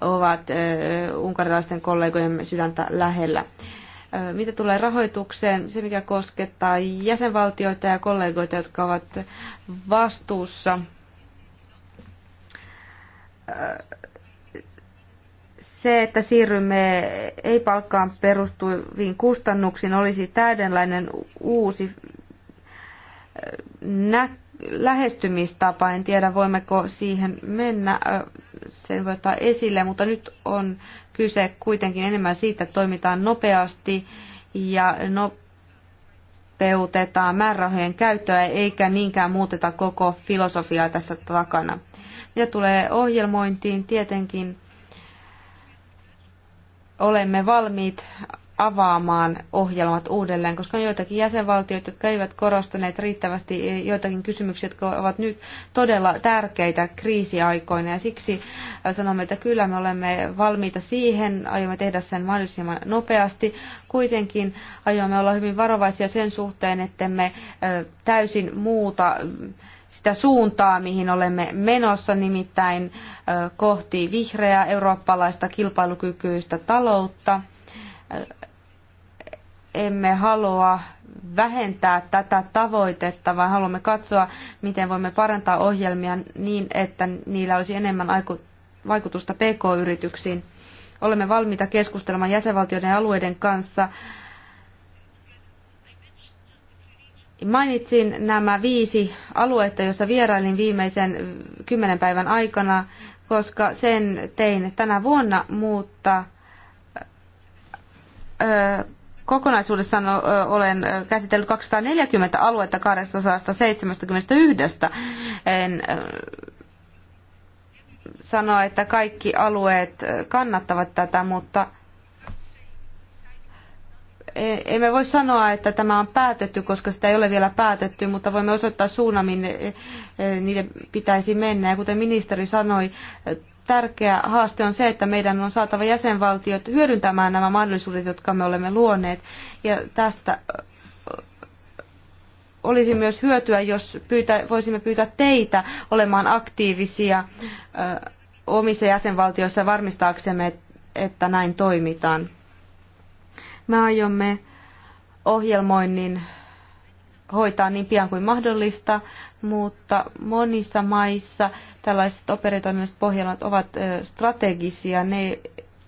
ovat unkarilaisten kollegojen sydäntä lähellä. Mitä tulee rahoitukseen, se mikä koskettaa jäsenvaltioita ja kollegoita, jotka ovat vastuussa se, että siirrymme ei-palkkaan perustuviin kustannuksiin, olisi täydenlainen uusi nä- lähestymistapa. En tiedä, voimmeko siihen mennä. Sen voi ottaa esille, mutta nyt on kyse kuitenkin enemmän siitä, että toimitaan nopeasti ja nopeutetaan määrärahojen käyttöä, eikä niinkään muuteta koko filosofiaa tässä takana. Ja tulee ohjelmointiin tietenkin olemme valmiit avaamaan ohjelmat uudelleen, koska on joitakin jäsenvaltioita, jotka eivät korostaneet riittävästi joitakin kysymyksiä, jotka ovat nyt todella tärkeitä kriisiaikoina. Ja siksi äh, sanomme, että kyllä me olemme valmiita siihen, aiomme tehdä sen mahdollisimman nopeasti. Kuitenkin aiomme olla hyvin varovaisia sen suhteen, ettemme äh, täysin muuta äh, sitä suuntaa, mihin olemme menossa, nimittäin kohti vihreää eurooppalaista kilpailukykyistä taloutta emme halua vähentää tätä tavoitetta, vaan haluamme katsoa, miten voimme parantaa ohjelmia niin, että niillä olisi enemmän vaikutusta pk-yrityksiin. Olemme valmiita keskustelemaan jäsenvaltioiden ja alueiden kanssa. Mainitsin nämä viisi aluetta, joissa vierailin viimeisen kymmenen päivän aikana, koska sen tein tänä vuonna, mutta Kokonaisuudessaan olen käsitellyt 240 aluetta 271. En sano, että kaikki alueet kannattavat tätä, mutta e, emme voi sanoa, että tämä on päätetty, koska sitä ei ole vielä päätetty, mutta voimme osoittaa suunnan, minne e, niiden pitäisi mennä. Ja kuten ministeri sanoi, tärkeä haaste on se, että meidän on saatava jäsenvaltiot hyödyntämään nämä mahdollisuudet, jotka me olemme luoneet. Ja tästä olisi myös hyötyä, jos pyytä, voisimme pyytää teitä olemaan aktiivisia omissa jäsenvaltioissa varmistaaksemme, että näin toimitaan. Me aiomme ohjelmoinnin hoitaa niin pian kuin mahdollista mutta monissa maissa tällaiset operatoimiset pohjelmat ovat strategisia, ne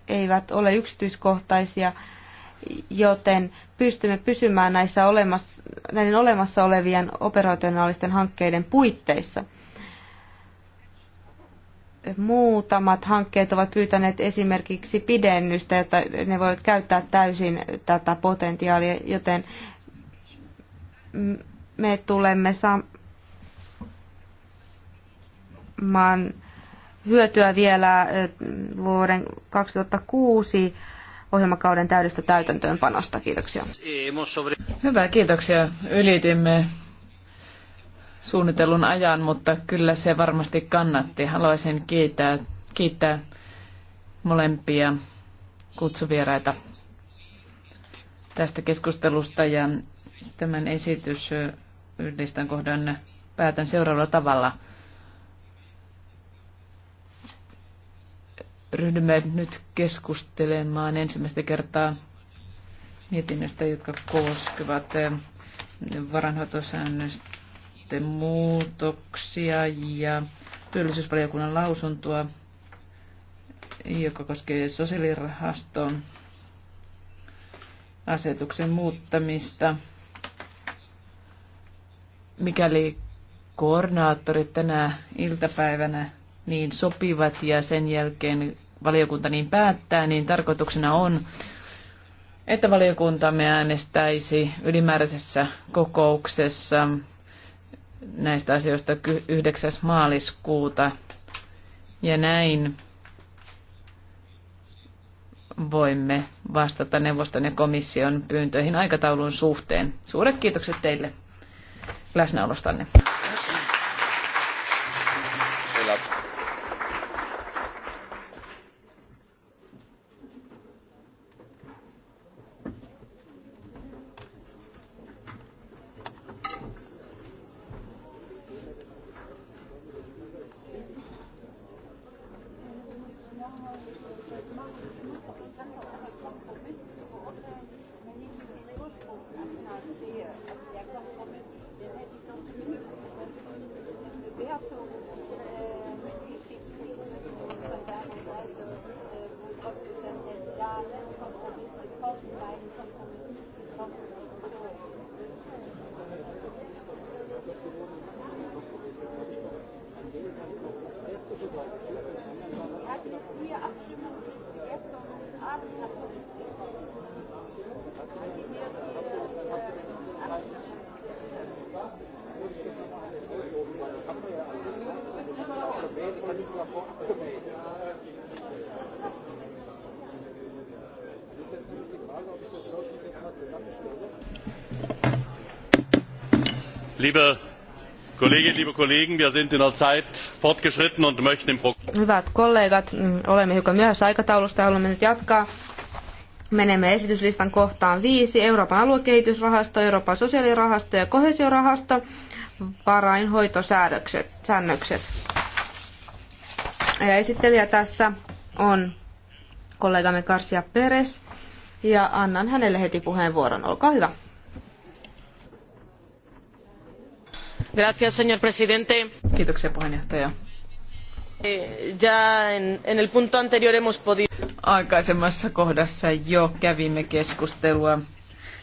eivät ole yksityiskohtaisia, joten pystymme pysymään näissä olemassa, näiden olemassa olevien operationaalisten hankkeiden puitteissa. Muutamat hankkeet ovat pyytäneet esimerkiksi pidennystä, jotta ne voivat käyttää täysin tätä potentiaalia, joten me tulemme saamaan saamaan hyötyä vielä vuoden 2006 ohjelmakauden täydestä täytäntöönpanosta. Kiitoksia. Hyvä, kiitoksia. Ylitimme suunnitellun ajan, mutta kyllä se varmasti kannatti. Haluaisin kiittää, kiittää molempia kutsuvieraita tästä keskustelusta ja tämän esitys yhdistän kohdan päätän seuraavalla tavalla – ryhdymme nyt keskustelemaan ensimmäistä kertaa mietinnöstä, jotka koskevat eh, varanhoitosäännösten muutoksia ja työllisyysvaliokunnan lausuntoa, joka koskee sosiaalirahaston asetuksen muuttamista. Mikäli koordinaattorit tänä iltapäivänä niin sopivat ja sen jälkeen valiokunta niin päättää, niin tarkoituksena on, että valiokuntamme äänestäisi ylimääräisessä kokouksessa näistä asioista 9. maaliskuuta. Ja näin voimme vastata neuvoston ja komission pyyntöihin aikataulun suhteen. Suuret kiitokset teille läsnäolostanne. liebe kolleginnen liebe kollegen wir sind in der zeit fortgeschritten und möchten im Hyvät kollegat, mm, olemme hiukan myöhässä aikataulusta ja haluamme nyt jatkaa. Menemme esityslistan kohtaan viisi. Euroopan aluekehitysrahasto, Euroopan sosiaalirahasto ja kohesiorahasto, varainhoitosäännökset. Säännökset. Ja esittelijä tässä on kollegamme Karsia Peres ja annan hänelle heti puheenvuoron. Olkaa hyvä. señor presidente. Eh, ya en, en el punto anterior hemos podido... Aikaisemmassa kohdassa jo kävimme keskustelua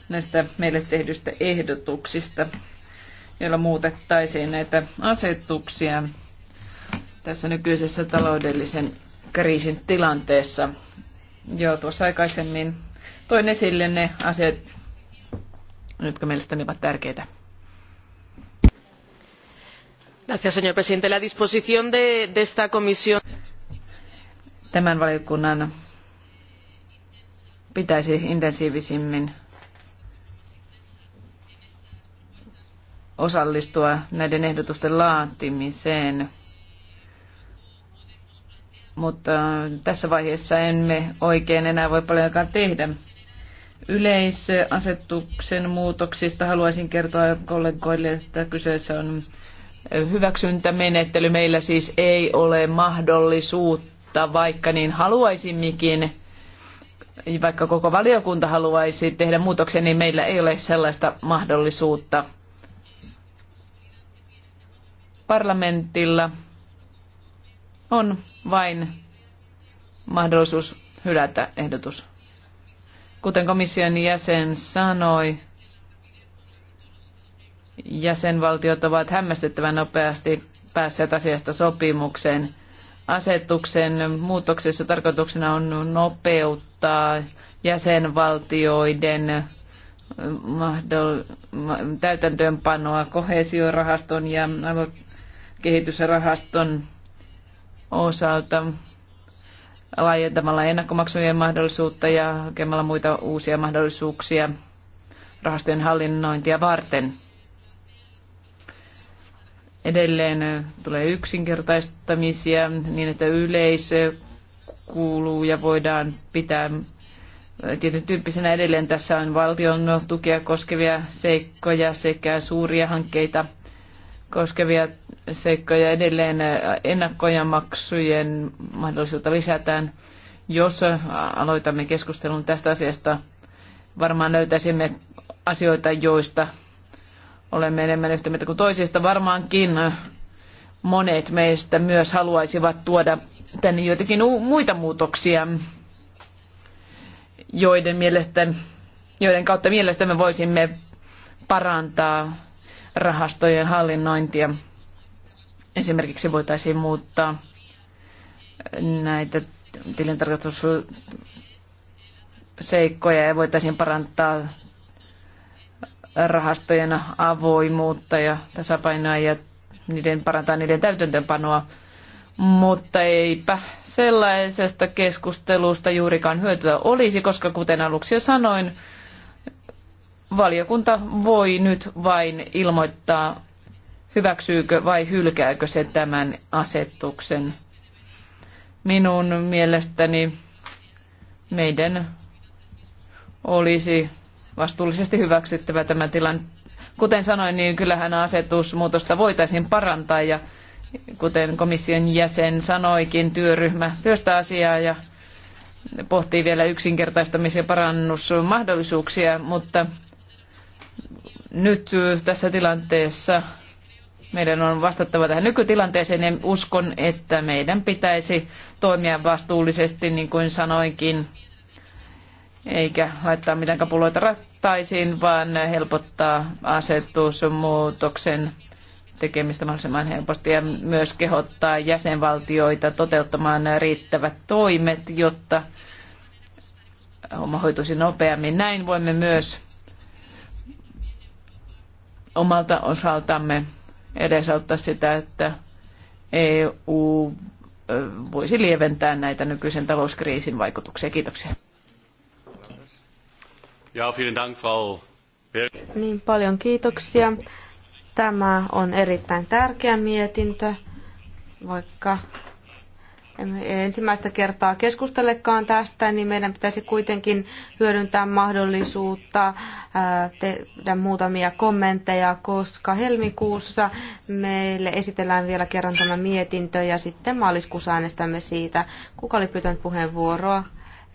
näistä meille tehdyistä ehdotuksista, joilla muutettaisiin näitä asetuksia tässä nykyisessä taloudellisen kriisin tilanteessa. Jo tuossa aikaisemmin toin esille ne asiat, jotka mielestäni ovat tärkeitä señor presidente la disposición de esta comisión. tämän valiokunnan pitäisi intensiivisemmin osallistua näiden ehdotusten laatimiseen mutta tässä vaiheessa emme oikein enää voi paljonkaan tehdä. Yleisasetuksen muutoksista haluaisin kertoa kollegoille, että kyseessä on hyväksyntämenettely. Meillä siis ei ole mahdollisuutta, vaikka niin haluaisimmekin, vaikka koko valiokunta haluaisi tehdä muutoksen, niin meillä ei ole sellaista mahdollisuutta. Parlamentilla on vain mahdollisuus hylätä ehdotus. Kuten komission jäsen sanoi, jäsenvaltiot ovat hämmästyttävän nopeasti päässeet asiasta sopimukseen. Asetuksen muutoksessa tarkoituksena on nopeuttaa jäsenvaltioiden eh, mahdoll- täytäntöönpanoa kohesiorahaston ja kehitysrahaston osalta laajentamalla ennakkomaksujen mahdollisuutta ja hakemalla muita uusia mahdollisuuksia rahastojen hallinnointia varten. Edelleen tulee yksinkertaistamisia niin, että ja voidaan pitää tietyn tyyppisenä edelleen. Tässä on valtion tukea koskevia seikkoja sekä suuria hankkeita koskevia seikkoja edelleen ennakkoja maksujen mahdollisuutta lisätään. Jos aloitamme keskustelun tästä asiasta, varmaan löytäisimme asioita, joista olemme enemmän yhtä mieltä kuin toisista. Varmaankin monet meistä myös haluaisivat tuoda tänne joitakin muita muutoksia, joiden, mielestä, joiden kautta mielestämme voisimme parantaa rahastojen hallinnointia. Esimerkiksi voitaisiin muuttaa näitä tilintarkastusseikkoja ja voitaisiin parantaa rahastojen avoimuutta ja tasapainoa ja niiden parantaa niiden täytäntöönpanoa. Mutta eipä sellaisesta keskustelusta juurikaan hyötyä olisi, koska kuten aluksi jo sanoin, valiokunta voi nyt vain ilmoittaa, hyväksyykö vai hylkääkö se tämän asetuksen. Minun mielestäni meidän olisi vastuullisesti hyväksyttävä tämä tilanne. Kuten sanoin, niin kyllähän asetusmuutosta voitaisiin parantaa ja kuten komission jäsen sanoikin, työryhmä työstää asiaa ja pohtii vielä yksinkertaistamis- ja parannusmahdollisuuksia, mutta nyt tässä tilanteessa meidän on vastattava tähän nykytilanteeseen ja uskon, että meidän pitäisi toimia vastuullisesti, niin kuin sanoinkin, eikä laittaa mitään kapuloita rattaisiin, vaan helpottaa asetusmuutoksen tekemistä mahdollisimman helposti ja myös kehottaa jäsenvaltioita toteuttamaan riittävät toimet, jotta homma hoituisi nopeammin. Näin voimme myös omalta osaltamme edesauttaa sitä, että EU voisi lieventää näitä nykyisen talouskriisin vaikutuksia. Kiitoksia. Ja, vielen Dank, Frau niin, paljon kiitoksia. Tämä on erittäin tärkeä mietintö, vaikka emme ensimmäistä kertaa keskustelekaan tästä, niin meidän pitäisi kuitenkin hyödyntää mahdollisuutta tehdä muutamia kommentteja, koska helmikuussa meille esitellään vielä kerran tämä mietintö ja sitten maaliskuussa äänestämme siitä, kuka oli pyytänyt puheenvuoroa.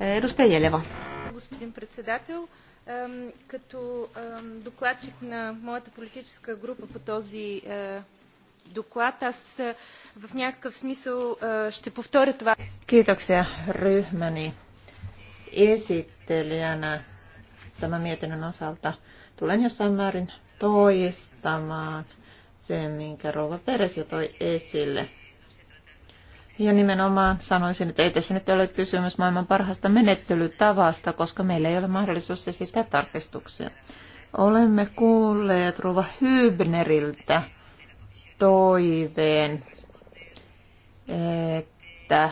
Edustaja Jeleva. Господин председател, Като докладчик на моята политическа група по този доклад, аз в някакъв смисъл ще повторя това. Kiitoksia ryhmäni esittelijänä tämän mietinnön osalta. Tulen jossain määrin toistamaan sen, minkä Rova Peres jo toi esille. Ja nimenomaan sanoisin, että ei tässä nyt ole kysymys maailman parhaasta menettelytavasta, koska meillä ei ole mahdollisuus esittää tarkistuksia. Olemme kuulleet Ruva Hybneriltä toiveen, että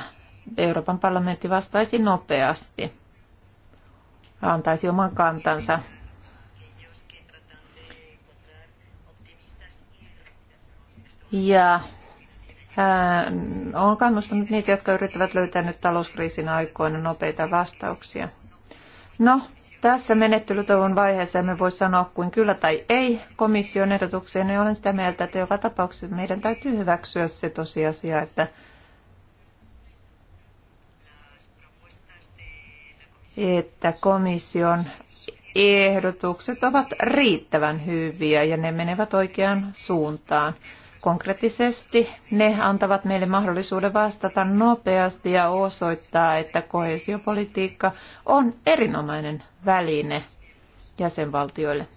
Euroopan parlamentti vastaisi nopeasti, antaisi oman kantansa ja olen on kannustanut niitä, jotka yrittävät löytää nyt talouskriisin aikoina nopeita vastauksia. No, tässä menettelytoivon vaiheessa emme voi sanoa kuin kyllä tai ei komission ehdotukseen, Ja olen sitä mieltä, että joka tapauksessa meidän täytyy hyväksyä se tosiasia, että että komission ehdotukset ovat riittävän hyviä ja ne menevät oikeaan suuntaan. Konkreettisesti ne antavat meille mahdollisuuden vastata nopeasti ja osoittaa, että kohesiopolitiikka on erinomainen väline jäsenvaltioille.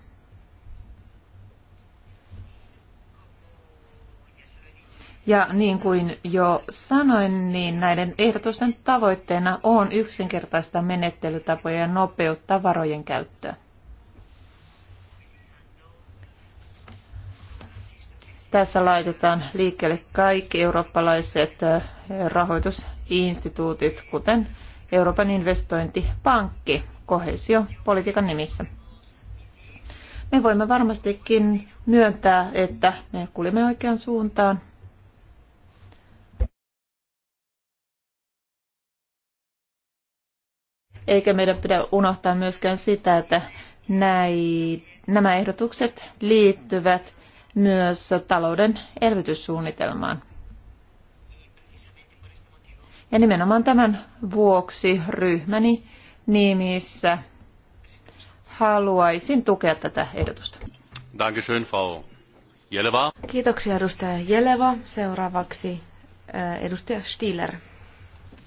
Ja niin kuin jo sanoin, niin näiden ehdotusten tavoitteena on yksinkertaista menettelytapoja ja nopeuttaa varojen käyttöä. Tässä laitetaan liikkeelle kaikki eurooppalaiset rahoitusinstituutit, kuten Euroopan investointipankki kohesiopolitiikan nimissä. Me voimme varmastikin myöntää, että me kuljemme oikeaan suuntaan. Eikä meidän pidä unohtaa myöskään sitä, että näin, nämä ehdotukset liittyvät myös talouden elvytyssuunnitelmaan. Ja nimenomaan tämän vuoksi ryhmäni nimissä haluaisin tukea tätä ehdotusta. Frau Kiitoksia edustaja Jeleva. Seuraavaksi äh, edustaja Stiller.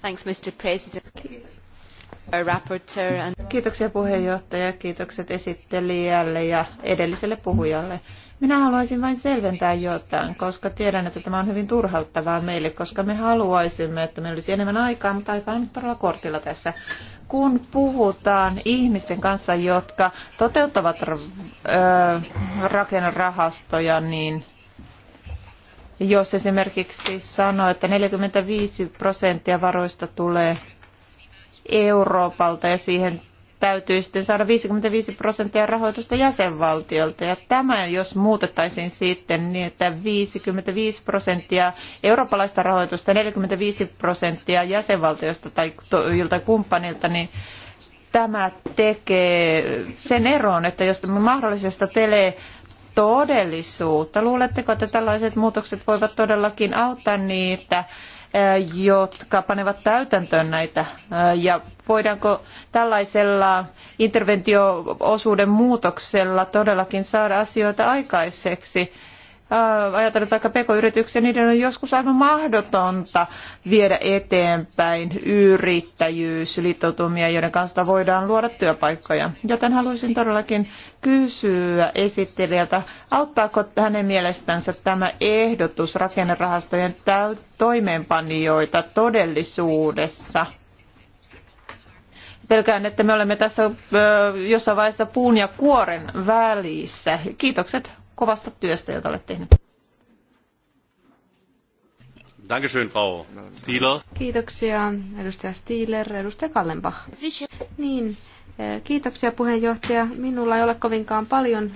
Thanks, Mr. President. Kiitoksia puheenjohtaja, kiitokset esittelijälle ja edelliselle puhujalle. Minä haluaisin vain selventää jotain, koska tiedän, että tämä on hyvin turhauttavaa meille, koska me haluaisimme, että meillä olisi enemmän aikaa, mutta aika on todella kortilla tässä. Kun puhutaan ihmisten kanssa, jotka toteuttavat rakennerahastoja, niin jos esimerkiksi sanoo, että 45 prosenttia varoista tulee Euroopalta ja siihen täytyy sitten saada 55 prosenttia rahoitusta jäsenvaltiolta. Ja tämä, jos muutettaisiin sitten niin, että 55 prosenttia eurooppalaista rahoitusta, 45 prosenttia jäsenvaltiosta tai joltain kumppanilta, niin tämä tekee sen eron, että jos tämä mahdollisesta telee todellisuutta, luuletteko, että tällaiset muutokset voivat todellakin auttaa niitä jotka panevat täytäntöön näitä ja voidaanko tällaisella interventioosuuden muutoksella todellakin saada asioita aikaiseksi? Äh, ajatellaan vaikka pk-yrityksiä, niiden on joskus aivan mahdotonta viedä eteenpäin yrittäjyysliittoutumia, joiden kanssa voidaan luoda työpaikkoja. Joten haluaisin todellakin kysyä esittelijältä, auttaako hänen mielestänsä tämä ehdotus rakennerahastojen toimeenpanijoita todellisuudessa? Pelkään, että me olemme tässä jossain vaiheessa puun ja kuoren välissä. Kiitokset kovasta työstä, jota olet tehnyt. Dankeschön, Frau Stieler. Kiitoksia, edustaja Stieler, edustaja Kallenbach. Siis- niin, eh, kiitoksia puheenjohtaja. Minulla ei ole kovinkaan paljon